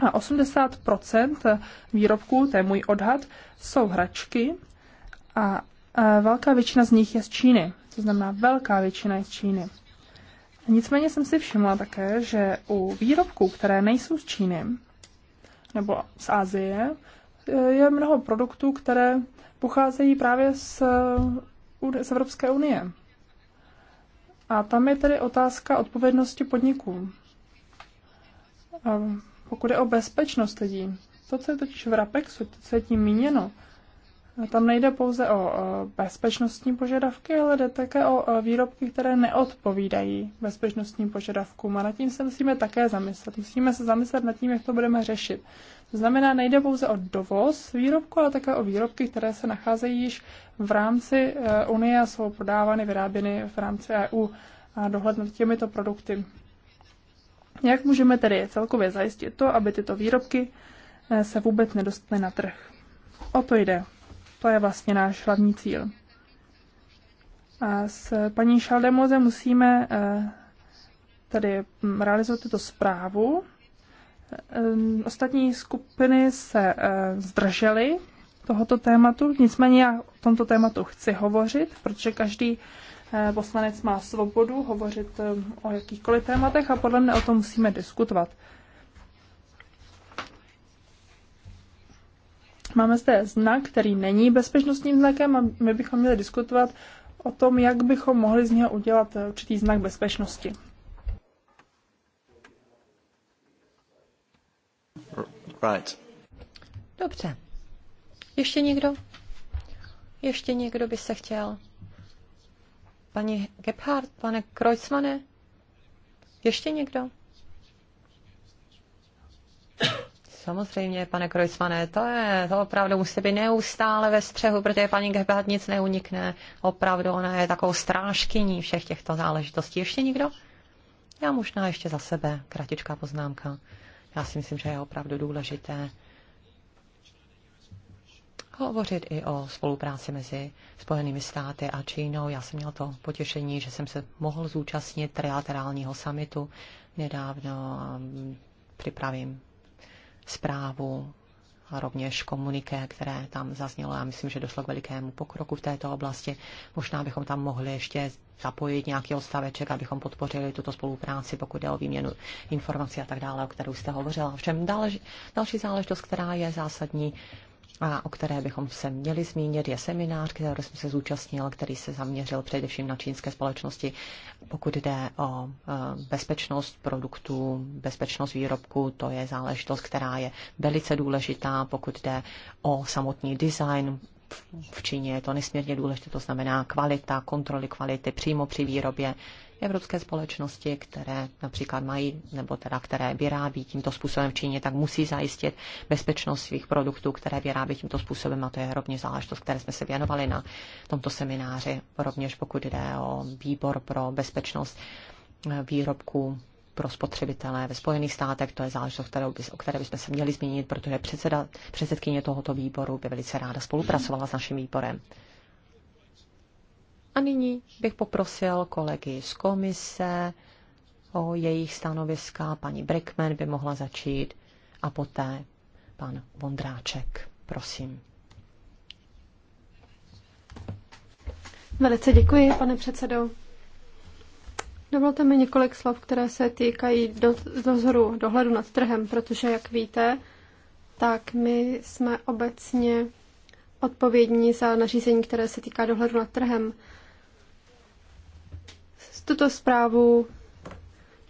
A 80% výrobků, to je můj odhad, jsou hračky a eh, velká většina z nich je z Číny. To znamená, velká většina je z Číny. Nicméně jsem si všimla také, že u výrobků, které nejsou z Číny nebo z Asie, eh, je mnoho produktů, které pocházejí právě z z Evropské unie. A tam je tedy otázka odpovědnosti podniků. A pokud je o bezpečnost lidí, to, co je totiž v RAPEXu, to, co je tím míněno, tam nejde pouze o bezpečnostní požadavky, ale jde také o výrobky, které neodpovídají bezpečnostním požadavkům. A nad tím se musíme také zamyslet. Musíme se zamyslet nad tím, jak to budeme řešit. To znamená, nejde pouze o dovoz výrobku, ale také o výrobky, které se nacházejí již v rámci eh, Unie a jsou prodávány, vyráběny v rámci EU a dohled nad těmito produkty. Jak můžeme tedy celkově zajistit to, aby tyto výrobky eh, se vůbec nedostaly na trh? O to jde. To je vlastně náš hlavní cíl. A s paní Šaldemoze musíme eh, tedy mm, realizovat tuto zprávu Ehm, ostatní skupiny se ehm, zdržely tohoto tématu, nicméně já o tomto tématu chci hovořit, protože každý eh, poslanec má svobodu hovořit ehm, o jakýchkoliv tématech a podle mě o tom musíme diskutovat. Máme zde znak, který není bezpečnostním znakem a my bychom měli diskutovat o tom, jak bychom mohli z něho udělat eh, určitý znak bezpečnosti. Right. Dobře. Ještě někdo? Ještě někdo by se chtěl? Paní Gebhardt, pane Kreuzmane? Ještě někdo? Samozřejmě, pane Krojcmane, to je, to opravdu musí být neustále ve střehu, protože paní Gebhardt nic neunikne. Opravdu, ona je takovou strážkyní všech těchto záležitostí. Ještě někdo? Já možná ještě za sebe, kratičká poznámka. Já si myslím, že je opravdu důležité hovořit i o spolupráci mezi Spojenými státy a Čínou. Já jsem měl to potěšení, že jsem se mohl zúčastnit trilaterálního samitu nedávno a připravím zprávu a rovněž komuniké, které tam zaznělo. Já myslím, že došlo k velikému pokroku v této oblasti. Možná bychom tam mohli ještě zapojit nějaký odstaveček, abychom podpořili tuto spolupráci, pokud jde o výměnu informací a tak dále, o kterou jste hovořila. Všem další, další záležitost, která je zásadní, a o které bychom se měli zmínit, je seminář, který jsem se zúčastnil, který se zaměřil především na čínské společnosti, pokud jde o e, bezpečnost produktů, bezpečnost výrobku, to je záležitost, která je velice důležitá, pokud jde o samotný design v Číně je to nesmírně důležité, to znamená kvalita, kontroly kvality přímo při výrobě evropské společnosti, které například mají, nebo teda které vyrábí tímto způsobem v Číně, tak musí zajistit bezpečnost svých produktů, které vyrábí tímto způsobem a to je rovněž záležitost, které jsme se věnovali na tomto semináři, rovněž pokud jde o výbor pro bezpečnost výrobků pro spotřebitele ve Spojených státech. To je záležitost, kterou by, o které bychom se měli zmínit, protože předseda, předsedkyně tohoto výboru by velice ráda spolupracovala s naším výborem. A nyní bych poprosil kolegy z komise o jejich stanoviska. Paní Brickman by mohla začít a poté pan Vondráček. Prosím. Velice děkuji, pane předsedo. Dovolte mi několik slov, které se týkají do, dozoru, dohledu nad trhem, protože, jak víte, tak my jsme obecně odpovědní za nařízení, které se týká dohledu nad trhem. Tuto zprávu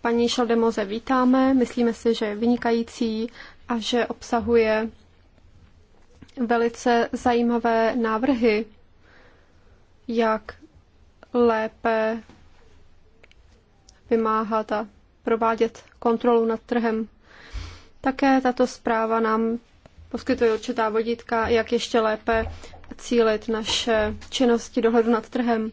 paní Šaldemoze vítáme, myslíme si, že je vynikající a že obsahuje velice zajímavé návrhy, jak lépe vymáhat a provádět kontrolu nad trhem. Také tato zpráva nám poskytuje určitá vodítka, jak ještě lépe cílit naše činnosti dohledu nad trhem.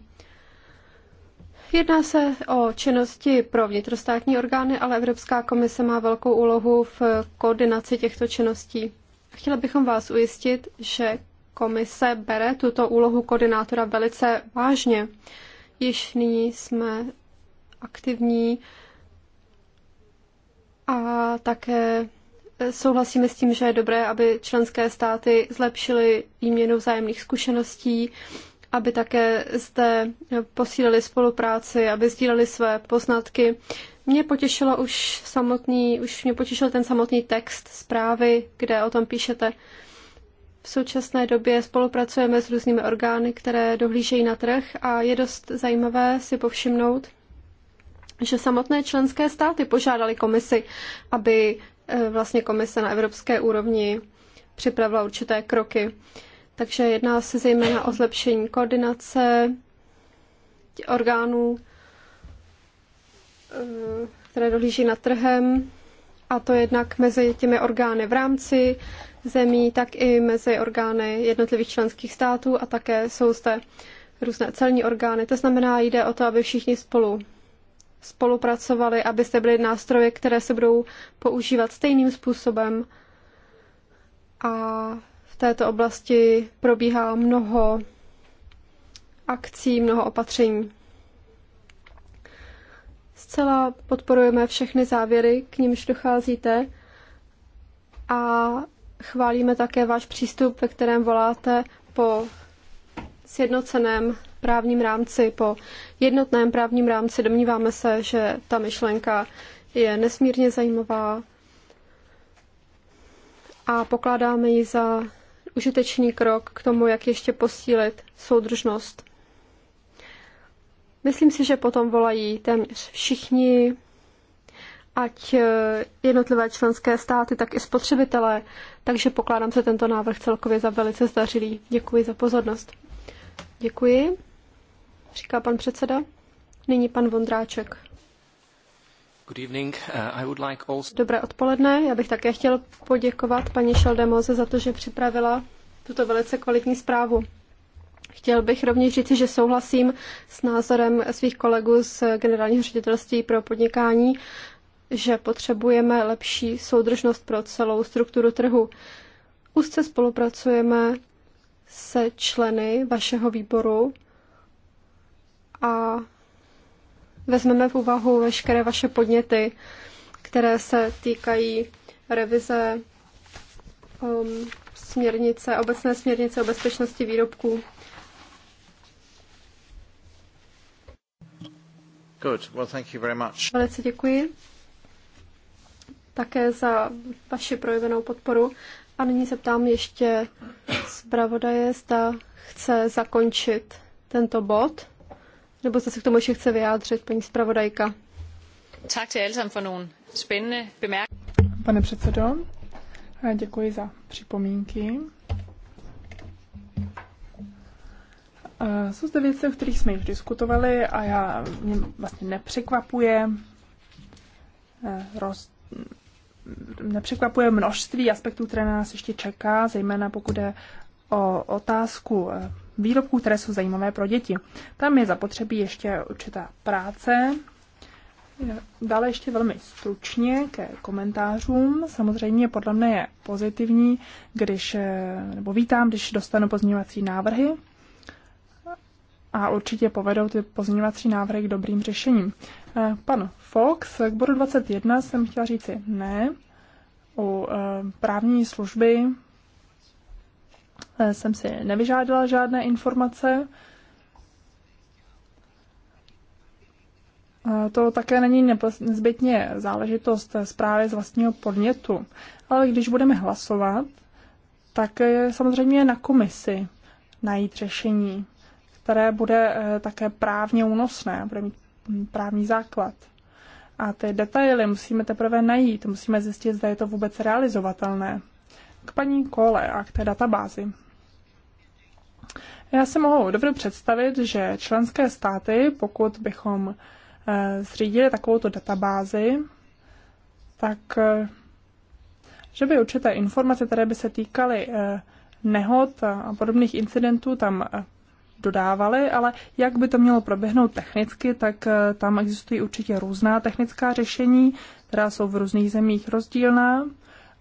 Jedná se o činnosti pro vnitrostátní orgány, ale Evropská komise má velkou úlohu v koordinaci těchto činností. Chtěla bychom vás ujistit, že komise bere tuto úlohu koordinátora velice vážně. Již nyní jsme aktivní a také souhlasíme s tím, že je dobré, aby členské státy zlepšily výměnu vzájemných zkušeností, aby také zde posílili spolupráci, aby sdíleli své poznatky. Mě potěšilo už samotný, už mě potěšil ten samotný text zprávy, kde o tom píšete. V současné době spolupracujeme s různými orgány, které dohlížejí na trh a je dost zajímavé si povšimnout, že samotné členské státy požádali komisi, aby eh, vlastně komise na evropské úrovni připravila určité kroky. Takže jedná se zejména o zlepšení koordinace orgánů, eh, které dohlíží nad trhem, a to jednak mezi těmi orgány v rámci zemí, tak i mezi orgány jednotlivých členských států a také jsou zde různé celní orgány. To znamená, jde o to, aby všichni spolu spolupracovali, aby zde byly nástroje, které se budou používat stejným způsobem a v této oblasti probíhá mnoho akcí, mnoho opatření. Zcela podporujeme všechny závěry, k nimž docházíte a chválíme také váš přístup, ve kterém voláte po sjednoceném právním rámci, po jednotném právním rámci. Domníváme se, že ta myšlenka je nesmírně zajímavá a pokládáme ji za užitečný krok k tomu, jak ještě posílit soudržnost. Myslím si, že potom volají téměř všichni, ať eh, jednotlivé členské státy, tak i spotřebitelé, takže pokládám se tento návrh celkově za velice zdařilý. Děkuji za pozornost. Děkuji, říká pan předseda. Nyní pan Vondráček. Uh, Dobré odpoledne. Já bych také chtěl poděkovat paní Šaldemoze za to, že připravila tuto velice kvalitní zprávu. Chtěl bych rovněž říci, že souhlasím s názorem svých kolegů z Generálního ředitelství pro podnikání, že potřebujeme lepší soudržnost pro celou strukturu trhu. Úzce spolupracujeme se členy vašeho výboru a vezmeme v úvahu veškeré vaše podněty, které se týkají revize um, směrnice, obecné směrnice o bezpečnosti výrobků. Good. Well, thank you very much. Velice děkuji také za vaši projevenou podporu. A nyní se ptám ještě zpravodaje, zda chce zakončit tento bod. Nebo se k tomu ještě chce vyjádřit paní zpravodajka? Pane předsedo, děkuji za připomínky. Jsou zde věci, o kterých jsme již diskutovali a já mě vlastně nepřekvapuje e, roz, nepřekvapuje množství aspektů, které na nás ještě čeká, zejména pokud je o otázku e, výrobků, které jsou zajímavé pro děti. Tam je zapotřebí ještě určitá práce. Dále ještě velmi stručně ke komentářům. Samozřejmě podle mne je pozitivní, když, eh, nebo vítám, když dostanu pozměňovací návrhy a určitě povedou ty pozměňovací návrhy k dobrým řešením. Eh, pan Fox, k bodu 21 jsem chtěla říci ne. U eh, právní služby Eh, jsem si nevyžádala žádné informace. To také není nezbytně záležitost eh, zprávy z vlastního podnětu, ale když budeme hlasovat, tak eh, je samozřejmě na komisi najít řešení, které bude také právně únosné, bude mít mm, právní základ. A ty detaily musíme teprve najít, musíme zjistit, zda je to vůbec realizovatelné. K paní Kole a k té databázi. Já si mohu dobře představit, že členské státy, pokud bychom eh, zřídili takovouto databázi, tak eh, že by určité informace, které by se týkaly eh, nehod a podobných incidentů, tam dodávaly, ale jak by to mělo proběhnout technicky, tak tam existují určitě různá technická řešení, která jsou v různých zemích rozdílná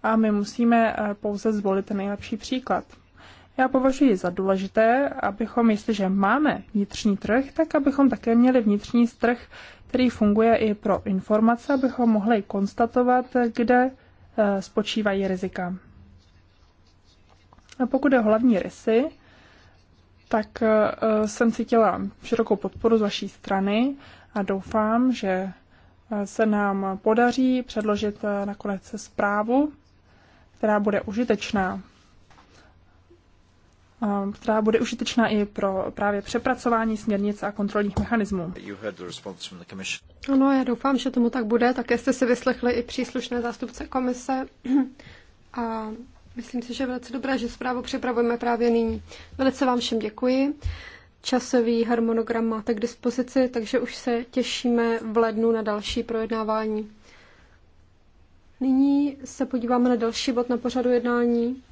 a my musíme pouze zvolit ten nejlepší příklad. Já považuji za důležité, abychom, jestliže máme vnitřní trh, tak abychom také měli vnitřní trh, který funguje i pro informace, abychom mohli konstatovat, kde eh, spočívají rizika. A pokud je hlavní rysy, tak eh, jsem cítila širokou podporu z vaší strany a doufám, že eh, se nám podaří předložit nakonec zprávu, která bude užitečná která bude užitečná i pro právě přepracování směrnic a kontrolních mechanismů. Ano, já doufám, že tomu tak bude. Také jste si vyslechli i příslušné zástupce komise a myslím si, že je velice dobré, že zprávu připravujeme právě nyní. Velice vám všem děkuji. Časový harmonogram máte k dispozici, takže už se těšíme v lednu na další projednávání. Nyní se podíváme na další bod na pořadu jednání.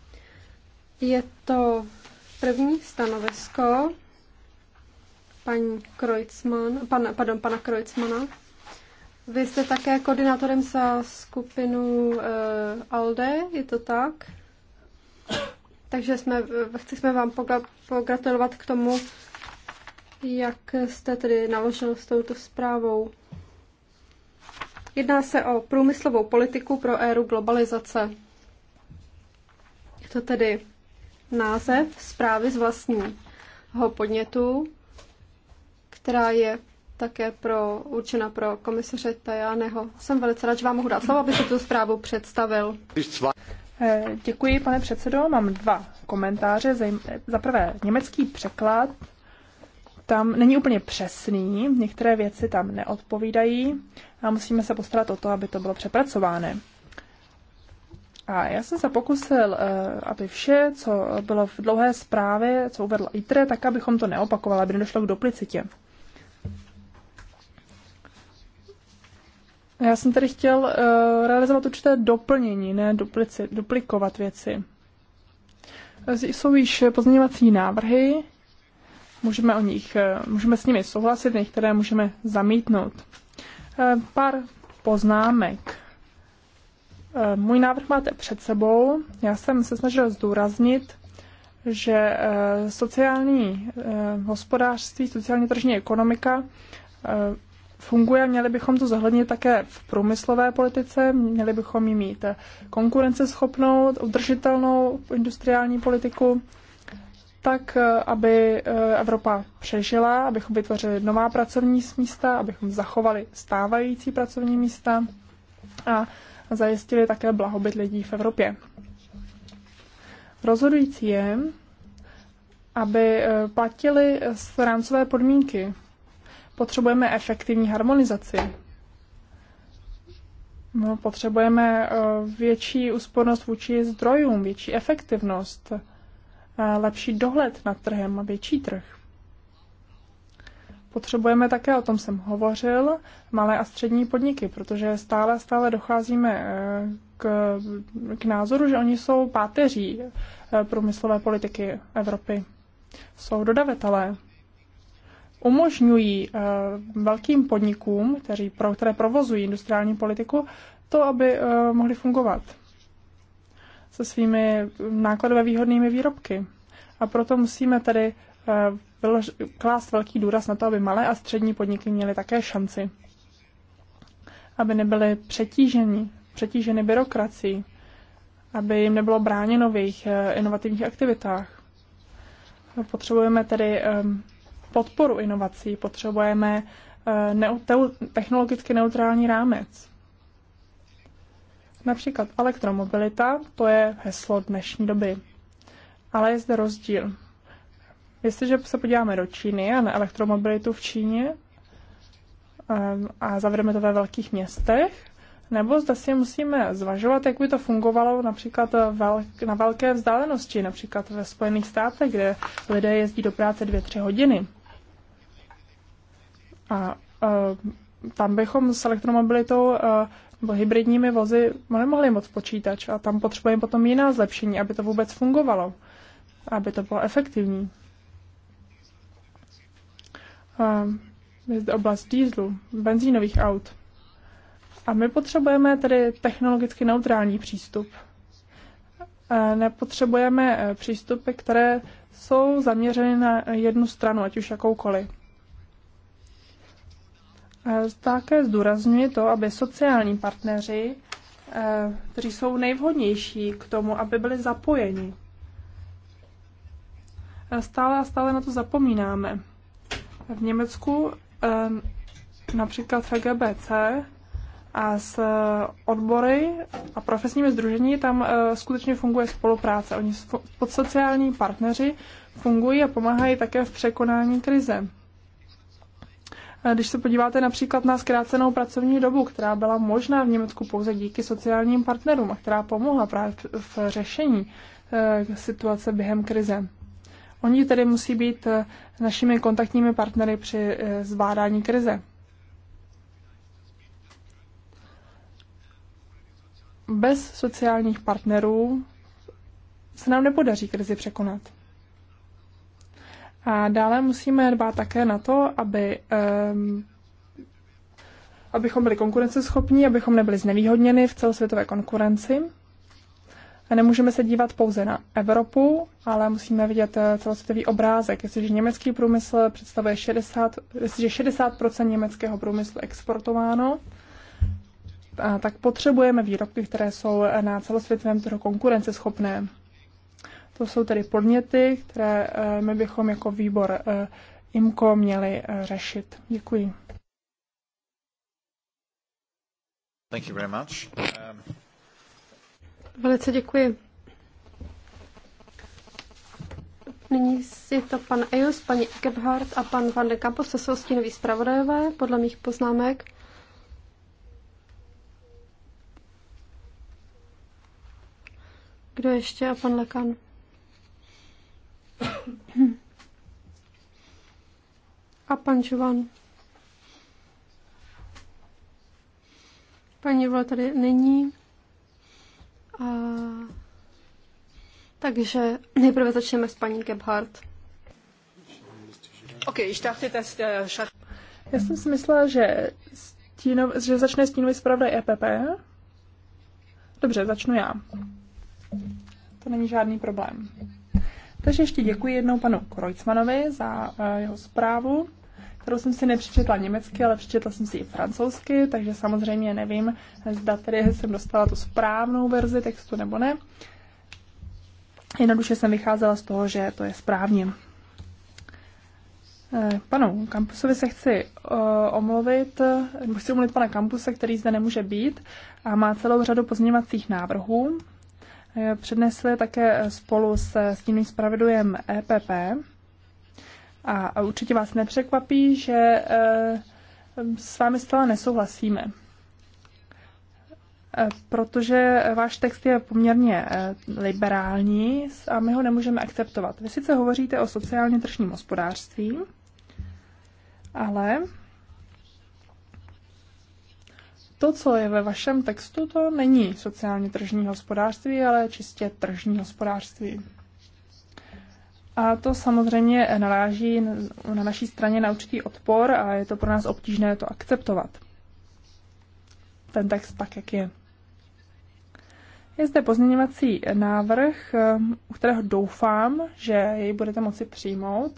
Je to První stanovisko paní Kreutzmann, pan, pardon, pana Kreutzmana. Vy jste také koordinátorem za skupinu uh, ALDE, je to tak? Takže jsme, eh, chceme vám pogratulovat k tomu, jak jste tedy naložil s touto zprávou. Jedná se o průmyslovou politiku pro éru globalizace. Je to tedy název zprávy z vlastního podnětu, která je také pro, určena pro komisaře Tajáneho. Jsem velice rád, že vám mohu dát slovo, abyste tu zprávu představil. Eh, děkuji, pane předsedo. Mám dva komentáře. Za prvé, německý překlad tam není úplně přesný, některé věci tam neodpovídají a musíme se postarat o to, aby to bylo přepracováno. A já jsem se pokusil, eh, aby vše, co bylo v dlouhé zprávě, co uvedl ITRE, tak abychom to neopakovali, aby nedošlo k duplicitě. Já jsem tedy chtěl eh, realizovat určité doplnění, ne duplici, duplikovat věci. Eh, jsou již pozměňovací návrhy, můžeme, o nich, můžeme s nimi souhlasit, některé můžeme zamítnout. Pár poznámek Eh, můj návrh máte před sebou. Já jsem se snažil zdůraznit, že eh, sociální eh, hospodářství, sociálně tržní ekonomika funguje, měli bychom to zohlednit také v průmyslové politice, měli bychom ji mít konkurenceschopnou, udržitelnou industriální politiku, tak, aby Evropa přežila, abychom vytvořili nová pracovní místa, abychom zachovali stávající pracovní místa a zajistili také blahobyt lidí v Evropě. Rozhodující je, aby e, platili rámcové podmínky. Potřebujeme efektivní harmonizaci. No, potřebujeme e, větší úspornost vůči zdrojům, větší efektivnost, e, lepší dohled nad trhem a větší trh. Potřebujeme také, o tom jsem hovořil, malé a střední podniky, protože stále stále docházíme eh, k, k názoru, že oni jsou páteří eh, průmyslové politiky Evropy. Jsou dodavatelé. Umožňují eh, velkým podnikům, kteří, pro, které provozují industriální politiku, to, aby mohli fungovat se svými nákladové výhodnými výrobky. A proto musíme tedy bylo klást velký důraz na to, aby malé a střední podniky měly také šanci, aby nebyly přetíženi, přetíženy byrokracií, aby jim nebylo bráněno v jejich eh, inovativních aktivitách. Potřebujeme tedy ehm, podporu inovací, potřebujeme eh, technologicky neutrální rámec. Například elektromobilita, to je heslo dnešní doby. Ale je zde rozdíl. Jestliže se podíváme do Číny a na elektromobilitu v Číně ehm, a zavedeme to ve velkých městech, nebo zda si musíme zvažovat, jak by to fungovalo například na velké vzdálenosti, například ve Spojených státech, kde lidé jezdí do práce dvě, tři hodiny. A ehm, tam bychom s elektromobilitou eh, nebo hybridními vozy nemohli moc počítač a tam potřebujeme potom jiná zlepšení, aby to vůbec fungovalo, aby to bylo efektivní je zde oblast dýzlu, benzínových aut. A my potřebujeme tedy technologicky neutrální přístup. Nepotřebujeme eh, přístupy, které jsou zaměřeny na jednu stranu, ať už jakoukoliv. Také zdůrazňuji to, aby sociální partneři, eh, kteří jsou nejvhodnější k tomu, aby byli zapojeni. Stále a stále na to zapomínáme. V Německu například FGBC a s e, odbory a profesními združení tam e, skutečně funguje spolupráce. Oni pod sociální partneři fungují a pomáhají také v překonání krize. Když se podíváte například na zkrácenou pracovní dobu, která byla možná v Německu pouze díky sociálním partnerům a která pomohla právě v řešení e, situace během krize. Oni tedy musí být eh, našimi kontaktními partnery při eh, zvládání krize. Bez sociálních partnerů se nám nepodaří krizi překonat. A dále musíme dbát také na to, aby, um, abychom byli konkurenceschopní, abychom nebyli znevýhodněni v celosvětové konkurenci nemůžeme se dívat pouze na Evropu, ale musíme vidět eh, celosvětový obrázek. Jestliže německý průmysl představuje 60, jestliže 60 německého průmyslu exportováno, tak potřebujeme výrobky, které jsou na celosvětovém trhu konkurenceschopné. To jsou tedy podněty, které eh, my bychom jako výbor eh, IMCO měli řešit. Děkuji. Thank you very much. Um... Velice děkuji. Nyní si to pan Ejus, paní Gebhardt a pan Van de Campos, to jsou stínoví zpravodajové, podle mých poznámek. Kdo ještě? A pan Lekan. A pan Jovan. Paní Vla tady není. A... Takže nejprve začneme s paní Gebhardt. Ok, ich dachte, dass Já jsem si myslela, že, stínov, že začne stínový zpravodaj EPP. Dobře, začnu já. To není žádný problém. Takže ještě děkuji jednou panu Krojcmanovi za eh, jeho zprávu kterou jsem si nepřečetla německy, ale přečetla jsem si i francouzsky, takže samozřejmě nevím, zda tedy jsem dostala tu správnou verzi textu nebo ne. Jednoduše jsem vycházela z toho, že to je správně. Eh, panu Kampusovi se chci uh, omluvit, nebo chci omluvit pana Kampuse, který zde nemůže být a má celou řadu pozměňovacích návrhů. Eh, přednesl také spolu se stínovým spravedujem EPP. A, a určitě vás nepřekvapí, že eh, s vámi zcela nesouhlasíme eh, protože váš text je poměrně eh, liberální a my ho nemůžeme akceptovat. Vy sice hovoříte o sociálně tržním hospodářství, ale to, co je ve vašem textu, to není sociálně tržní hospodářství, ale čistě tržní hospodářství. A to samozřejmě naráží na naší straně na určitý odpor a je to pro nás obtížné to akceptovat. Ten text tak, jak je. Je zde pozměňovací návrh, u kterého doufám, že jej budete moci přijmout.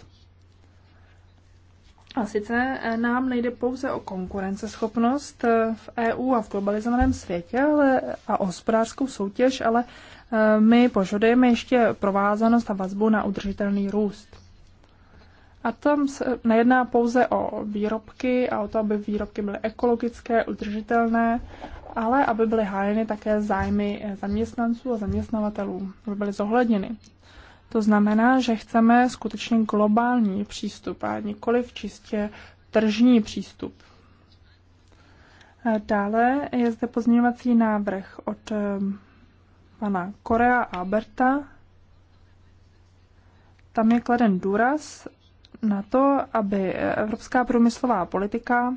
A sice eh, nám nejde pouze o konkurenceschopnost eh, v EU a v globalizovaném světě ale, a o hospodářskou soutěž, ale Eh, my požadujeme ještě provázanost a vazbu na udržitelný růst. A tam se nejedná pouze o výrobky a o to, aby výrobky byly ekologické, udržitelné, ale aby byly hájeny také zájmy zaměstnanců a zaměstnavatelů, aby byly zohledněny. To znamená, že chceme skutečně globální přístup a v čistě tržní přístup. Eh, dále je zde pozměňovací návrh od eh, pana Korea Alberta, tam je kladen důraz na to, aby evropská průmyslová politika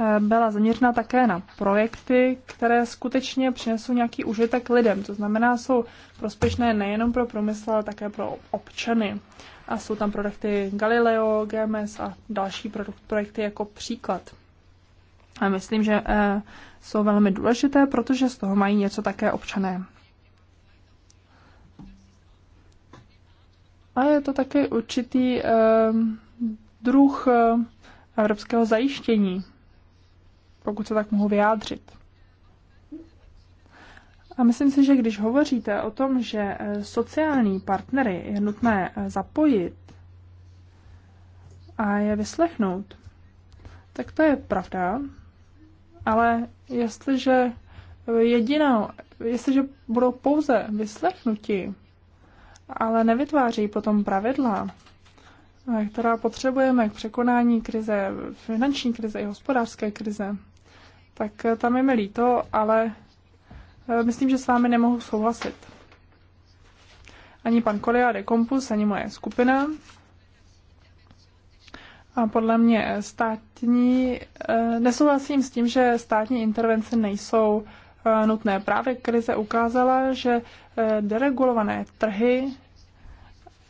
eh, byla zaměřena také na projekty, které skutečně přinesou nějaký užitek lidem. To znamená, jsou prospěšné nejenom pro průmysl, ale také pro občany. A jsou tam produkty Galileo, GMS a další produkt, projekty jako příklad. A myslím, že eh, jsou velmi důležité, protože z toho mají něco také občané. A je to také určitý eh, druh eh, evropského zajištění, pokud se tak mohu vyjádřit. A myslím si, že když hovoříte o tom, že eh, sociální partnery je nutné eh, zapojit a je vyslechnout, tak to je pravda, ale jestliže jedinou, jestliže budou pouze vyslechnuti, ale nevytváří potom pravidla, eh, která potřebujeme k překonání krize, finanční krize i hospodářské krize, tak eh, tam je mi líto, ale eh, myslím, že s vámi nemohu souhlasit. Ani pan Korea de Compus, ani moje skupina. A podle mě státní, nesouhlasím s tím, že státní intervence nejsou Eh, nutné. Právě krize ukázala, že eh, deregulované trhy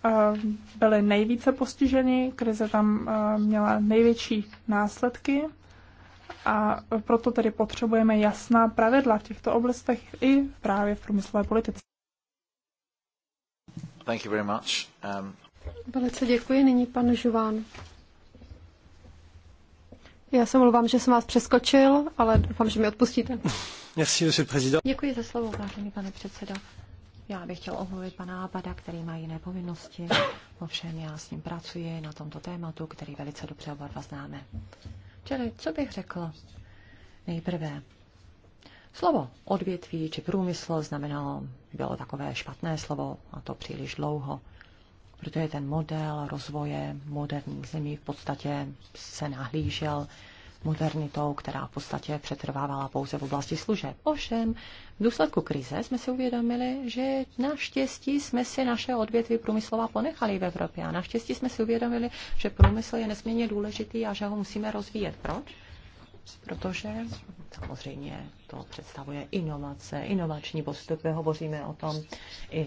eh, byly nejvíce postiženy, krize tam měla největší následky a proto tedy potřebujeme jasná pravidla v těchto oblastech i právě v průmyslové politice. Thank you very much. Um... Velice děkuji. Nyní pan Žován. Já se mluvám, že jsem vás přeskočil, ale doufám, že mi odpustíte. Merci, Děkuji za slovo, vážený pane předsedo. Já bych chtěl omluvit pana Abada, který má jiné povinnosti. Ovšem já s ním pracuji na tomto tématu, který velice dobře oba dva známe. Čili, co bych řekl? Nejprve, slovo odvětví či průmysl znamenalo, bylo takové špatné slovo, a to příliš dlouho protože ten model rozvoje moderních zemí v podstatě se nahlížel modernitou, která v podstatě přetrvávala pouze v oblasti služeb. Ovšem, v důsledku krize jsme si uvědomili, že naštěstí jsme si naše odvětví průmyslová ponechali v Evropě a naštěstí jsme si uvědomili, že průmysl je nesmírně důležitý a že ho musíme rozvíjet. Proč? Protože samozřejmě to představuje inovace, inovační postupy. Hovoříme o tom i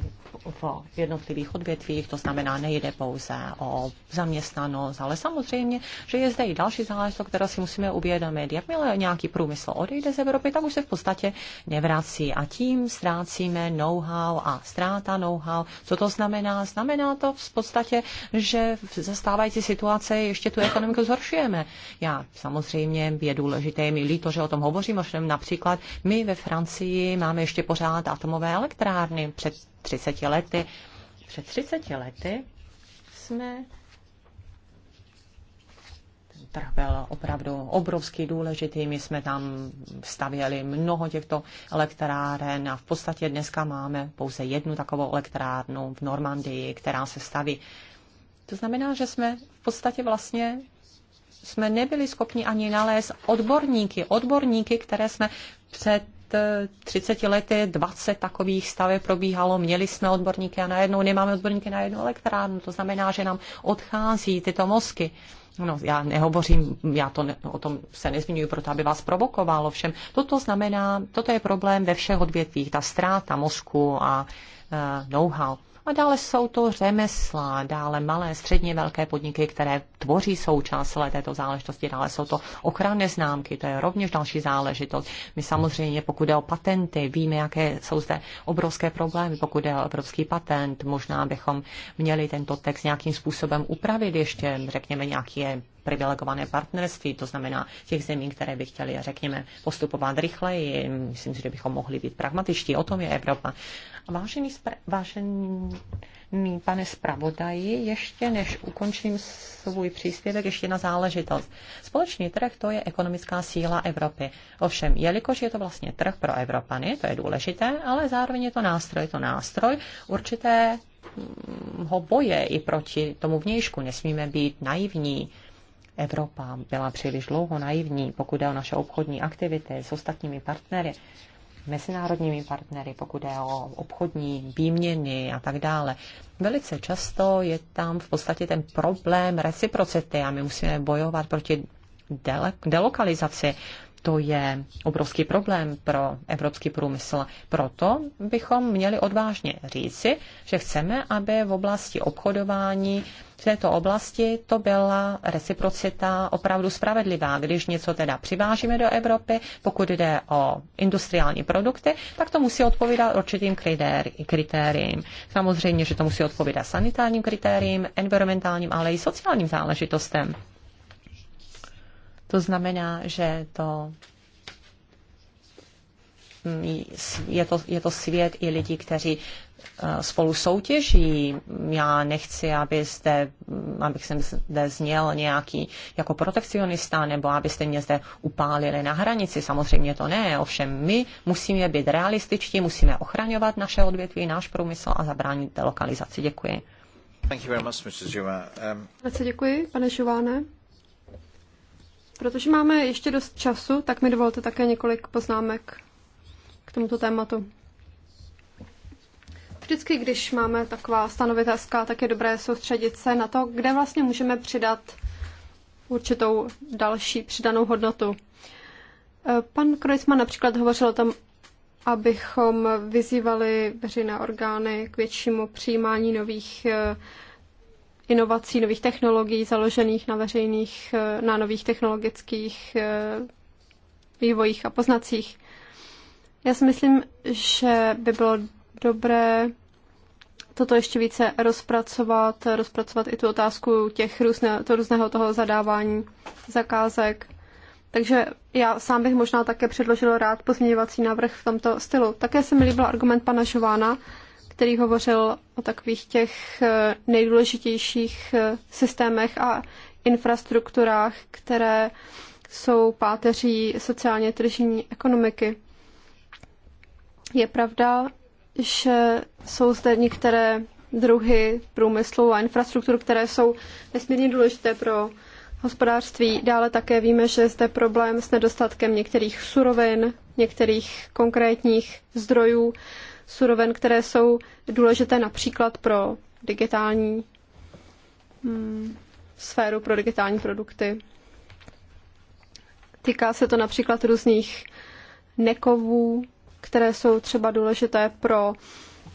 v jednotlivých odvětvích, to znamená, nejde pouze o zaměstnanost, ale samozřejmě, že je zde i další záležitost, kterou si musíme uvědomit. Jakmile nějaký průmysl odejde z Evropy, tak už se v podstatě nevrací a tím ztrácíme know-how a ztráta know-how. Co to znamená? Znamená to v podstatě, že v zastávající situace ještě tu ekonomiku zhoršujeme. Já samozřejmě je důležité, je mi líto, že o tom hovořím, ovšem například například my ve Francii máme ještě pořád atomové elektrárny před 30 lety. Před 30 lety jsme trh byl opravdu obrovský, důležitý. My jsme tam stavěli mnoho těchto elektráren a v podstatě dneska máme pouze jednu takovou elektrárnu v Normandii, která se staví. To znamená, že jsme v podstatě vlastně jsme nebyli schopni ani nalézt odborníky, odborníky, které jsme před 30 eh, lety 20 takových staveb probíhalo, měli jsme odborníky a najednou nemáme odborníky na jednu elektrárnu. To znamená, že nám odchází tyto mozky. No, já nehovořím, já to ne, o tom se nezmiňuji, proto aby vás provokovalo všem. Toto znamená, toto je problém ve všech odvětvích, ta ztráta mozku a uh, know-how. A dále jsou to řemesla, dále malé, středně velké podniky, které tvoří součást celé této záležitosti. Dále jsou to ochranné známky, to je rovněž další záležitost. My samozřejmě, pokud jde o patenty, víme, jaké jsou zde obrovské problémy, pokud jde o evropský patent. Možná bychom měli tento text nějakým způsobem upravit ještě, řekněme, nějaké privilegované partnerství, to znamená těch zemí, které by chtěly, řekněme, postupovat rychleji. Myslím si, že bychom mohli být pragmatičtí. O tom je Evropa. Vážený, spra- vážený pane zpravodaji, ještě než ukončím svůj příspěvek, ještě na záležitost. Společný trh to je ekonomická síla Evropy. Ovšem, jelikož je to vlastně trh pro Evropany, to je důležité, ale zároveň je to nástroj, je to nástroj mm, ho boje i proti tomu vnějšku. Nesmíme být naivní. Evropa byla příliš dlouho naivní, pokud je o naše obchodní aktivity s ostatními partnery mezinárodními partnery, pokud je o obchodní výměny a tak dále. Velice často je tam v podstatě ten problém reciprocity a my musíme bojovat proti delokalizaci to je obrovský problém pro evropský průmysl. Proto bychom měli odvážně říci, že chceme, aby v oblasti obchodování v této oblasti to byla reciprocita opravdu spravedlivá. Když něco teda přivážíme do Evropy, pokud jde o industriální produkty, tak to musí odpovídat určitým kritériím. Samozřejmě, že to musí odpovídat sanitárním kritériím, environmentálním, ale i sociálním záležitostem. To znamená, že to mm, je to, je to svět i lidí, kteří eh, spolu soutěží. Já nechci, aby zde, mm, abych jsem zde zněl nějaký jako protekcionista, nebo abyste mě zde upálili na hranici. Samozřejmě to ne, ovšem my musíme být realističtí, musíme ochraňovat naše odvětví, náš průmysl a zabránit lokalizaci Děkuji. Thank you very much, Mrs. Juma. Um... Děkuji, pane Žováne. Protože máme ještě dost času, tak mi dovolte také několik poznámek k tomuto tématu. Vždycky, když máme taková stanovitelská, tak je dobré soustředit se na to, kde vlastně můžeme přidat určitou další přidanou hodnotu. E, pan Kreuzmann například hovořil o tom, abychom vyzývali veřejné orgány k většímu přijímání nových e, inovací, nových technologií založených na veřejných, eh, na nových technologických eh, vývojích a poznacích. Já si myslím, že by bylo dobré toto ještě více rozpracovat, rozpracovat i tu otázku těch různé, to různého toho zadávání zakázek. Takže já sám bych možná také předložil rád pozměňovací návrh v tomto stylu. Také se mi líbil argument pana Žována, který hovořil o takových těch eh, nejdůležitějších eh, systémech a infrastrukturách, které jsou páteří sociálně tržní ekonomiky. Je pravda, že jsou zde některé druhy průmyslu a infrastruktur, které jsou nesmírně důležité pro hospodářství. Dále také víme, že je zde problém s nedostatkem některých surovin, některých konkrétních zdrojů surovin, které jsou důležité například pro digitální hmm, sféru, pro digitální produkty. Týká se to například různých nekovů, které jsou třeba důležité pro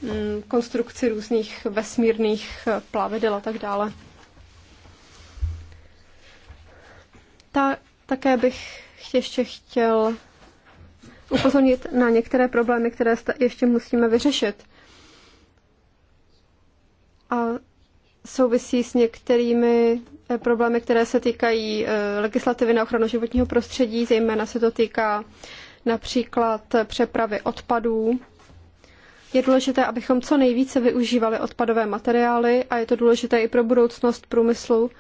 hmm, konstrukci různých vesmírných plavidel a tak dále. Ta, také bych ještě chtěl upozornit na některé problémy, které ještě musíme vyřešit. A souvisí s některými eh, problémy, které se týkají eh, legislativy na ochranu životního prostředí, zejména se to týká například přepravy odpadů. Je důležité, abychom co nejvíce využívali odpadové materiály a je to důležité i pro budoucnost průmyslu,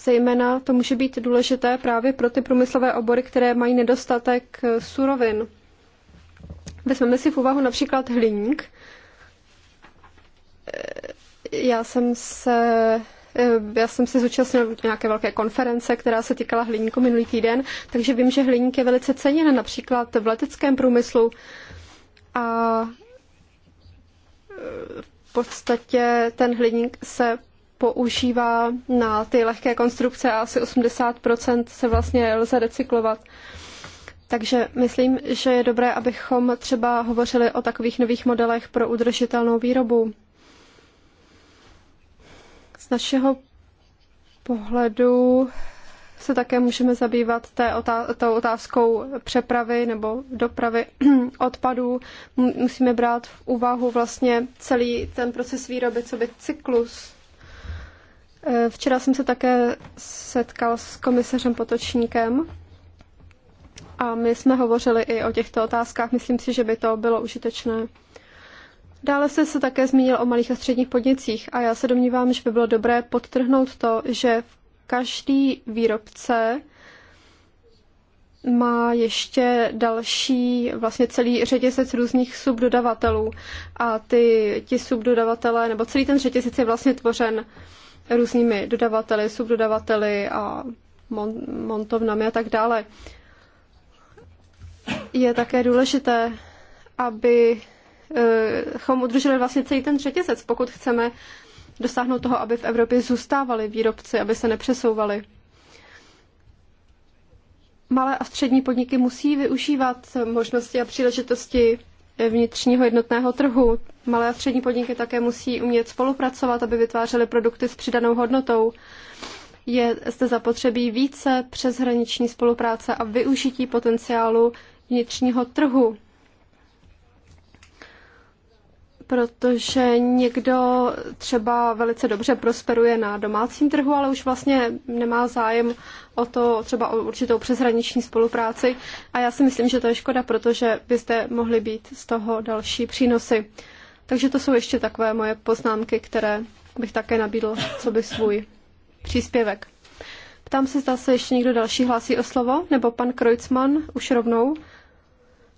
Zejména to může být důležité právě pro ty průmyslové obory, které mají nedostatek eh, surovin. Vezmeme si v úvahu například hliník. Eh, já jsem se eh, já jsem se zúčastnil nějaké velké konference, která se týkala hliníku minulý týden, takže vím, že hliník je velice ceněn například v leteckém průmyslu a v podstatě ten hliník se používá na ty lehké konstrukce a asi 80% se vlastně lze recyklovat. Takže myslím, že je dobré, abychom třeba hovořili o takových nových modelech pro udržitelnou výrobu. Z našeho pohledu se také můžeme zabývat té otá- tou otázkou přepravy nebo dopravy odpadů. Musíme brát v úvahu vlastně celý ten proces výroby, co by cyklus. Eh, včera jsem se také setkal s komisařem Potočníkem a my jsme hovořili i o těchto otázkách. Myslím si, že by to bylo užitečné. Dále jste se také zmínil o malých a středních podnicích a já se domnívám, že by bylo dobré podtrhnout to, že každý výrobce má ještě další, vlastně celý řetězec různých subdodavatelů a ty, ti subdodavatelé, nebo celý ten řetězec je vlastně tvořen uh, různými dodavateli, subdodavateli a mon- montovnami a tak dále. Je také důležité, aby eh, chom udrželi vlastně celý ten řetězec, pokud chceme dosáhnout toho, aby v Evropě zůstávali výrobci, aby se nepřesouvali. Malé a střední podniky musí využívat možnosti a příležitosti vnitřního jednotného trhu. Malé a střední podniky také musí umět spolupracovat, aby vytvářely produkty s přidanou hodnotou. Je zde zapotřebí více přeshraniční spolupráce a využití potenciálu vnitřního trhu protože někdo třeba velice dobře prosperuje na domácím trhu, ale už vlastně nemá zájem o to třeba o určitou přeshraniční spolupráci. A já si myslím, že to je škoda, protože byste mohli být z toho další přínosy. Takže to jsou ještě takové moje poznámky, které bych také nabídl, co by svůj příspěvek. Ptám se, zda se ještě někdo další hlásí o slovo, nebo pan Kreutzmann už rovnou.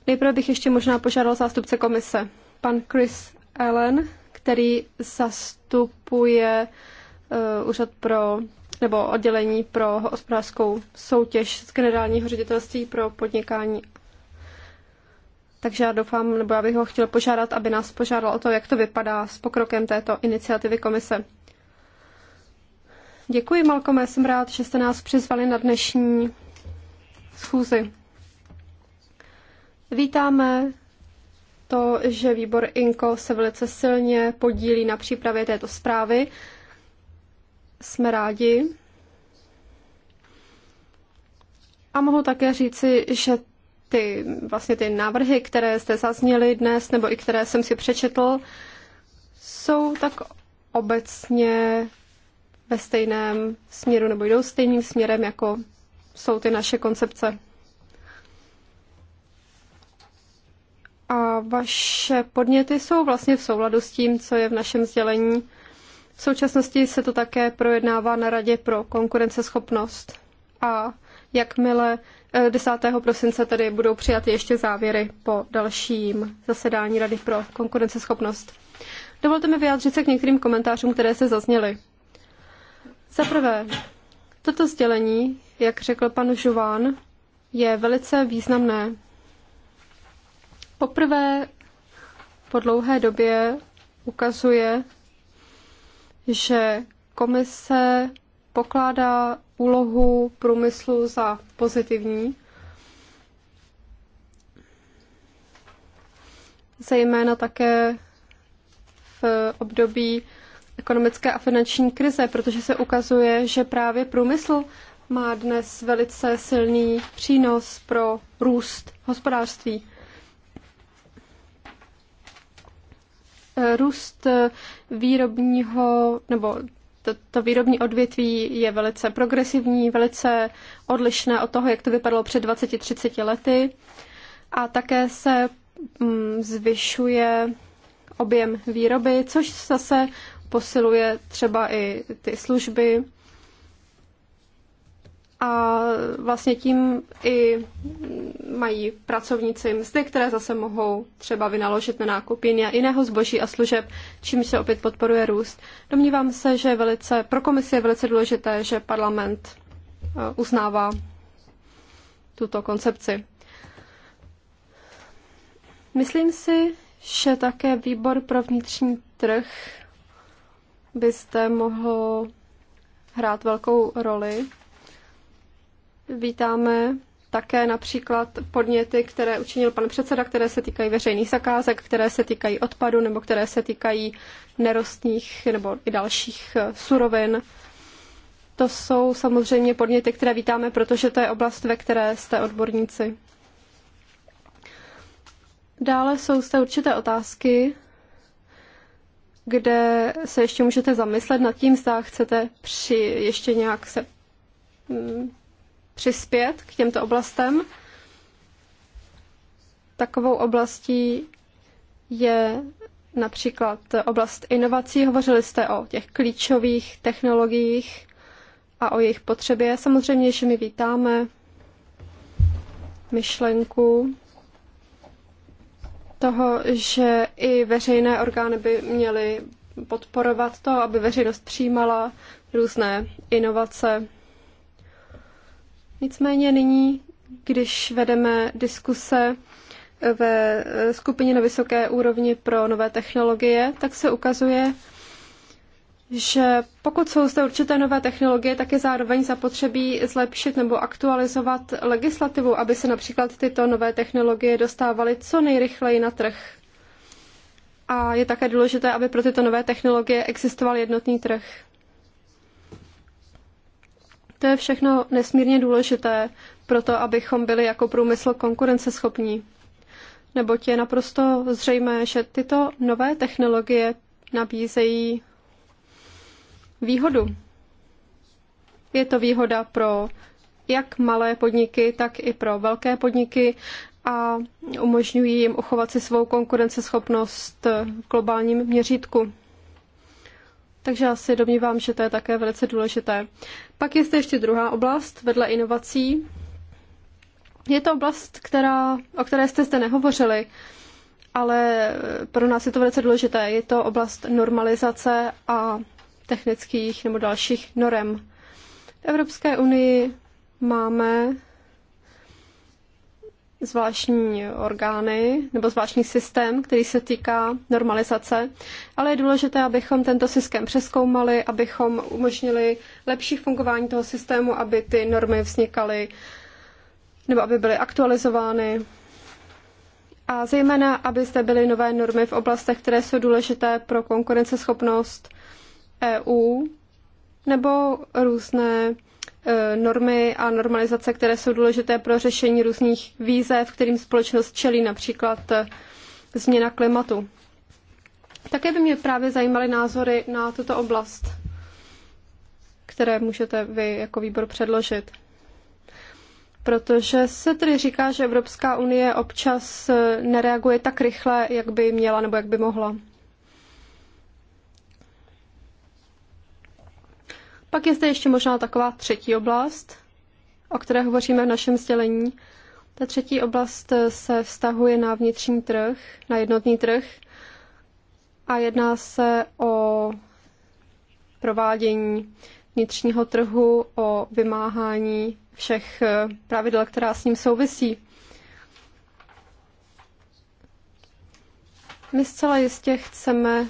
Nejprve bych ještě možná požádal zástupce komise. Pan Chris Allen, který zastupuje uh, úřad pro nebo oddělení pro hospodářskou soutěž z generálního ředitelství pro podnikání. Takže já doufám, nebo já bych ho chtěl požádat, aby nás požádal o to, jak to vypadá s pokrokem této iniciativy komise. Děkuji, Malkome, jsem rád, že jste nás přizvali na dnešní schůzi. Vítáme to, že výbor INKO se velice silně podílí na přípravě této zprávy. Jsme rádi. A mohu také říci, že ty, vlastně ty návrhy, které jste zazněly dnes, nebo i které jsem si přečetl, jsou tak obecně ve stejném směru, nebo jdou stejným směrem, jako jsou ty naše koncepce. a vaše podněty jsou vlastně v souladu s tím, co je v našem sdělení. V současnosti se to také projednává na Radě pro konkurenceschopnost a jakmile 10. Eh, prosince tedy budou přijaty ještě závěry po dalším zasedání Rady pro konkurenceschopnost. Dovolte mi vyjádřit se k některým komentářům, které se zazněly. Za prvé, toto sdělení, jak řekl pan Žuván, je velice významné poprvé po dlouhé době ukazuje, že komise pokládá úlohu průmyslu za pozitivní, zejména také v období ekonomické a finanční krize, protože se ukazuje, že právě průmysl má dnes velice silný přínos pro růst hospodářství. růst výrobního nebo to, to výrobní odvětví je velice progresivní, velice odlišné od toho, jak to vypadalo před 20-30 lety. A také se mm, zvyšuje objem výroby, což zase posiluje třeba i ty služby a vlastně tím i mají pracovníci mzdy, které zase mohou třeba vynaložit na nákup a jiného zboží a služeb, čím se opět podporuje růst. Domnívám se, že velice, pro komisi je velice důležité, že parlament eh, uznává tuto koncepci. Myslím si, že také výbor pro vnitřní trh byste mohl hrát velkou roli Vítáme také například podněty, které učinil pan předseda, které se týkají veřejných zakázek, které se týkají odpadu nebo které se týkají nerostních nebo i dalších eh, surovin. To jsou samozřejmě podněty, které vítáme, protože to je oblast, ve které jste odborníci. Dále jsou zde určité otázky, kde se ještě můžete zamyslet nad tím, zda chcete při ještě nějak se mm, přispět k těmto oblastem. Takovou oblastí je například oblast inovací. Hovořili jste o těch klíčových technologiích a o jejich potřebě. Samozřejmě, že my vítáme myšlenku toho, že i veřejné orgány by měly podporovat to, aby veřejnost přijímala různé inovace Nicméně nyní, když vedeme diskuse ve skupině na vysoké úrovni pro nové technologie, tak se ukazuje, že pokud jsou zde určité nové technologie, tak je zároveň zapotřebí zlepšit nebo aktualizovat legislativu, aby se například tyto nové technologie dostávaly co nejrychleji na trh. A je také důležité, aby pro tyto nové technologie existoval jednotný trh. To je všechno nesmírně důležité pro to, abychom byli jako průmysl konkurenceschopní. Neboť je naprosto zřejmé, že tyto nové technologie nabízejí výhodu. Je to výhoda pro jak malé podniky, tak i pro velké podniky a umožňují jim uchovat si svou konkurenceschopnost v globálním měřítku. Takže já si domnívám, že to je také velice důležité. Pak je zde ještě druhá oblast vedle inovací. Je to oblast, která, o které jste zde nehovořili, ale pro nás je to velice důležité. Je to oblast normalizace a technických nebo dalších norem. V Evropské unii máme zvláštní orgány nebo zvláštní systém, který se týká normalizace, ale je důležité, abychom tento systém přeskoumali, abychom umožnili lepší fungování toho systému, aby ty normy vznikaly nebo aby byly aktualizovány a zejména, aby zde byly nové normy v oblastech, které jsou důležité pro konkurenceschopnost EU nebo různé Eh, normy a normalizace, které jsou důležité pro řešení různých výzev, kterým společnost čelí, například eh, změna klimatu. Také by mě právě zajímaly názory na tuto oblast, které můžete vy jako výbor předložit. Protože se tedy říká, že Evropská unie občas eh, nereaguje tak rychle, jak by měla nebo jak by mohla. Pak je zde ještě možná taková třetí oblast, o které hovoříme v našem sdělení. Ta třetí oblast se vztahuje na vnitřní trh, na jednotný trh a jedná se o provádění vnitřního trhu, o vymáhání všech eh, pravidel, která s ním souvisí. My zcela jistě chceme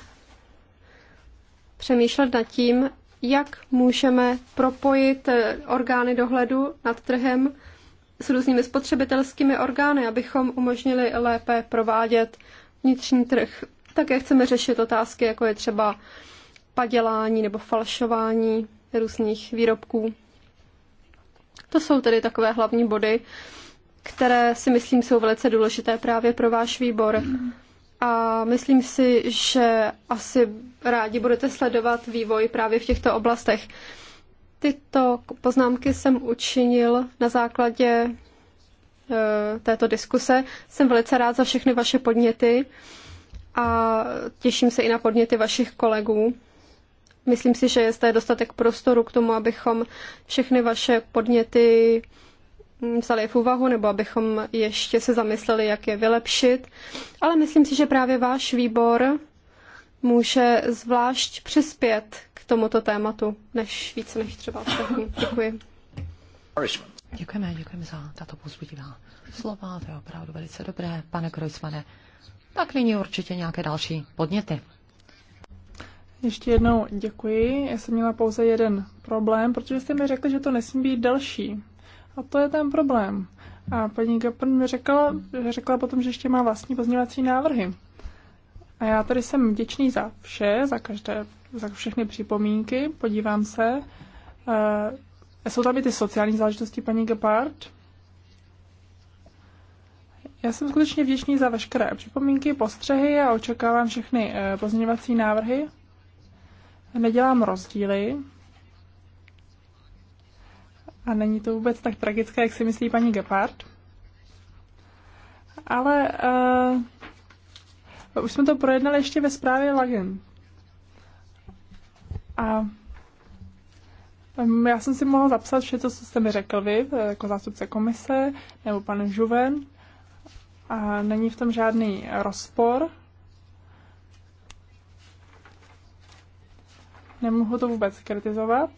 přemýšlet nad tím, jak můžeme propojit eh, orgány dohledu nad trhem s různými spotřebitelskými orgány, abychom umožnili lépe provádět vnitřní trh. Také chceme řešit otázky, jako je třeba padělání nebo falšování různých výrobků. To jsou tedy takové hlavní body, které si myslím jsou velice důležité právě pro váš výbor a myslím si, že asi rádi budete sledovat vývoj právě v těchto oblastech. Tyto poznámky jsem učinil na základě e, této diskuse. Jsem velice rád za všechny vaše podněty a těším se i na podněty vašich kolegů. Myslím si, že je zde dostatek prostoru k tomu, abychom všechny vaše podněty vzali v úvahu, nebo abychom ještě se zamysleli, jak je vylepšit. Ale myslím si, že právě váš výbor může zvlášť přispět k tomuto tématu, než více než třeba všechny. Děkuji. Děkujeme, děkujeme za tato pozbudivá slova, to je opravdu velice dobré, pane Krojcmane. Tak nyní určitě nějaké další podněty. Ještě jednou děkuji. Já jsem měla pouze jeden problém, protože jste mi řekli, že to nesmí být další. A to je ten problém. A paní Gapron mi řekla, že řekla potom, že ještě má vlastní pozměňovací návrhy. A já tady jsem vděčný za vše, za, každé, za všechny připomínky, podívám se. E, jsou tam i ty sociální záležitosti paní Gepard. Já jsem skutečně vděčný za veškeré připomínky, postřehy a očekávám všechny e, pozměňovací návrhy. Nedělám rozdíly a není to vůbec tak tragické, jak si myslí paní Gepard. Ale uh, už jsme to projednali ještě ve zprávě Lagen. A já jsem si mohla zapsat vše, co jste mi řekl vy, eh, jako zástupce komise, nebo pan Žuven. A není v tom žádný rozpor. Nemohu to vůbec kritizovat.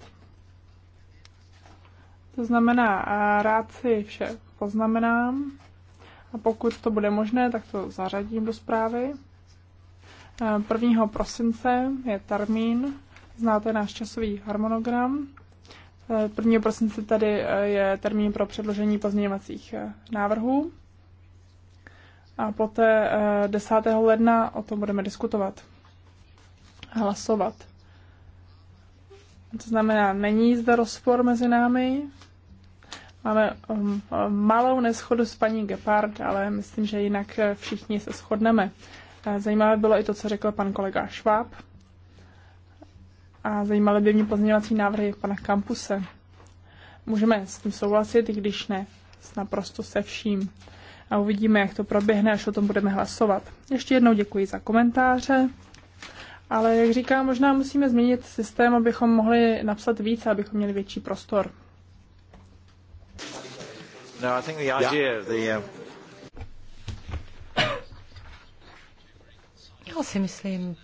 To znamená, a rád si vše poznamenám a pokud to bude možné, tak to zařadím do zprávy. 1. prosince je termín, znáte náš časový harmonogram. 1. E, prosince tady e, je termín pro předložení pozměňovacích e, návrhů. A poté 10. ledna o tom budeme diskutovat a hlasovat. To znamená, není zde rozpor mezi námi, Máme um, malou neschodu s paní Gepard, ale myslím, že jinak eh, všichni se shodneme. Eh, zajímavé bylo i to, co řekl pan kolega Šváb. A zajímaly by mě pozměňovací návrhy pana Kampuse. Můžeme s tím souhlasit, i když ne s naprosto se vším. A uvidíme, jak to proběhne, až o tom budeme hlasovat. Ještě jednou děkuji za komentáře. Ale jak říkám, možná musíme změnit systém, abychom mohli napsat více, abychom měli větší prostor. No, I think the idea, the, um... Já si myslím,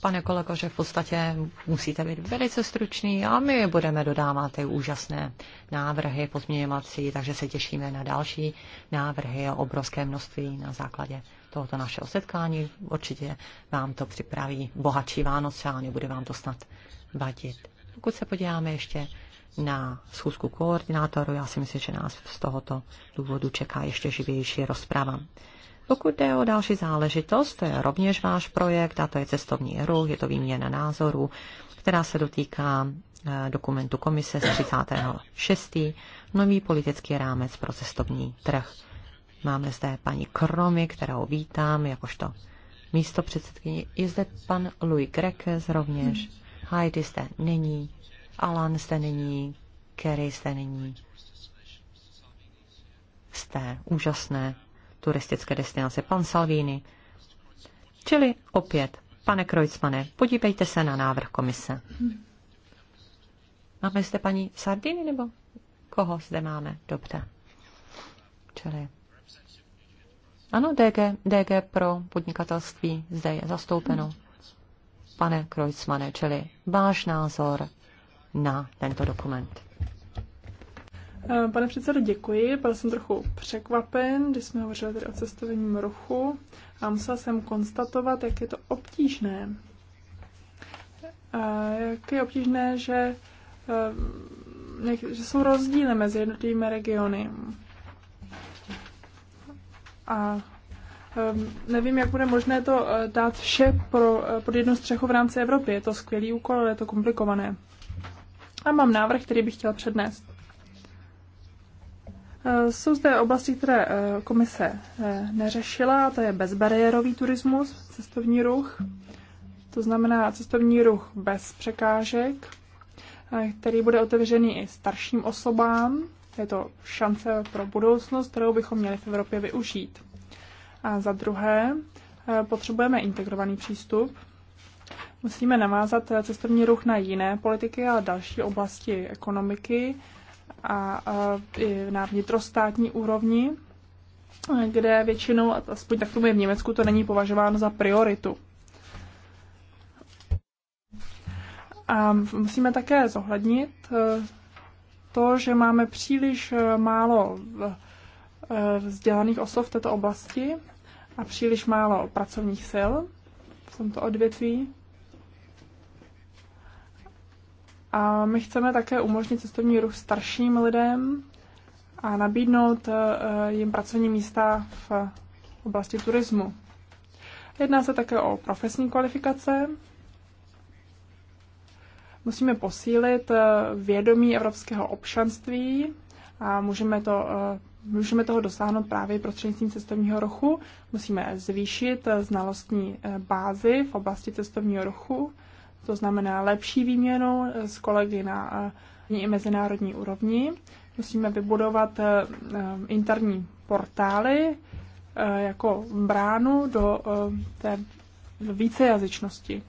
pane kolego, že v podstatě musíte být velice stručný a my budeme dodávat ty úžasné návrhy pozměňovací, takže se těšíme na další návrhy o obrovské množství na základě tohoto našeho setkání. Určitě vám to připraví bohatší Vánoce a nebude vám to snad vadit. Pokud se podíváme ještě na schůzku koordinátoru. Já si myslím, že nás z tohoto důvodu čeká ještě živější rozprava. Pokud jde o další záležitost, to je rovněž váš projekt a to je cestovní ruch, je to výměna názorů, která se dotýká eh, dokumentu komise z 36. Nový politický rámec pro cestovní trh. Máme zde paní Kromy, kterou vítám jakožto místo předsedkyně. Je zde pan Louis Grekes rovněž. Heidi zde není. Alan zde není, Kerry zde není. Z té úžasné turistické destinace pan Salvini. Čili opět, pane Krojcmane, podívejte se na návrh komise. Máme zde paní Sardini nebo koho zde máme? Dobře. Čili ano, DG, DG pro podnikatelství zde je zastoupeno. Pane Krojcmane, čili váš názor na tento dokument. Eh, pane předsedo, děkuji. Byl jsem trochu překvapen, když jsme hovořili tady o cestovním ruchu a musela jsem konstatovat, jak je to obtížné. A eh, jak je obtížné, že, eh, že jsou rozdíly mezi jednotlivými regiony. A nevím, jak bude možné to dát vše pro, pod jednu střechu v rámci Evropy. Je to skvělý úkol, ale je to komplikované. A mám návrh, který bych chtěla přednést. Eh, jsou zde oblasti, které eh, komise eh, neřešila, to je bezbariérový turismus, cestovní ruch, to znamená cestovní ruch bez překážek, který bude otevřený i starším osobám. Je to šance pro budoucnost, kterou bychom měli v Evropě využít. A za druhé, potřebujeme integrovaný přístup, Musíme navázat cestovní ruch na jiné politiky a další oblasti ekonomiky a i na vnitrostátní úrovni, kde většinou, aspoň tak tomu je v Německu, to není považováno za prioritu. A musíme také zohlednit eh, to, že máme příliš eh, málo eh, vzdělaných osob v této oblasti a příliš málo pracovních sil v tomto odvětví. A my chceme také umožnit cestovní ruch starším lidem a nabídnout eh, eh, jim pracovní místa v oblasti turismu. Jedná se také o profesní kvalifikace. Musíme posílit eh, vědomí evropského občanství a můžeme, to, můžeme toho dosáhnout právě prostřednictvím cestovního ruchu. Musíme zvýšit znalostní bázi v oblasti cestovního ruchu to znamená lepší výměnu eh, s kolegy na eh, i mezinárodní úrovni. Musíme vybudovat eh, interní portály jako bránu do té vícejazyčnosti.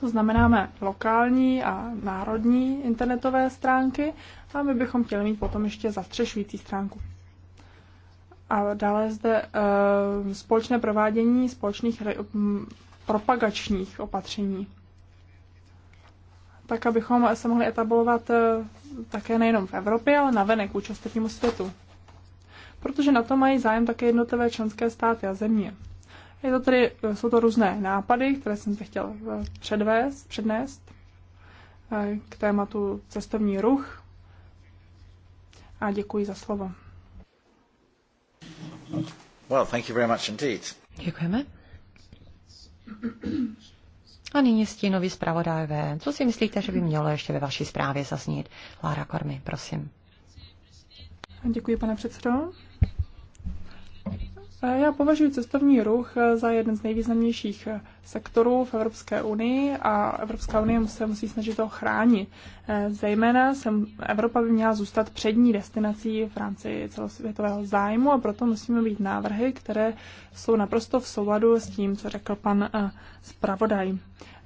To znamenáme lokální a národní internetové stránky a my bychom chtěli mít potom ještě zastřešující stránku. A dále zde společné provádění společných propagačních opatření. Tak, abychom se mohli etablovat eh, také nejenom v Evropě, ale na venek ostatnímu světu. Protože na to mají zájem také jednotlivé členské státy a země. Je to tedy, eh, jsou to různé nápady, které jsem se chtěl eh, předvést, přednést k tématu cestovní ruch. A děkuji za slovo. Well, thank you very much indeed. Děkujeme. A nyní stínový zpravodajové. Co si myslíte, že by mělo ještě ve vaší zprávě zaznít? Lára Kormy, prosím. Děkuji, pane předsedo. Já považuji cestovní ruch eh, za jeden z nejvýznamnějších eh, sektorů v Evropské unii a Evropská unie se musí snažit to chránit. Eh, zejména se Evropa by měla zůstat přední destinací v rámci celosvětového zájmu a proto musíme být návrhy, které jsou naprosto v souladu s tím, co řekl pan zpravodaj.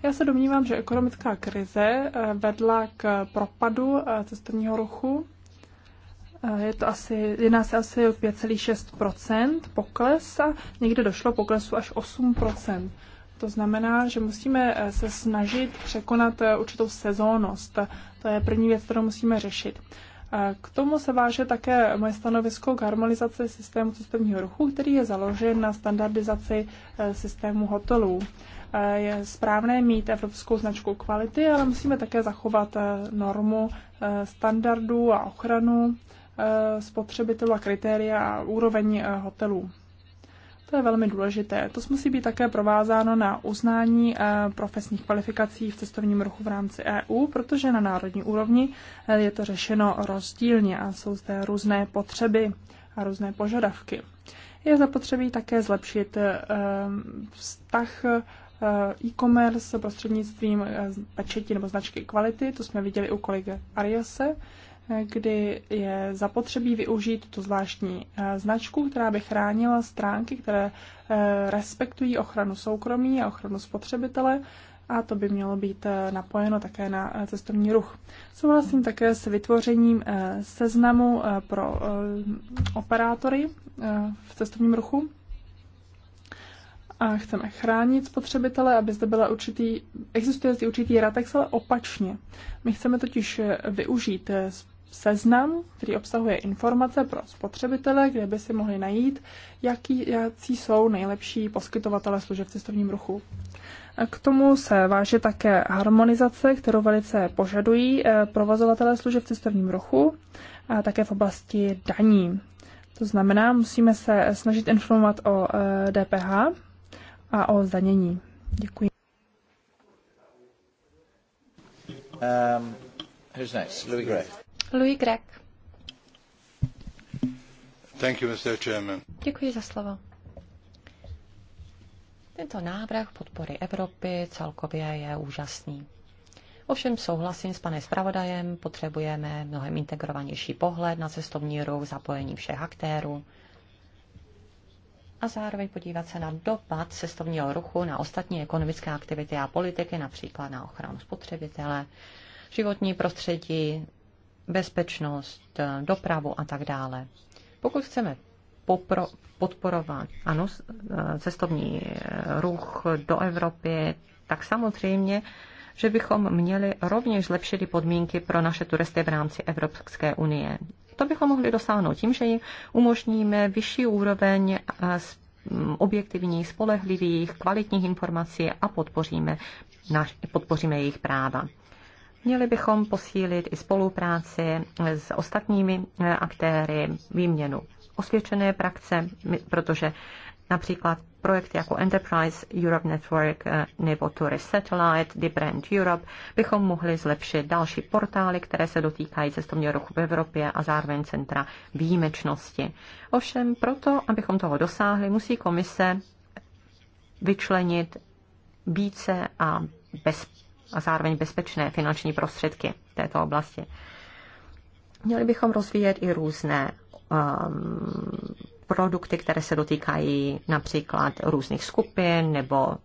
Já se domnívám, že ekonomická krize vedla k propadu cestovního ruchu Eh, je to asi, jedná se asi o 5,6% pokles a někde došlo poklesu až 8%. To znamená, že musíme eh, se snažit překonat eh, určitou sezónnost. To je první věc, kterou musíme řešit. K tomu se váže také moje stanovisko k harmonizaci systému cestovního ruchu, který je založen na standardizaci systému hotelů. Je správné mít evropskou značku kvality, ale musíme také zachovat normu standardů a ochranu Eh, spotřebitelů a kritéria a úroveň eh, hotelů. To je velmi důležité. To musí být také provázáno na uznání eh, profesních kvalifikací v cestovním ruchu v rámci EU, protože na národní úrovni je to řešeno rozdílně a jsou zde různé potřeby a různé požadavky. Je zapotřebí také zlepšit vztah e-commerce prostřednictvím pečeti nebo značky kvality, to jsme viděli u kolegy Ariase, kdy je zapotřebí využít tu zvláštní eh, značku, která by chránila stránky, které eh, respektují ochranu soukromí a ochranu spotřebitele a to by mělo být eh, napojeno také na cestovní ruch. Souhlasím také s vytvořením seznamu pro operátory v cestovním ruchu. A chceme chránit spotřebitele, aby zde byla určitý, existuje zde určitý ratex, ale opačně. My chceme totiž využít seznam, který obsahuje informace pro spotřebitele, kde by si mohli najít, jaký, jaký jsou nejlepší poskytovatele služeb v cestovním ruchu. K tomu se váže také harmonizace, kterou velice požadují eh, provozovatelé služeb v cestovním ruchu, a také v oblasti daní. To znamená, musíme se snažit informovat o DPH eh, a o zdanění. Děkuji. Um, who's next? Louis Gray. Louis Gregg. Thank you, Mr. Chairman. Děkuji za slovo. Tento návrh podpory Evropy celkově je úžasný. Ovšem souhlasím s panem zpravodajem, potřebujeme mnohem integrovanější pohled na cestovní ruch, zapojení všech aktérů a zároveň podívat se na dopad cestovního ruchu na ostatní ekonomické aktivity a politiky, například na ochranu spotřebitele, životní prostředí, bezpečnost, dopravu a tak dále. Pokud chceme popro, podporovat ano, cestovní ruch do Evropy, tak samozřejmě, že bychom měli rovněž zlepšit podmínky pro naše turisty v rámci Evropské unie. To bychom mohli dosáhnout tím, že jim umožníme vyšší úroveň eh, objektivních, spolehlivých, kvalitních informací a podpoříme, naš, podpoříme jejich práva. Měli bychom posílit i spolupráci s ostatními eh, aktéry, výměnu osvědčené praxe, protože například projekty jako Enterprise Europe Network eh, nebo Tourist Satellite, The Brand Europe, bychom mohli zlepšit další portály, které se dotýkají cestovního ruchu v Evropě a zároveň centra výjimečnosti. Ovšem proto, abychom toho dosáhli, musí komise vyčlenit více a bez a zároveň bezpečné finanční prostředky v této oblasti. Měli bychom rozvíjet i různé um, produkty, které se dotýkají například různých skupin nebo um,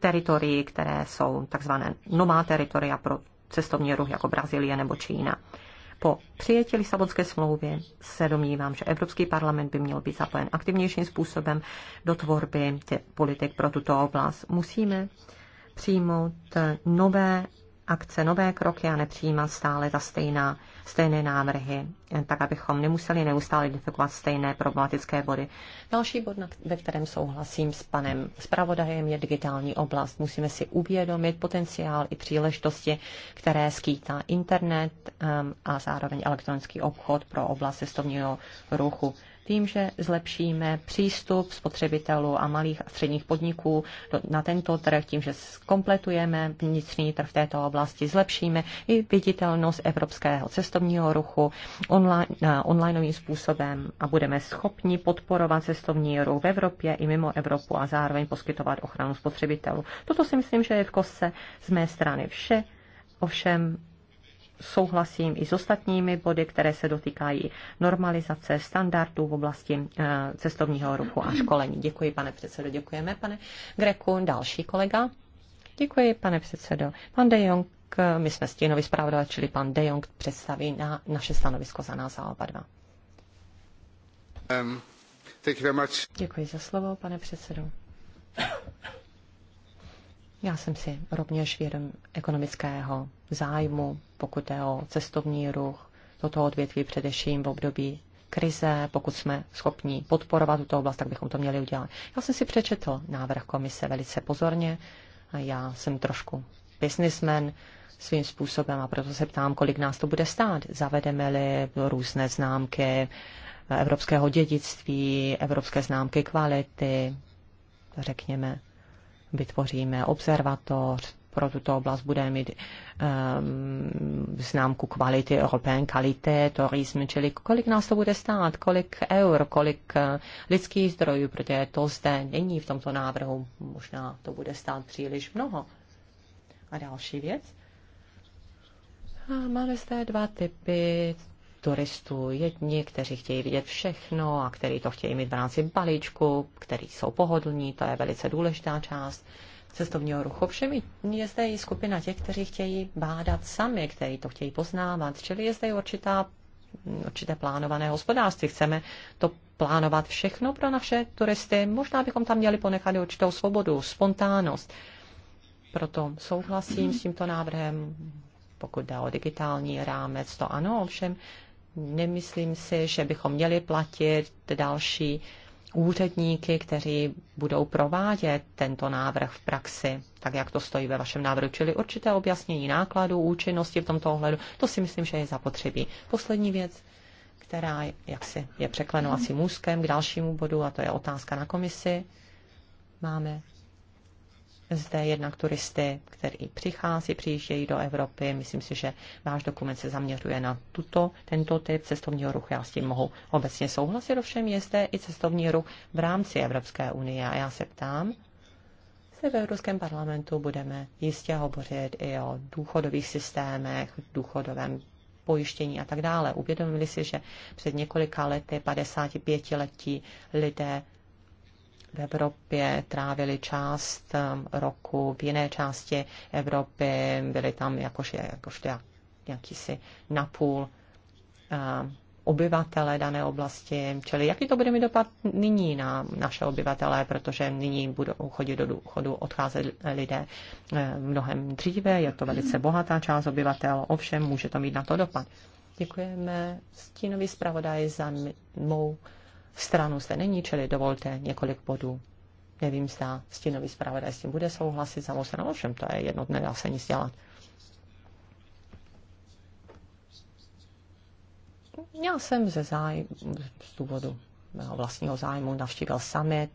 teritorií, které jsou takzvané nová teritoria pro cestovní ruch jako Brazílie nebo Čína. Po přijetí Lisabonské smlouvy se domnívám, že Evropský parlament by měl být zapojen aktivnějším způsobem do tvorby politik pro tuto oblast. Musíme přijmout nové akce, nové kroky a nepřijímat stále za stejná, stejné návrhy, tak abychom nemuseli neustále identifikovat stejné problematické body. Další bod, ve kterém souhlasím s panem zpravodajem, je digitální oblast. Musíme si uvědomit potenciál i příležitosti, které skýtá internet um, a zároveň elektronický obchod pro oblast cestovního ruchu tím, že zlepšíme přístup spotřebitelů a malých a středních podniků na tento trh, tím, že zkompletujeme vnitřní trh v této oblasti, zlepšíme i viditelnost evropského cestovního ruchu online, eh, onlineovým způsobem a budeme schopni podporovat cestovní ruch v Evropě i mimo Evropu a zároveň poskytovat ochranu spotřebitelů. Toto si myslím, že je v kostce z mé strany vše. Ovšem souhlasím i s ostatními body, které se dotýkají normalizace standardů v oblasti eh, cestovního ruchu a školení. Děkuji, pane předsedo. Děkujeme, pane Greku. Další kolega. Děkuji, pane předsedo. Pan De Jong, my jsme stínovi zpravodaj, čili pan De Jong představí na naše stanovisko za nás za oba dva. Um, thank you very much. Děkuji za slovo, pane předsedo. Já jsem si rovněž vědom ekonomického zájmu, pokud je o cestovní ruch, toto odvětví především v období krize, pokud jsme schopni podporovat tuto oblast, tak bychom to měli udělat. Já jsem si přečetl návrh komise velice pozorně a já jsem trošku businessman svým způsobem a proto se ptám, kolik nás to bude stát. Zavedeme-li různé známky evropského dědictví, evropské známky kvality, řekněme vytvoříme observatoř, pro tuto oblast budeme mít um, známku kvality European Qualité turism, čili kolik nás to bude stát, kolik eur, kolik uh, lidských zdrojů, protože to zde není v tomto návrhu, možná to bude stát příliš mnoho. A další věc. A máme zde dva typy turistů. Jedni, kteří chtějí vidět všechno a kteří to chtějí mít v rámci balíčku, kteří jsou pohodlní, to je velice důležitá část cestovního ruchu. Všem je zde i skupina těch, kteří chtějí bádat sami, kteří to chtějí poznávat, čili je zde určitá, určité plánované hospodářství. Chceme to plánovat všechno pro naše turisty. Možná bychom tam měli ponechat určitou svobodu, spontánnost. Proto souhlasím s tímto návrhem, pokud jde o digitální rámec, to ano, ovšem Nemyslím si, že bychom měli platit další úředníky, kteří budou provádět tento návrh v praxi, tak jak to stojí ve vašem návrhu, čili určité objasnění nákladů, účinnosti v tomto ohledu, to si myslím, že je zapotřebí. Poslední věc, která jaksi je překlenovacím úzkem k dalšímu bodu, a to je otázka na komisi. Máme zde jednak turisty, který přichází, přijíždějí do Evropy. Myslím si, že váš dokument se zaměřuje na tuto, tento typ cestovního ruchu. Já s tím mohu obecně souhlasit, ovšem je zde i cestovní ruch v rámci Evropské unie. A já se ptám, se v Evropském parlamentu budeme jistě hovořit i o důchodových systémech, důchodovém pojištění a tak dále. Uvědomili si, že před několika lety 55 letí lidé v Evropě trávili část um, roku v jiné části Evropy, byli tam jakož, jakož jakýsi napůl um, obyvatele dané oblasti, čili jaký to bude mít dopad nyní na naše obyvatele, protože nyní budou chodit do důchodu, odcházet lidé um, mnohem dříve, je to velice bohatá část obyvatel, ovšem může to mít na to dopad. Děkujeme stínový zpravodaj za mou stranu zde není, čili dovolte několik bodů. Nevím, zda stínový zpravodaj s tím bude souhlasit, samozřejmě ovšem, to je jedno, nedá se nic dělat. Já jsem ze zájmu, z důvodu mého vlastního zájmu navštívil summit,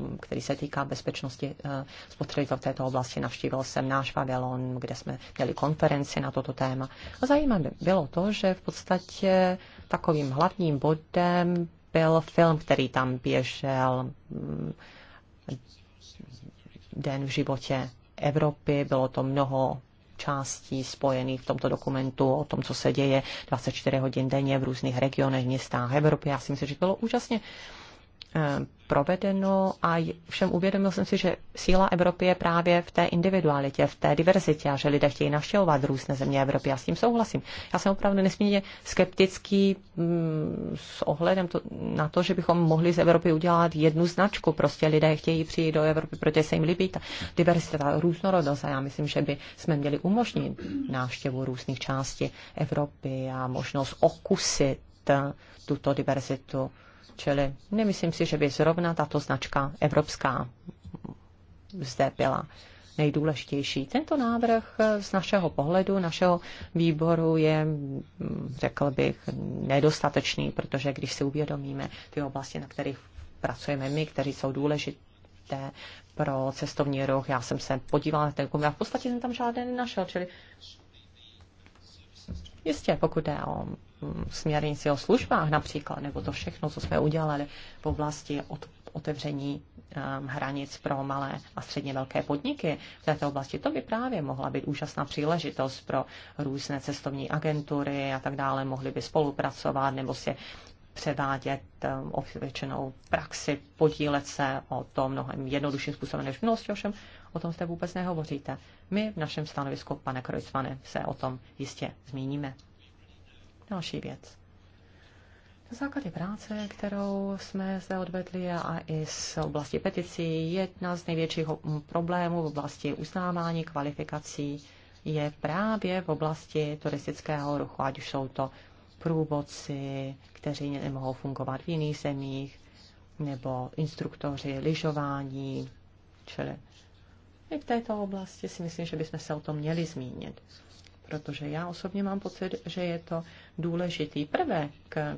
um, který se týká bezpečnosti uh, spotřebitelů v této oblasti. Navštívil jsem náš pavilon, kde jsme měli konferenci na toto téma. A zajímavé bylo to, že v podstatě takovým hlavním bodem byl film, který tam běžel mm, Den v životě Evropy. Bylo to mnoho částí spojených v tomto dokumentu o tom, co se děje 24 hodin denně v různých regionech, městách Evropy. Já si myslím, že bylo úžasně Eh, provedeno a všem uvědomil jsem si, že síla Evropy je právě v té individualitě, v té diverzitě a že lidé chtějí navštěvovat různé země Evropy. Já s tím souhlasím. Já jsem opravdu nesmírně skeptický mm, s ohledem to, na to, že bychom mohli z Evropy udělat jednu značku. Prostě lidé chtějí přijít do Evropy, protože se jim líbí ta diverzita, ta různorodost a já myslím, že by jsme měli umožnit návštěvu různých částí Evropy a možnost okusit eh, tuto diverzitu Čili nemyslím si, že by zrovna tato značka evropská zde byla nejdůležitější. Tento návrh z našeho pohledu, našeho výboru je, řekl bych, nedostatečný, protože když si uvědomíme ty oblasti, na kterých pracujeme my, které jsou důležité pro cestovní ruch, já jsem se podívala na ten kum, já v podstatě jsem tam žádné nenašel, čili jistě, pokud jde o směrnici o službách například, nebo to všechno, co jsme udělali v oblasti od otevření ehm, hranic pro malé a středně velké podniky v této oblasti. To by právě mohla být úžasná příležitost pro různé cestovní agentury a tak dále. Mohly by spolupracovat nebo si převádět ehm, většinou praxi, podílet se o to mnohem jednodušším způsobem než v minulosti, ovšem o tom jste vůbec nehovoříte. My v našem stanovisku, pane Krojcvane, se o tom jistě zmíníme. Další věc. Na základě práce, kterou jsme zde odvedli a i z oblasti peticí, jedna z největších problémů v oblasti uznávání kvalifikací je právě v oblasti turistického ruchu, ať už jsou to průvodci, kteří nemohou fungovat v jiných zemích, nebo instruktoři lyžování, čili i v této oblasti si myslím, že bychom se o tom měli zmínit protože já osobně mám pocit, že je to důležitý prvek,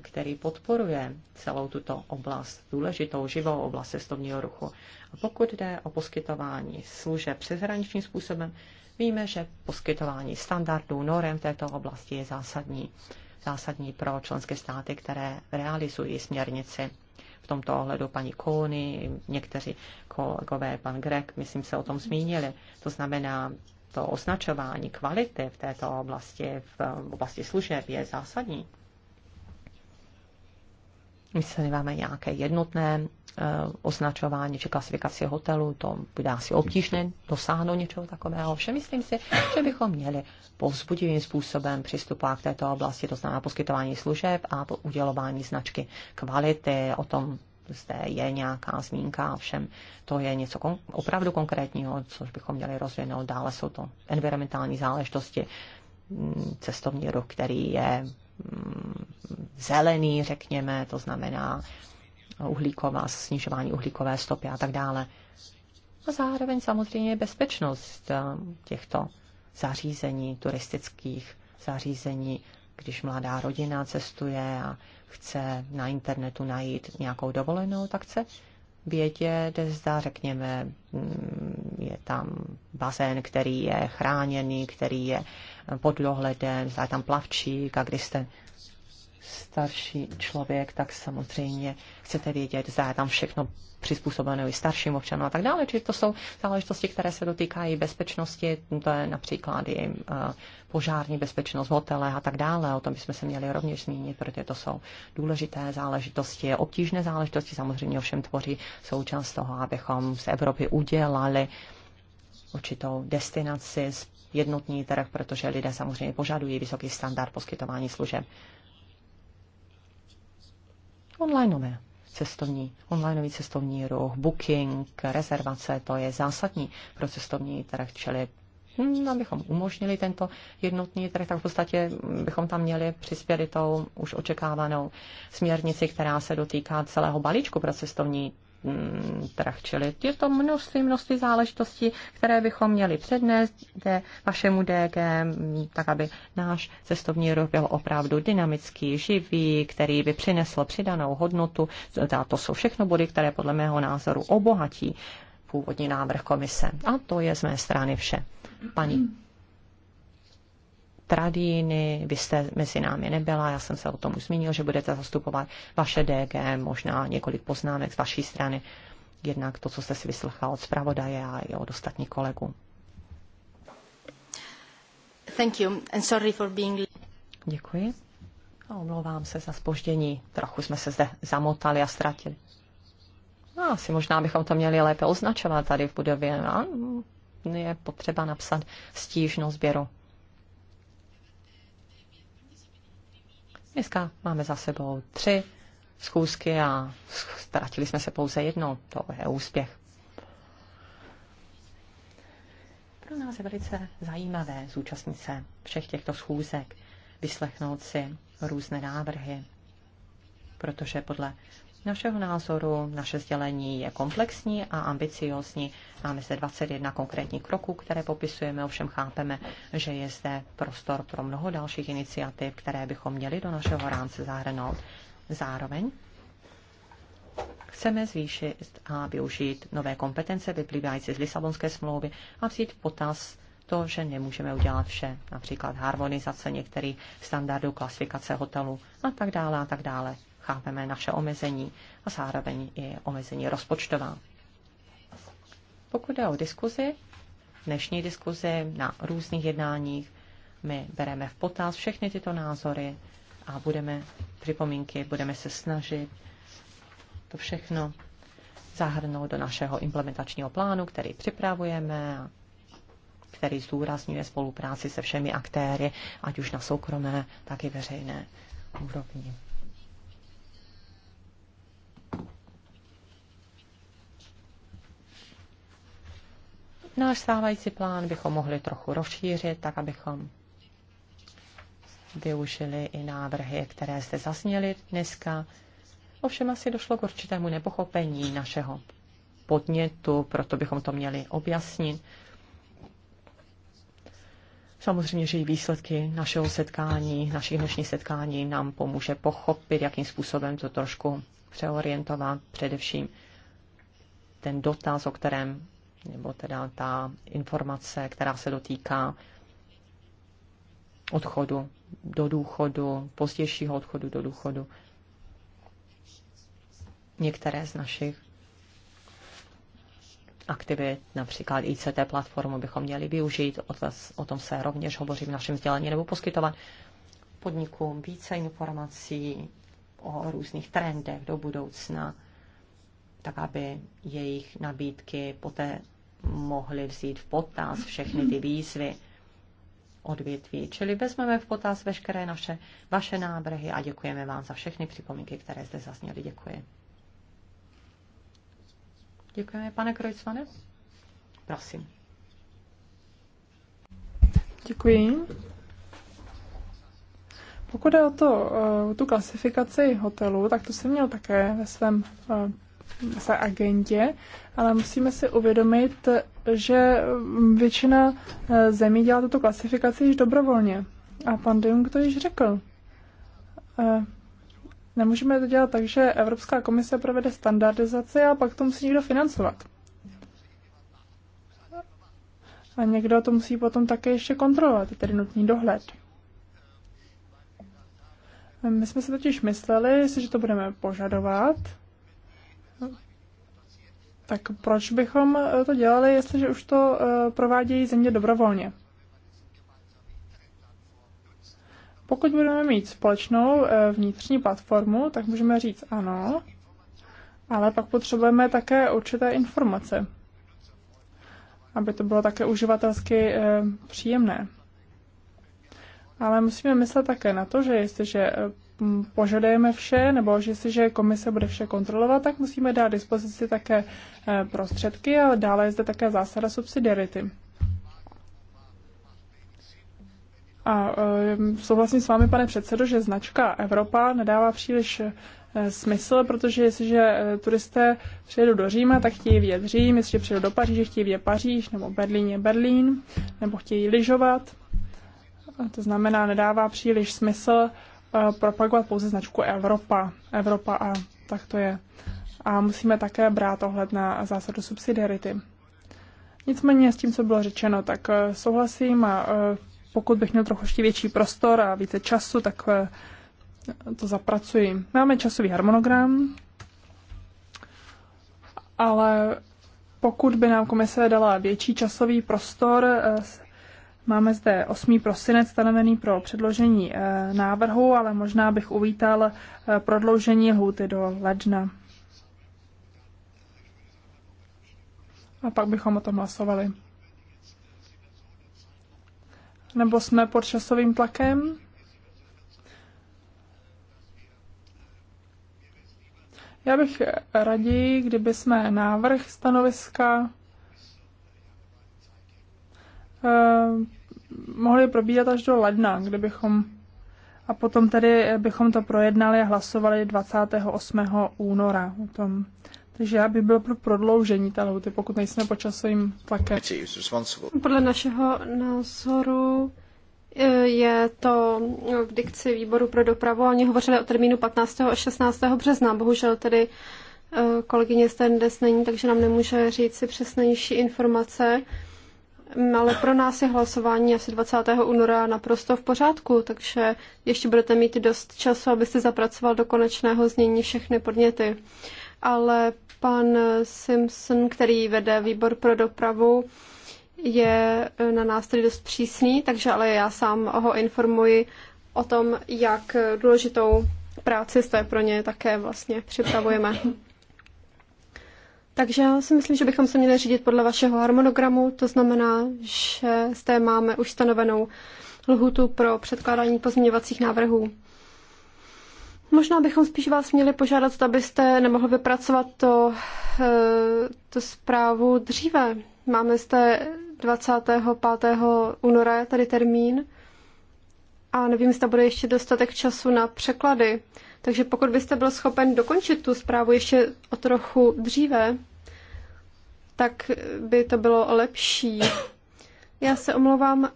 který podporuje celou tuto oblast, důležitou živou oblast cestovního ruchu. A pokud jde o poskytování služeb přeshraničním způsobem, víme, že poskytování standardů, norem v této oblasti je zásadní. Zásadní pro členské státy, které realizují směrnici v tomto ohledu paní Kony, někteří kolegové, pan Grek, myslím, se o tom zmínili. To znamená to označování kvality v této oblasti, v oblasti služeb, je zásadní. My se nemáme nějaké jednotné eh, označování či klasifikaci hotelu, to bude asi obtížné dosáhnout něčeho takového. Ovšem myslím si, že bychom měli povzbudivým způsobem přistupovat k této oblasti, to znamená poskytování služeb a udělování značky kvality. O tom zde je nějaká zmínka, ovšem to je něco kon- opravdu konkrétního, což bychom měli rozvinout. Dále jsou to environmentální záležitosti, mm, cestovní ruch, který je mm, zelený, řekněme, to znamená uhlíková, snižování uhlíkové stopy a tak dále. A zároveň samozřejmě bezpečnost eh, těchto zařízení, turistických zařízení, když mladá rodina cestuje a chce na internetu najít nějakou dovolenou, tak chce vědět, zda řekněme, mm, je tam bazén, který je chráněný, který je pod dohledem, zda je tam plavčík a když jste starší člověk, tak samozřejmě chcete vědět, zda je tam všechno přizpůsobené i starším občanům a tak dále. Čili to jsou záležitosti, které se dotýkají bezpečnosti, to je například i eh, požární bezpečnost v hotele a tak dále. O tom bychom se měli rovněž zmínit, protože to jsou důležité záležitosti, obtížné záležitosti, samozřejmě ovšem tvoří součást toho, abychom z Evropy udělali určitou destinaci, jednotný trh, protože lidé samozřejmě požadují vysoký standard poskytování služeb onlineové cestovní, onlineový cestovní ruch, booking, rezervace, to je zásadní pro cestovní trh, čili hm, abychom umožnili tento jednotný trh, tak v podstatě bychom tam měli přispět tou už očekávanou směrnici, která se dotýká celého balíčku pro cestovní Mm, trh. Čili je to množství, množství záležitostí, které bychom měli přednést de, vašemu DG, mm, tak aby náš cestovní ruch byl opravdu dynamický, živý, který by přinesl přidanou hodnotu. A to jsou všechno body, které podle mého názoru obohatí původní návrh komise. A to je z mé strany vše. Paní Stradíny, vy jste mezi námi nebyla, já jsem se o tom už zmínil, že budete zastupovat vaše DG, možná několik poznámek z vaší strany, jednak to, co jste si vyslechla od zpravodaje a i od ostatních kolegů. Thank you and sorry for being... Děkuji. A omlouvám se za spoždění. Trochu jsme se zde zamotali a ztratili. No, asi možná bychom to měli lépe označovat tady v budově. A je potřeba napsat stížnost běru. Dneska máme za sebou tři schůzky a ztratili jsme se pouze jedno. To je úspěch. Pro nás je velice zajímavé zúčastnit se všech těchto schůzek, vyslechnout si různé návrhy, protože podle našeho názoru naše sdělení je komplexní a ambiciózní. Máme zde 21 konkrétních kroků, které popisujeme, ovšem chápeme, že je zde prostor pro mnoho dalších iniciativ, které bychom měli do našeho rámce zahrnout. Zároveň chceme zvýšit a využít nové kompetence vyplývající z Lisabonské smlouvy a vzít v potaz to, že nemůžeme udělat vše, například harmonizace některých standardů, klasifikace hotelů a tak dále a tak dále chápeme naše omezení a zároveň i omezení rozpočtová. Pokud jde o diskuzi, dnešní diskuzi na různých jednáních, my bereme v potaz všechny tyto názory a budeme připomínky, budeme se snažit to všechno zahrnout do našeho implementačního plánu, který připravujeme a který zdůrazňuje spolupráci se všemi aktéry, ať už na soukromé, tak i veřejné úrovni. Náš stávající plán bychom mohli trochu rozšířit, tak abychom využili i návrhy, které jste zasněli dneska. Ovšem asi došlo k určitému nepochopení našeho podnětu, proto bychom to měli objasnit. Samozřejmě, že i výsledky našeho setkání, našich dnešních setkání nám pomůže pochopit, jakým způsobem to trošku přeorientovat, především ten dotaz, o kterém nebo teda ta informace, která se dotýká odchodu do důchodu, pozdějšího odchodu do důchodu. Některé z našich aktivit, například ICT platformu, bychom měli využít, o, o tom se rovněž hovoří v našem vzdělání, nebo poskytovat podnikům více informací o různých trendech do budoucna, tak aby jejich nabídky poté mohli vzít v potaz všechny ty výzvy odvětví. Čili vezmeme v potaz veškeré naše, vaše návrhy a děkujeme vám za všechny připomínky, které zde zazněly. Děkuji. Děkujeme, pane Krojcmane. Prosím. Děkuji. Pokud je o to, eh, o tu klasifikaci hotelů, tak to jsem měl také ve svém eh, za agentě, ale musíme si uvědomit, že většina eh, zemí dělá tuto klasifikaci již dobrovolně. A pan de to již řekl. Eh, nemůžeme to dělat tak, že Evropská komise provede standardizaci a pak to musí někdo financovat. A někdo to musí potom také ještě kontrolovat, je tedy nutný dohled. My jsme si totiž mysleli, že to budeme požadovat, tak proč bychom eh, to dělali, jestliže už to eh, provádějí země dobrovolně? Pokud budeme mít společnou eh, vnitřní platformu, tak můžeme říct ano, ale pak potřebujeme také určité informace, aby to bylo také uživatelsky příjemné. Ale musíme myslet také na to, že jestliže Mm, požadujeme vše, nebo že si, že komise bude vše kontrolovat, tak musíme dát dispozici také eh, prostředky a dále je zde také zásada subsidiarity. A ehm, souhlasím s vámi, pane předsedo, že značka Evropa nedává příliš eh, smysl, protože jestliže eh, turisté přijedou do Říma, tak chtějí vidět Řím, jestliže přijedou do Paříže, chtějí vidět Paříž, nebo Berlín je Berlín, nebo chtějí lyžovat. To znamená, nedává příliš smysl Eh, propagovat pouze značku Evropa. Evropa a tak to je. A musíme také brát ohled na zásadu subsidiarity. Nicméně s tím, co bylo řečeno, tak eh, souhlasím a eh, pokud bych měl trochu ještě větší prostor a více času, tak to zapracuji. Máme časový harmonogram, ale pokud by nám komise dala větší časový prostor, Máme zde 8. prosinec stanovený pro předložení eh, návrhu, ale možná bych uvítal eh, prodloužení lhůty do ledna. A pak bychom o tom hlasovali. Nebo jsme pod časovým tlakem? Já bych eh, raději, kdyby jsme návrh stanoviska Eh, mohli probíhat až do ledna, kdybychom a potom tedy eh, bychom to projednali a hlasovali 28. února o tom. Takže já bych byl pro prodloužení té lhuty, pokud nejsme pod časovým tlakem. Podle našeho názoru eh, je to v dikci výboru pro dopravu. Oni hovořili o termínu 15. a 16. března. Bohužel tedy kolegyně zde není, takže nám nemůže říct si přesnější informace. Mm, ale pro nás je hlasování asi 20. února naprosto v pořádku, takže ještě budete mít dost času, abyste zapracoval do konečného znění všechny podněty. Ale pan Simpson, který vede výbor pro dopravu, je na nás tedy dost přísný, takže ale já sám ho informuji o tom, jak důležitou práci jste pro ně také vlastně připravujeme. Takže já si myslím, že bychom se měli řídit podle vašeho harmonogramu, to znamená, že zde máme už stanovenou lhutu pro předkládání pozměňovacích návrhů. Možná bychom spíš vás měli požádat, abyste nemohli vypracovat to, eh, to zprávu dříve. Máme zde 25. února tady termín a nevím, zda bude ještě dostatek času na překlady. Takže pokud byste byl schopen dokončit tu zprávu ještě o trochu dříve, tak by to bylo lepší. Já se omlouvám,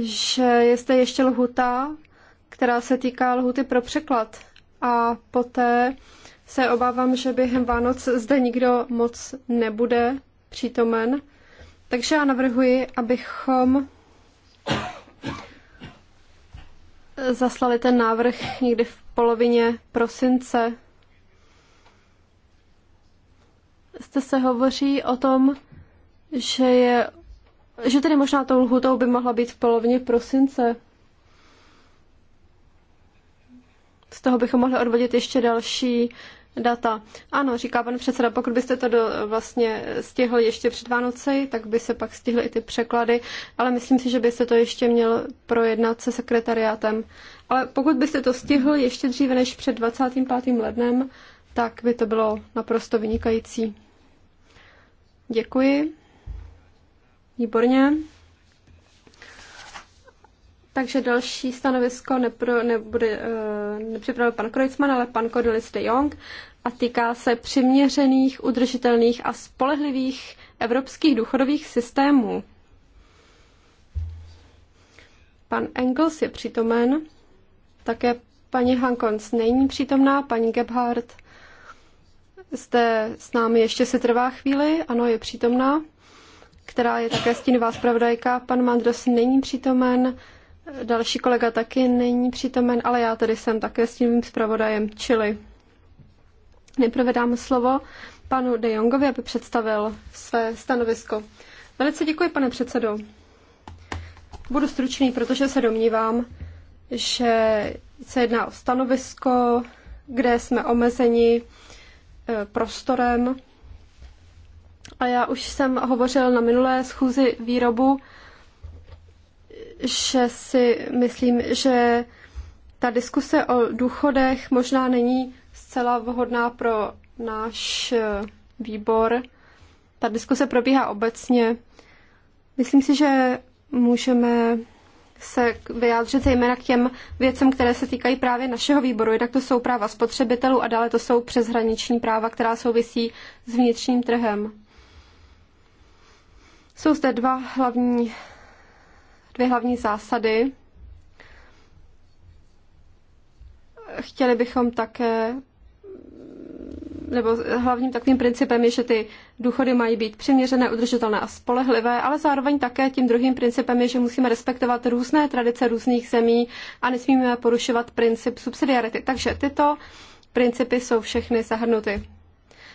že je zde ještě lhuta, která se týká lhuty pro překlad. A poté se obávám, že během Vánoc zde nikdo moc nebude přítomen. Takže já navrhuji, abychom zaslali ten návrh někdy v polovině prosince. Zde se hovoří o tom, že je, že tedy možná tou lhutou by mohla být v polovině prosince. Z toho bychom mohli odvodit ještě další data. Ano, říká pan předseda, pokud byste to do, vlastně stihl ještě před Vánoci, tak by se pak stihly i ty překlady, ale myslím si, že byste to ještě měl projednat se sekretariátem. Ale pokud byste to stihl ještě dříve než před 25. lednem, tak by to bylo naprosto vynikající. Děkuji. Výborně. Takže další stanovisko nepro, nebude eh, nepřipravil pan Kreutzmann, ale pan Cordelis de Jong a týká se přiměřených, udržitelných a spolehlivých evropských důchodových systémů. Pan Engels je přítomen, také paní Hankons není přítomná, paní Gebhardt zde s námi ještě se trvá chvíli, ano, je přítomná, která je také stínová zpravodajka, pan Mandros není přítomen, Další kolega taky není přítomen, ale já tady jsem také s tím zpravodajem, čili nejprve dám slovo panu De Jongovi, aby představil své stanovisko. Velice děkuji, pane předsedo. Budu stručný, protože se domnívám, že se jedná o stanovisko, kde jsme omezeni e, prostorem. A já už jsem hovořil na minulé schůzi výrobu že si myslím, že ta diskuse o důchodech možná není zcela vhodná pro náš eh, výbor. Ta diskuse probíhá obecně. Myslím si, že můžeme se vyjádřit zejména k těm věcem, které se týkají právě našeho výboru. Jednak to jsou práva spotřebitelů a dále to jsou přeshraniční práva, která souvisí s vnitřním trhem. Jsou zde dva hlavní dvě hlavní zásady. Chtěli bychom také, nebo hlavním takovým principem je, že ty důchody mají být přiměřené, udržitelné a spolehlivé, ale zároveň také tím druhým principem je, že musíme respektovat různé tradice různých zemí a nesmíme porušovat princip subsidiarity. Takže tyto principy jsou všechny zahrnuty.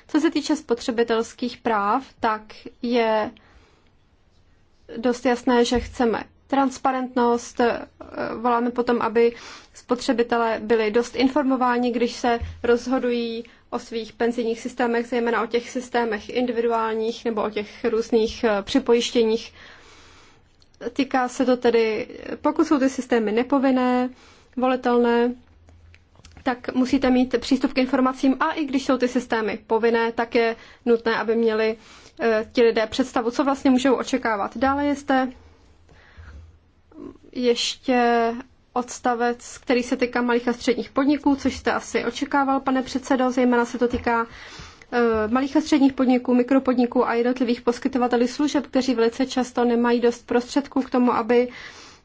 Co se týče spotřebitelských práv, tak je dost jasné, že chceme transparentnost, eh, voláme potom, aby spotřebitelé byli dost informováni, když se rozhodují o svých penzijních systémech, zejména o těch systémech individuálních nebo o těch různých eh, připojištěních. Týká se to tedy, pokud jsou ty systémy nepovinné, volitelné, tak musíte mít přístup k informacím a i když jsou ty systémy povinné, tak je nutné, aby měli eh, ti lidé představu, co vlastně můžou očekávat. Dále je zde ještě odstavec, který se týká malých a středních podniků, což jste asi očekával, pane předsedo, zejména se to týká eh, malých a středních podniků, mikropodniků a jednotlivých poskytovatelů služeb, kteří velice často nemají dost prostředků k tomu, aby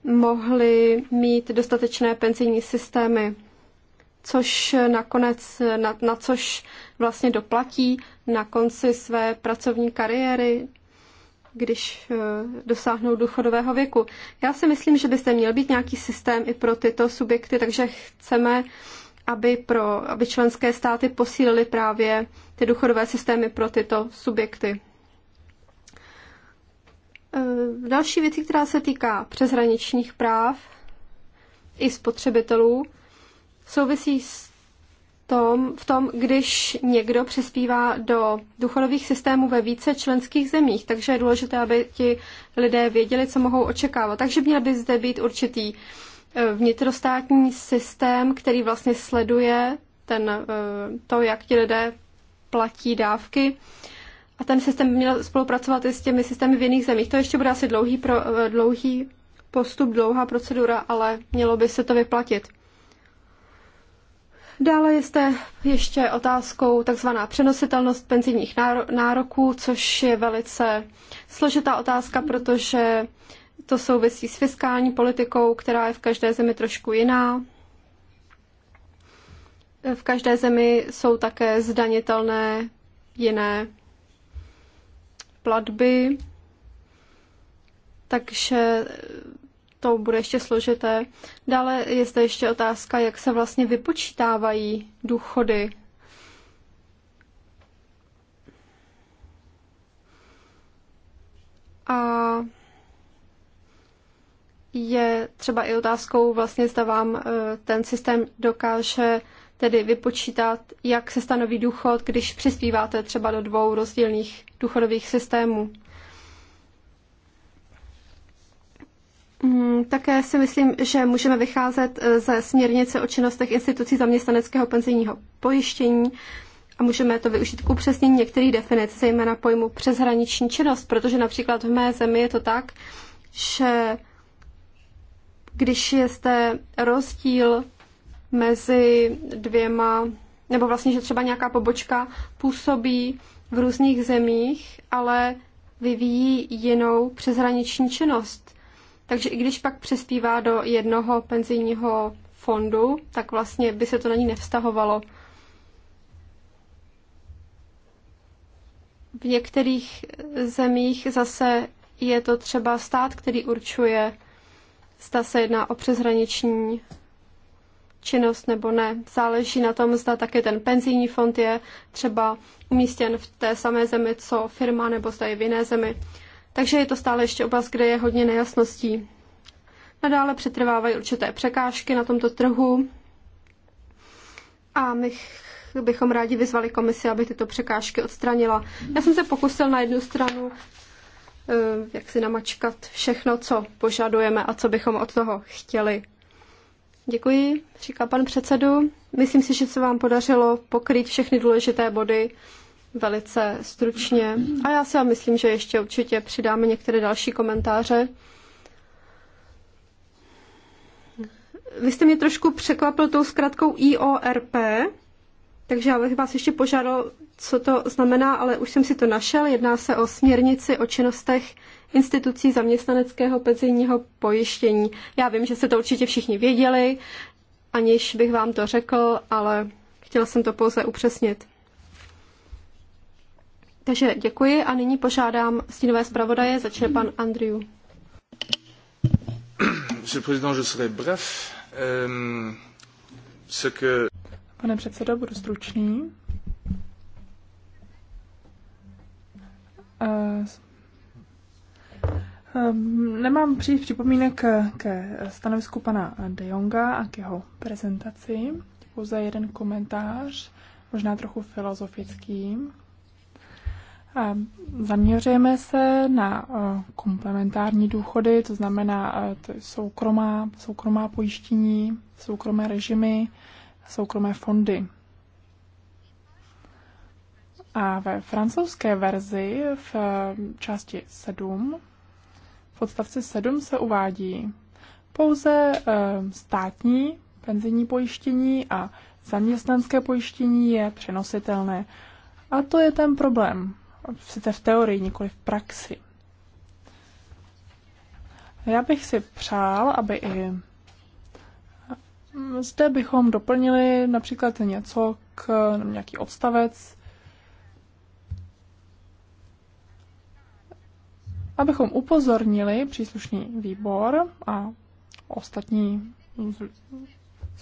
mohli mít dostatečné penzijní systémy, což nakonec, na, na což vlastně doplatí na konci své pracovní kariéry když eh, dosáhnou důchodového věku. Já si myslím, že by se měl být nějaký systém i pro tyto subjekty, takže chceme, aby, pro, aby členské státy posílily právě ty důchodové systémy pro tyto subjekty. Eh, další věcí, která se týká přeshraničních práv i spotřebitelů, souvisí s tom, v tom, když někdo přispívá do důchodových systémů ve více členských zemích, takže je důležité, aby ti lidé věděli, co mohou očekávat. Takže měl by zde být určitý eh, vnitrostátní systém, který vlastně sleduje ten, eh, to, jak ti lidé platí dávky. A ten systém by měl spolupracovat i s těmi systémy v jiných zemích. To ještě bude asi dlouhý, pro, eh, dlouhý postup, dlouhá procedura, ale mělo by se to vyplatit. Dále je zde ještě otázkou takzvaná přenositelnost penzijních nároků, což je velice složitá otázka, protože to souvisí s fiskální politikou, která je v každé zemi trošku jiná. V každé zemi jsou také zdanitelné jiné platby, takže to bude ještě složité. Dále je zde ještě otázka, jak se vlastně vypočítávají důchody. A je třeba i otázkou, vlastně zda vám eh, ten systém dokáže tedy vypočítat, jak se stanoví důchod, když přispíváte třeba do dvou rozdílných důchodových systémů. Mm, také si myslím, že můžeme vycházet eh, ze směrnice o činnostech institucí zaměstnaneckého penzijního pojištění a můžeme to využít k upřesnění některých definic, zejména pojmu přeshraniční činnost, protože například v mé zemi je to tak, že když je zde rozdíl mezi dvěma, nebo vlastně, že třeba nějaká pobočka působí v různých zemích, ale vyvíjí jinou přeshraniční činnost – takže i když pak přespívá do jednoho penzijního fondu, tak vlastně by se to na ní nevztahovalo. V některých zemích zase je to třeba stát, který určuje, zda se jedná o přeshraniční činnost nebo ne. Záleží na tom, zda také ten penzijní fond je třeba umístěn v té samé zemi, co firma, nebo zda je v jiné zemi. Takže je to stále ještě oblast, kde je hodně nejasností. Nadále přetrvávají určité překážky na tomto trhu a my bychom rádi vyzvali komisi, aby tyto překážky odstranila. Já jsem se pokusil na jednu stranu eh, jak si namačkat všechno, co požadujeme a co bychom od toho chtěli. Děkuji, říká pan předsedu. Myslím si, že se vám podařilo pokrýt všechny důležité body velice stručně. A já si já myslím, že ještě určitě přidáme některé další komentáře. Vy jste mě trošku překvapil tou zkratkou IORP, takže já bych vás ještě požádal, co to znamená, ale už jsem si to našel. Jedná se o směrnici o činnostech institucí zaměstnaneckého penzijního pojištění. Já vím, že se to určitě všichni věděli, aniž bych vám to řekl, ale chtěl jsem to pouze upřesnit. Takže děkuji a nyní požádám stínové zpravodaje, začne pan Andriu. Euh, Pane předsedo, budu stručný. Eh, ehm, nemám příliš připomínek ke stanovisku pana De Jonga a k jeho prezentaci. Pouze jeden komentář, možná trochu filozofický. Zaměřujeme se na e, komplementární důchody, to znamená e, to soukromá, soukromá pojištění, soukromé režimy, soukromé fondy. A ve francouzské verzi v e, části 7, v odstavci 7 se uvádí pouze státní penzijní pojištění a zaměstnanské pojištění je přenositelné. A to je ten problém sice v teorii, nikoli v praxi. Já bych si přál, aby i zde bychom doplnili například něco k nějaký odstavec, abychom upozornili příslušný výbor a ostatní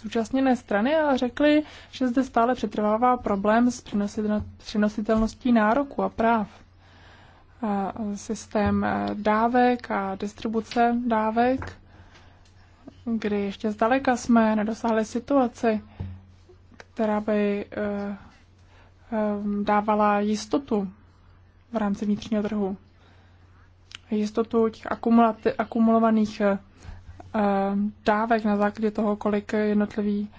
zúčastněné strany a řekli, že zde stále přetrvává problém s přenositelností nároku a práv. A systém e, dávek a distribuce dávek, kdy ještě zdaleka jsme nedosáhli situaci, která by e, e, dávala jistotu v rámci vnitřního trhu. Jistotu těch akumulovaných Eh, dávek na základě toho, kolik jednotliví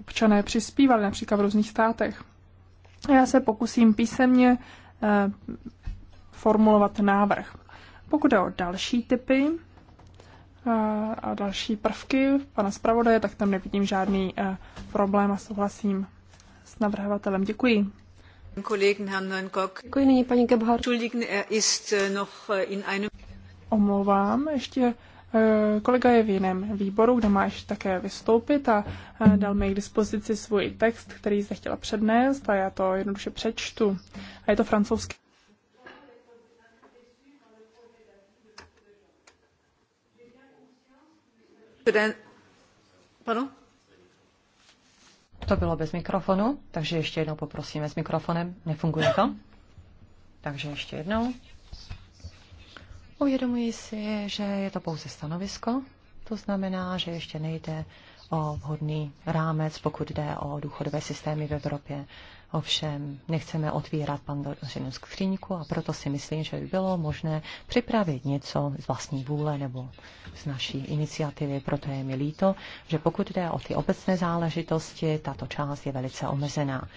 občané přispívali, například v různých státech. Já se pokusím písemně eh, formulovat návrh. Pokud jde o další typy eh, a další prvky pana zpravodaje, tak tam nevidím žádný problém a souhlasím s navrhovatelem. Děkuji. Děkuji nyní paní Gebhardt. Er Omlouvám, ještě Eh, kolega je v jiném výboru, kde máš také vystoupit a eh, dal mi k dispozici svůj text, který se chtěla přednést a já to jednoduše přečtu. A je to francouzský. Pardon? To bylo bez mikrofonu, takže ještě jednou poprosíme s mikrofonem. Nefunguje to? Takže ještě jednou. Uvědomuji si, že je to pouze stanovisko, to znamená, že ještě nejde o vhodný rámec, pokud jde o důchodové systémy v Evropě. Ovšem nechceme otvírat pandorinu skříňku a proto si myslím, že by bylo možné připravit něco z vlastní vůle nebo z naší iniciativy. Proto je mi líto, že pokud jde o ty obecné záležitosti, tato část je velice omezená.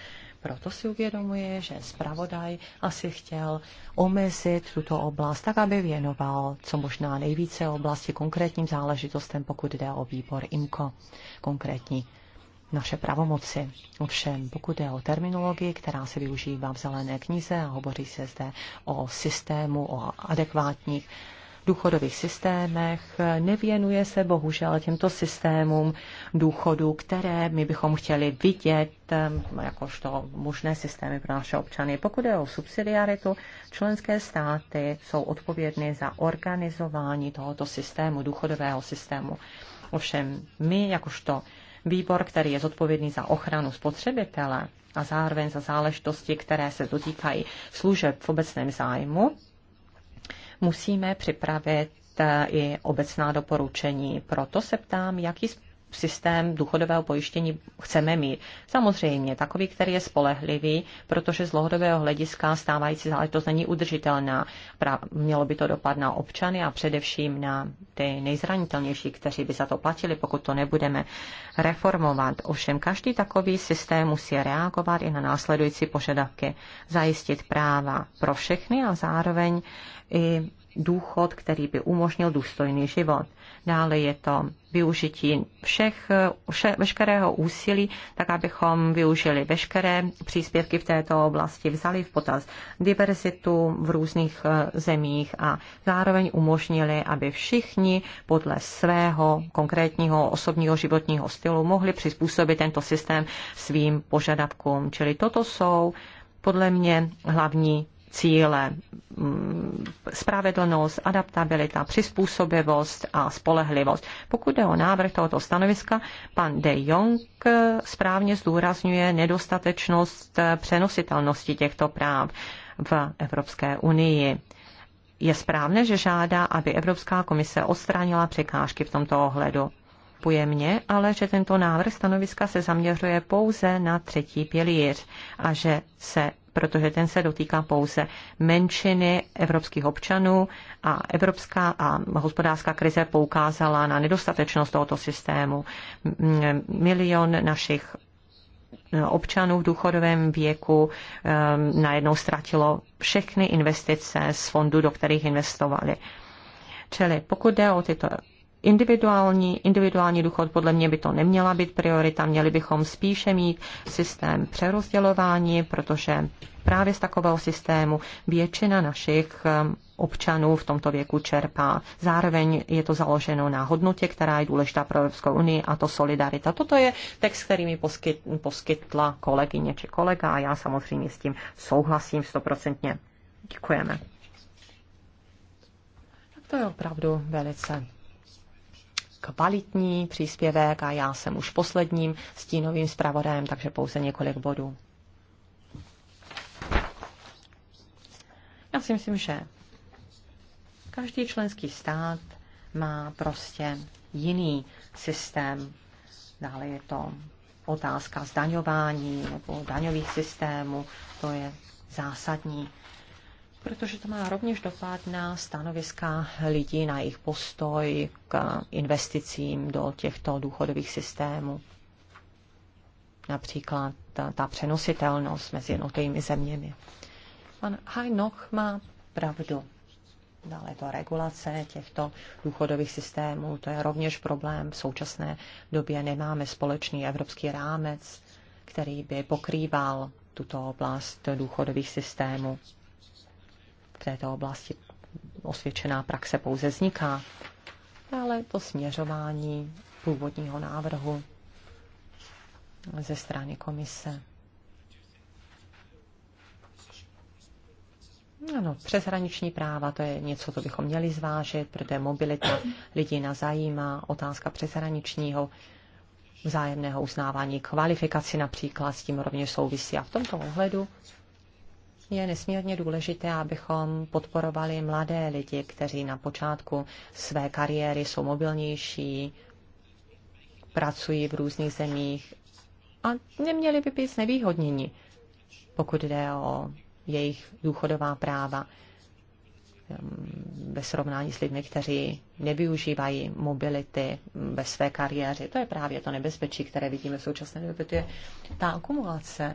Proto si uvědomuje, že zpravodaj asi chtěl omezit tuto oblast tak, aby věnoval co možná nejvíce oblasti konkrétním záležitostem, pokud jde o výbor IMCO, konkrétní naše pravomoci. Ovšem, pokud jde o terminologii, která se využívá v zelené knize a hovoří se zde o systému, o adekvátních důchodových systémech, nevěnuje se bohužel těmto systémům důchodu, které my bychom chtěli vidět jakožto možné systémy pro naše občany. Pokud je o subsidiaritu, členské státy jsou odpovědny za organizování tohoto systému, důchodového systému. Ovšem my, jakožto výbor, který je zodpovědný za ochranu spotřebitele a zároveň za záležitosti, které se dotýkají služeb v obecném zájmu, musíme připravit eh, i obecná doporučení. Proto se ptám, jaký způsob systém důchodového pojištění chceme mít. Samozřejmě takový, který je spolehlivý, protože z dlouhodobého hlediska stávající záležitost není udržitelná. mělo by to dopad na občany a především na ty nejzranitelnější, kteří by za to platili, pokud to nebudeme reformovat. Ovšem každý takový systém musí reagovat i na následující požadavky. Zajistit práva pro všechny a zároveň i důchod, který by umožnil důstojný život. Dále je to využití všech, vše, veškerého úsilí, tak abychom využili veškeré příspěvky v této oblasti, vzali v potaz diverzitu v různých eh, zemích a zároveň umožnili, aby všichni podle svého konkrétního osobního životního stylu mohli přizpůsobit tento systém svým požadavkům. Čili toto jsou podle mě hlavní cíle mm, spravedlnost, adaptabilita, přizpůsobivost a spolehlivost. Pokud jde o návrh tohoto stanoviska, pan De Jong správně zdůrazňuje nedostatečnost přenositelnosti těchto práv v Evropské unii. Je správné, že žádá, aby Evropská komise odstranila překážky v tomto ohledu. Puje ale že tento návrh stanoviska se zaměřuje pouze na třetí pilíř a že se protože ten se dotýká pouze menšiny evropských občanů a evropská a hospodářská krize poukázala na nedostatečnost tohoto systému. Mm, milion našich eh, občanů v důchodovém věku um, najednou ztratilo všechny investice z fondů, do kterých investovali. Čili pokud jde o tyto individuální, individuální důchod podle mě by to neměla být priorita, měli bychom spíše mít systém přerozdělování, protože právě z takového systému většina našich um, občanů v tomto věku čerpá. Zároveň je to založeno na hodnotě, která je důležitá pro Evropskou unii, a to solidarita. Toto je text, který mi poskyt, poskytla kolegyně či kolega a já samozřejmě s tím souhlasím stoprocentně. Děkujeme. Tak to je opravdu velice kvalitní příspěvek a já jsem už posledním stínovým zpravodajem, takže pouze několik bodů. Já si myslím, že každý členský stát má prostě jiný systém. Dále je to otázka zdaňování nebo daňových systémů. To je zásadní protože to má rovněž dopad na stanoviska lidí, na jejich postoj k investicím do těchto důchodových systémů. Například ta, ta přenositelnost mezi jednotlivými zeměmi. Pan Hajnoch má pravdu. Dále to regulace těchto důchodových systémů, to je rovněž problém. V současné době nemáme společný evropský rámec, který by pokrýval tuto oblast důchodových systémů této oblasti osvědčená praxe pouze vzniká. Ale to směřování původního návrhu ze strany komise. Ano, přeshraniční práva, to je něco, co bychom měli zvážit, protože mobilita lidí na zajímá, otázka přeshraničního vzájemného uznávání kvalifikaci například s tím rovněž souvisí. A v tomto ohledu je nesmírně důležité, abychom podporovali mladé lidi, kteří na počátku své kariéry jsou mobilnější, pracují v různých zemích a neměli by být znevýhodněni, pokud jde o jejich důchodová práva ehm, ve srovnání s lidmi, kteří nevyužívají mobility ehm, ve své kariéře. To je právě to nebezpečí, které vidíme v současné době, to je ta akumulace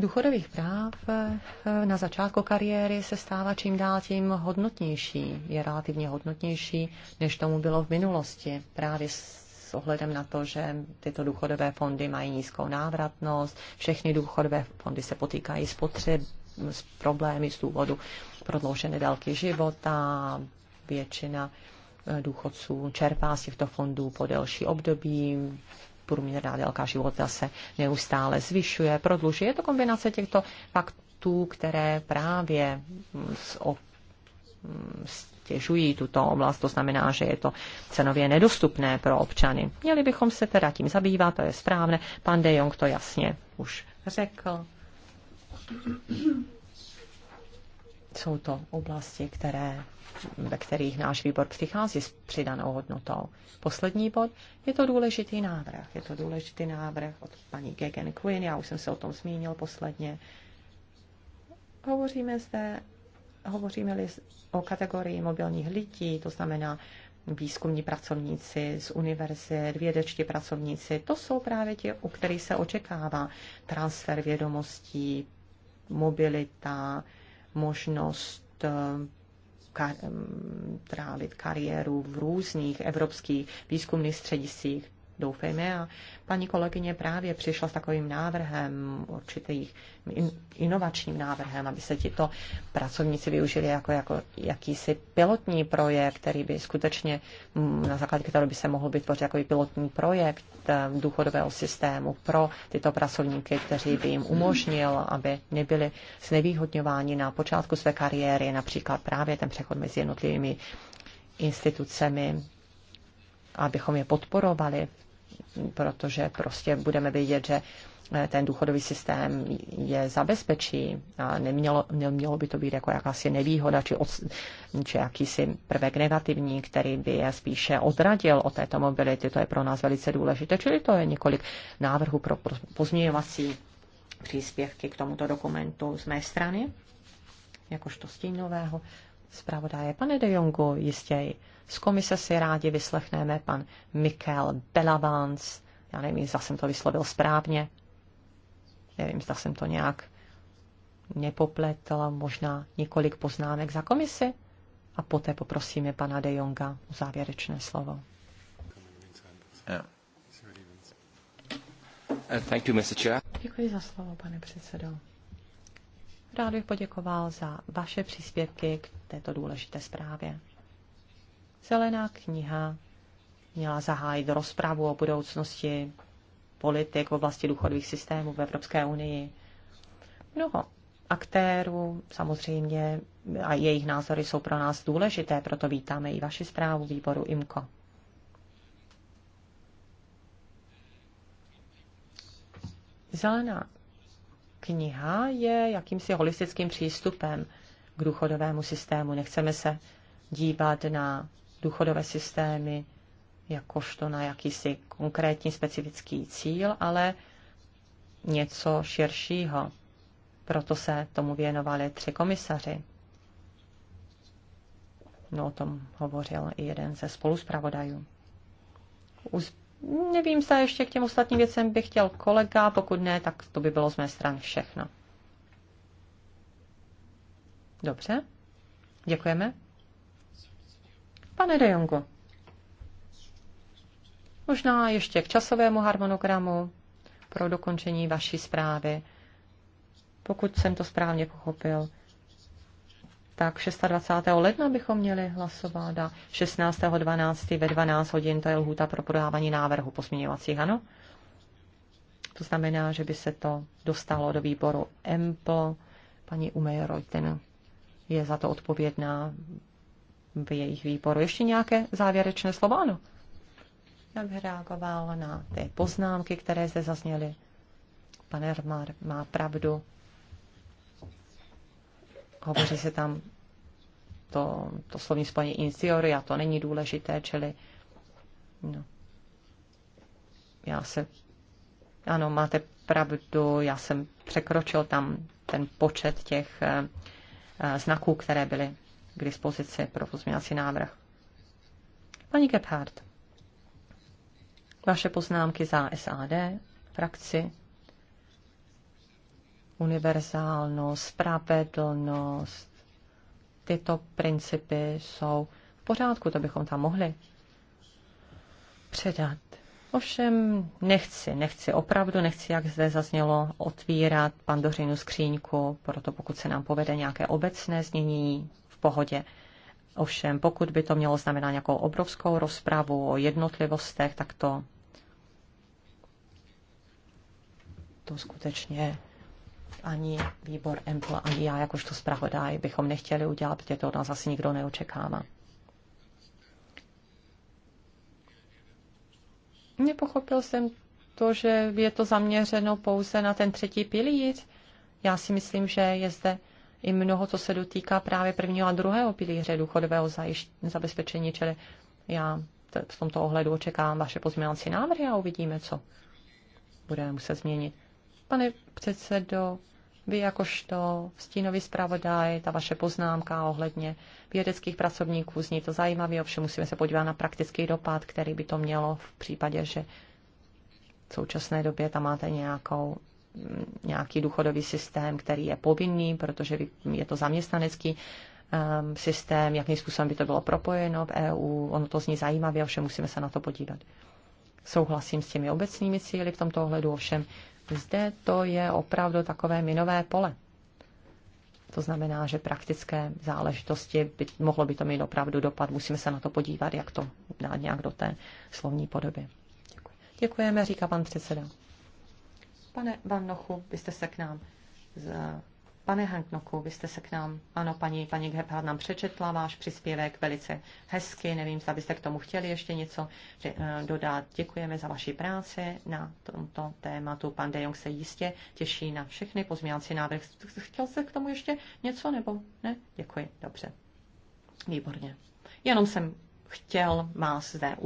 důchodových práv eh, na začátku kariéry se stává čím dál tím hodnotnější, je relativně hodnotnější, než tomu bylo v minulosti. Právě s ohledem na to, že tyto důchodové fondy mají nízkou návratnost, všechny důchodové fondy se potýkají s potřeb, s problémy z důvodu prodloužené délky života, většina eh, důchodců čerpá z těchto fondů po delší období, průměrná délka života se neustále zvyšuje, prodlužuje. Je to kombinace těchto faktů, které právě těžují tuto oblast, to znamená, že je to cenově nedostupné pro občany. Měli bychom se teda tím zabývat, to je správné. Pan De Jong to jasně už řekl. Jsou to oblasti, které, ve kterých náš výbor přichází s přidanou hodnotou. Poslední bod, je to důležitý návrh. Je to důležitý návrh od paní Gegen Quinn, já už jsem se o tom zmínil posledně. Hovoříme zde, hovoříme-li o kategorii mobilních lidí, to znamená výzkumní pracovníci z univerzit, vědečtí pracovníci, to jsou právě ti, u kterých se očekává transfer vědomostí, mobilita, možnost eh, eh, trávit kariéru v různých evropských výzkumných střediscích doufejme. A paní kolegyně právě přišla s takovým návrhem, určitých in, inovačním návrhem, aby se tito pracovníci využili jako, jako jakýsi pilotní projekt, který by skutečně, mm, na základě kterého by se mohl vytvořit jako pilotní projekt eh, důchodového systému pro tyto pracovníky, kteří by jim umožnil, aby nebyli znevýhodňováni na počátku své kariéry, například právě ten přechod mezi jednotlivými institucemi, abychom je podporovali v protože prostě budeme vědět, že eh, ten důchodový systém je zabezpečí a nemělo, nemělo by to být jako jakási nevýhoda či, od, či jakýsi prvek negativní, který by je spíše odradil od této mobility. To je pro nás velice důležité. Čili to je několik návrhů pro pozměňovací příspěvky k tomuto dokumentu z mé strany, jakožto stínového zpravodaje. Pane de Jongu, jistěji. Z komise si rádi vyslechneme pan Mikel Belavans. Já nevím, zda jsem to vyslovil správně. Nevím, zda jsem to nějak nepopletla. Možná několik poznámek za komisi. A poté poprosíme pana De Jonga o závěrečné slovo. Uh, thank you, Mr. Chair. Děkuji za slovo, pane předsedo. Rád bych poděkoval za vaše příspěvky k této důležité zprávě. Zelená kniha měla zahájit rozpravu o budoucnosti politik v oblasti důchodových systémů v Evropské unii. Mnoho aktérů samozřejmě a jejich názory jsou pro nás důležité, proto vítáme i vaši zprávu výboru IMCO. Zelená kniha je jakýmsi holistickým přístupem k důchodovému systému. Nechceme se dívat na důchodové systémy jakožto na jakýsi konkrétní specifický cíl, ale něco širšího. Proto se tomu věnovali tři komisaři. No, o tom hovořil i jeden ze spoluzpravodajů. Uz... Nevím, se ještě k těm ostatním věcem bych chtěl kolega, pokud ne, tak to by bylo z mé strany všechno. Dobře, děkujeme. Pane De Jongo, možná ještě k časovému harmonogramu pro dokončení vaší zprávy. Pokud jsem to správně pochopil, tak 26. ledna bychom měli hlasovat a 16. 12. ve 12 hodin to je lhůta pro podávání návrhu posměňovacích, ano? To znamená, že by se to dostalo do výboru EMPL. Paní Umejrojten je za to odpovědná v jejich výboru. Ještě nějaké závěrečné slovo? Ano. Já bych reagoval na ty poznámky, které zde zazněly. Pan Ermar má pravdu. Hovoří se tam to, to slovní spojení inciori a to není důležité, čili no. já se ano, máte pravdu, já jsem překročil tam ten počet těch eh, eh, znaků, které byly k dispozici pro pozměňovací návrh. Paní Gebhardt, vaše poznámky za SAD, frakci, univerzálnost, spravedlnost, tyto principy jsou v pořádku, to bychom tam mohli předat. Ovšem nechci, nechci, opravdu nechci, jak zde zaznělo, otvírat pandořinu skříňku, proto pokud se nám povede nějaké obecné znění, pohodě. Ovšem, pokud by to mělo znamenat nějakou obrovskou rozpravu o jednotlivostech, tak to, to skutečně ani výbor EMPL, ani já jakožto zpravodaj bychom nechtěli udělat, protože to od nás asi nikdo neočekává. Nepochopil jsem to, že je to zaměřeno pouze na ten třetí pilíř. Já si myslím, že je zde i mnoho, co se dotýká právě prvního a druhého pilíře důchodového zabezpečení, čili já v tomto ohledu očekávám vaše pozměňovací návrhy a uvidíme, co budeme muset změnit. Pane předsedo, vy jakožto stínový zpravodaj, ta vaše poznámka ohledně vědeckých pracovníků, zní to zajímavě, ovšem musíme se podívat na praktický dopad, který by to mělo v případě, že v současné době tam máte nějakou nějaký důchodový systém, který je povinný, protože je to zaměstnanecký um, systém, jakým způsobem by to bylo propojeno v EU. Ono to zní zajímavě, ovšem musíme se na to podívat. Souhlasím s těmi obecnými cíly v tomto ohledu, ovšem zde to je opravdu takové minové pole. To znamená, že praktické záležitosti, by, mohlo by to mít opravdu dopad. Musíme se na to podívat, jak to dá nějak do té slovní podoby. Děkuji. Děkujeme, říká pan předseda. Pane Van Nochu, vy jste se k nám z Pane Hanknoku, vy jste se k nám, ano, paní, paní Gebhard nám přečetla váš příspěvek velice hezky, nevím, zda byste k tomu chtěli ještě něco eh, dodat. Děkujeme za vaši práci na tomto tématu. Pan De Jong se jistě těší na všechny pozměňovací návrhy. Chtěl jste k tomu ještě něco nebo ne? Děkuji, dobře. Výborně. Jenom jsem chtěl vás zde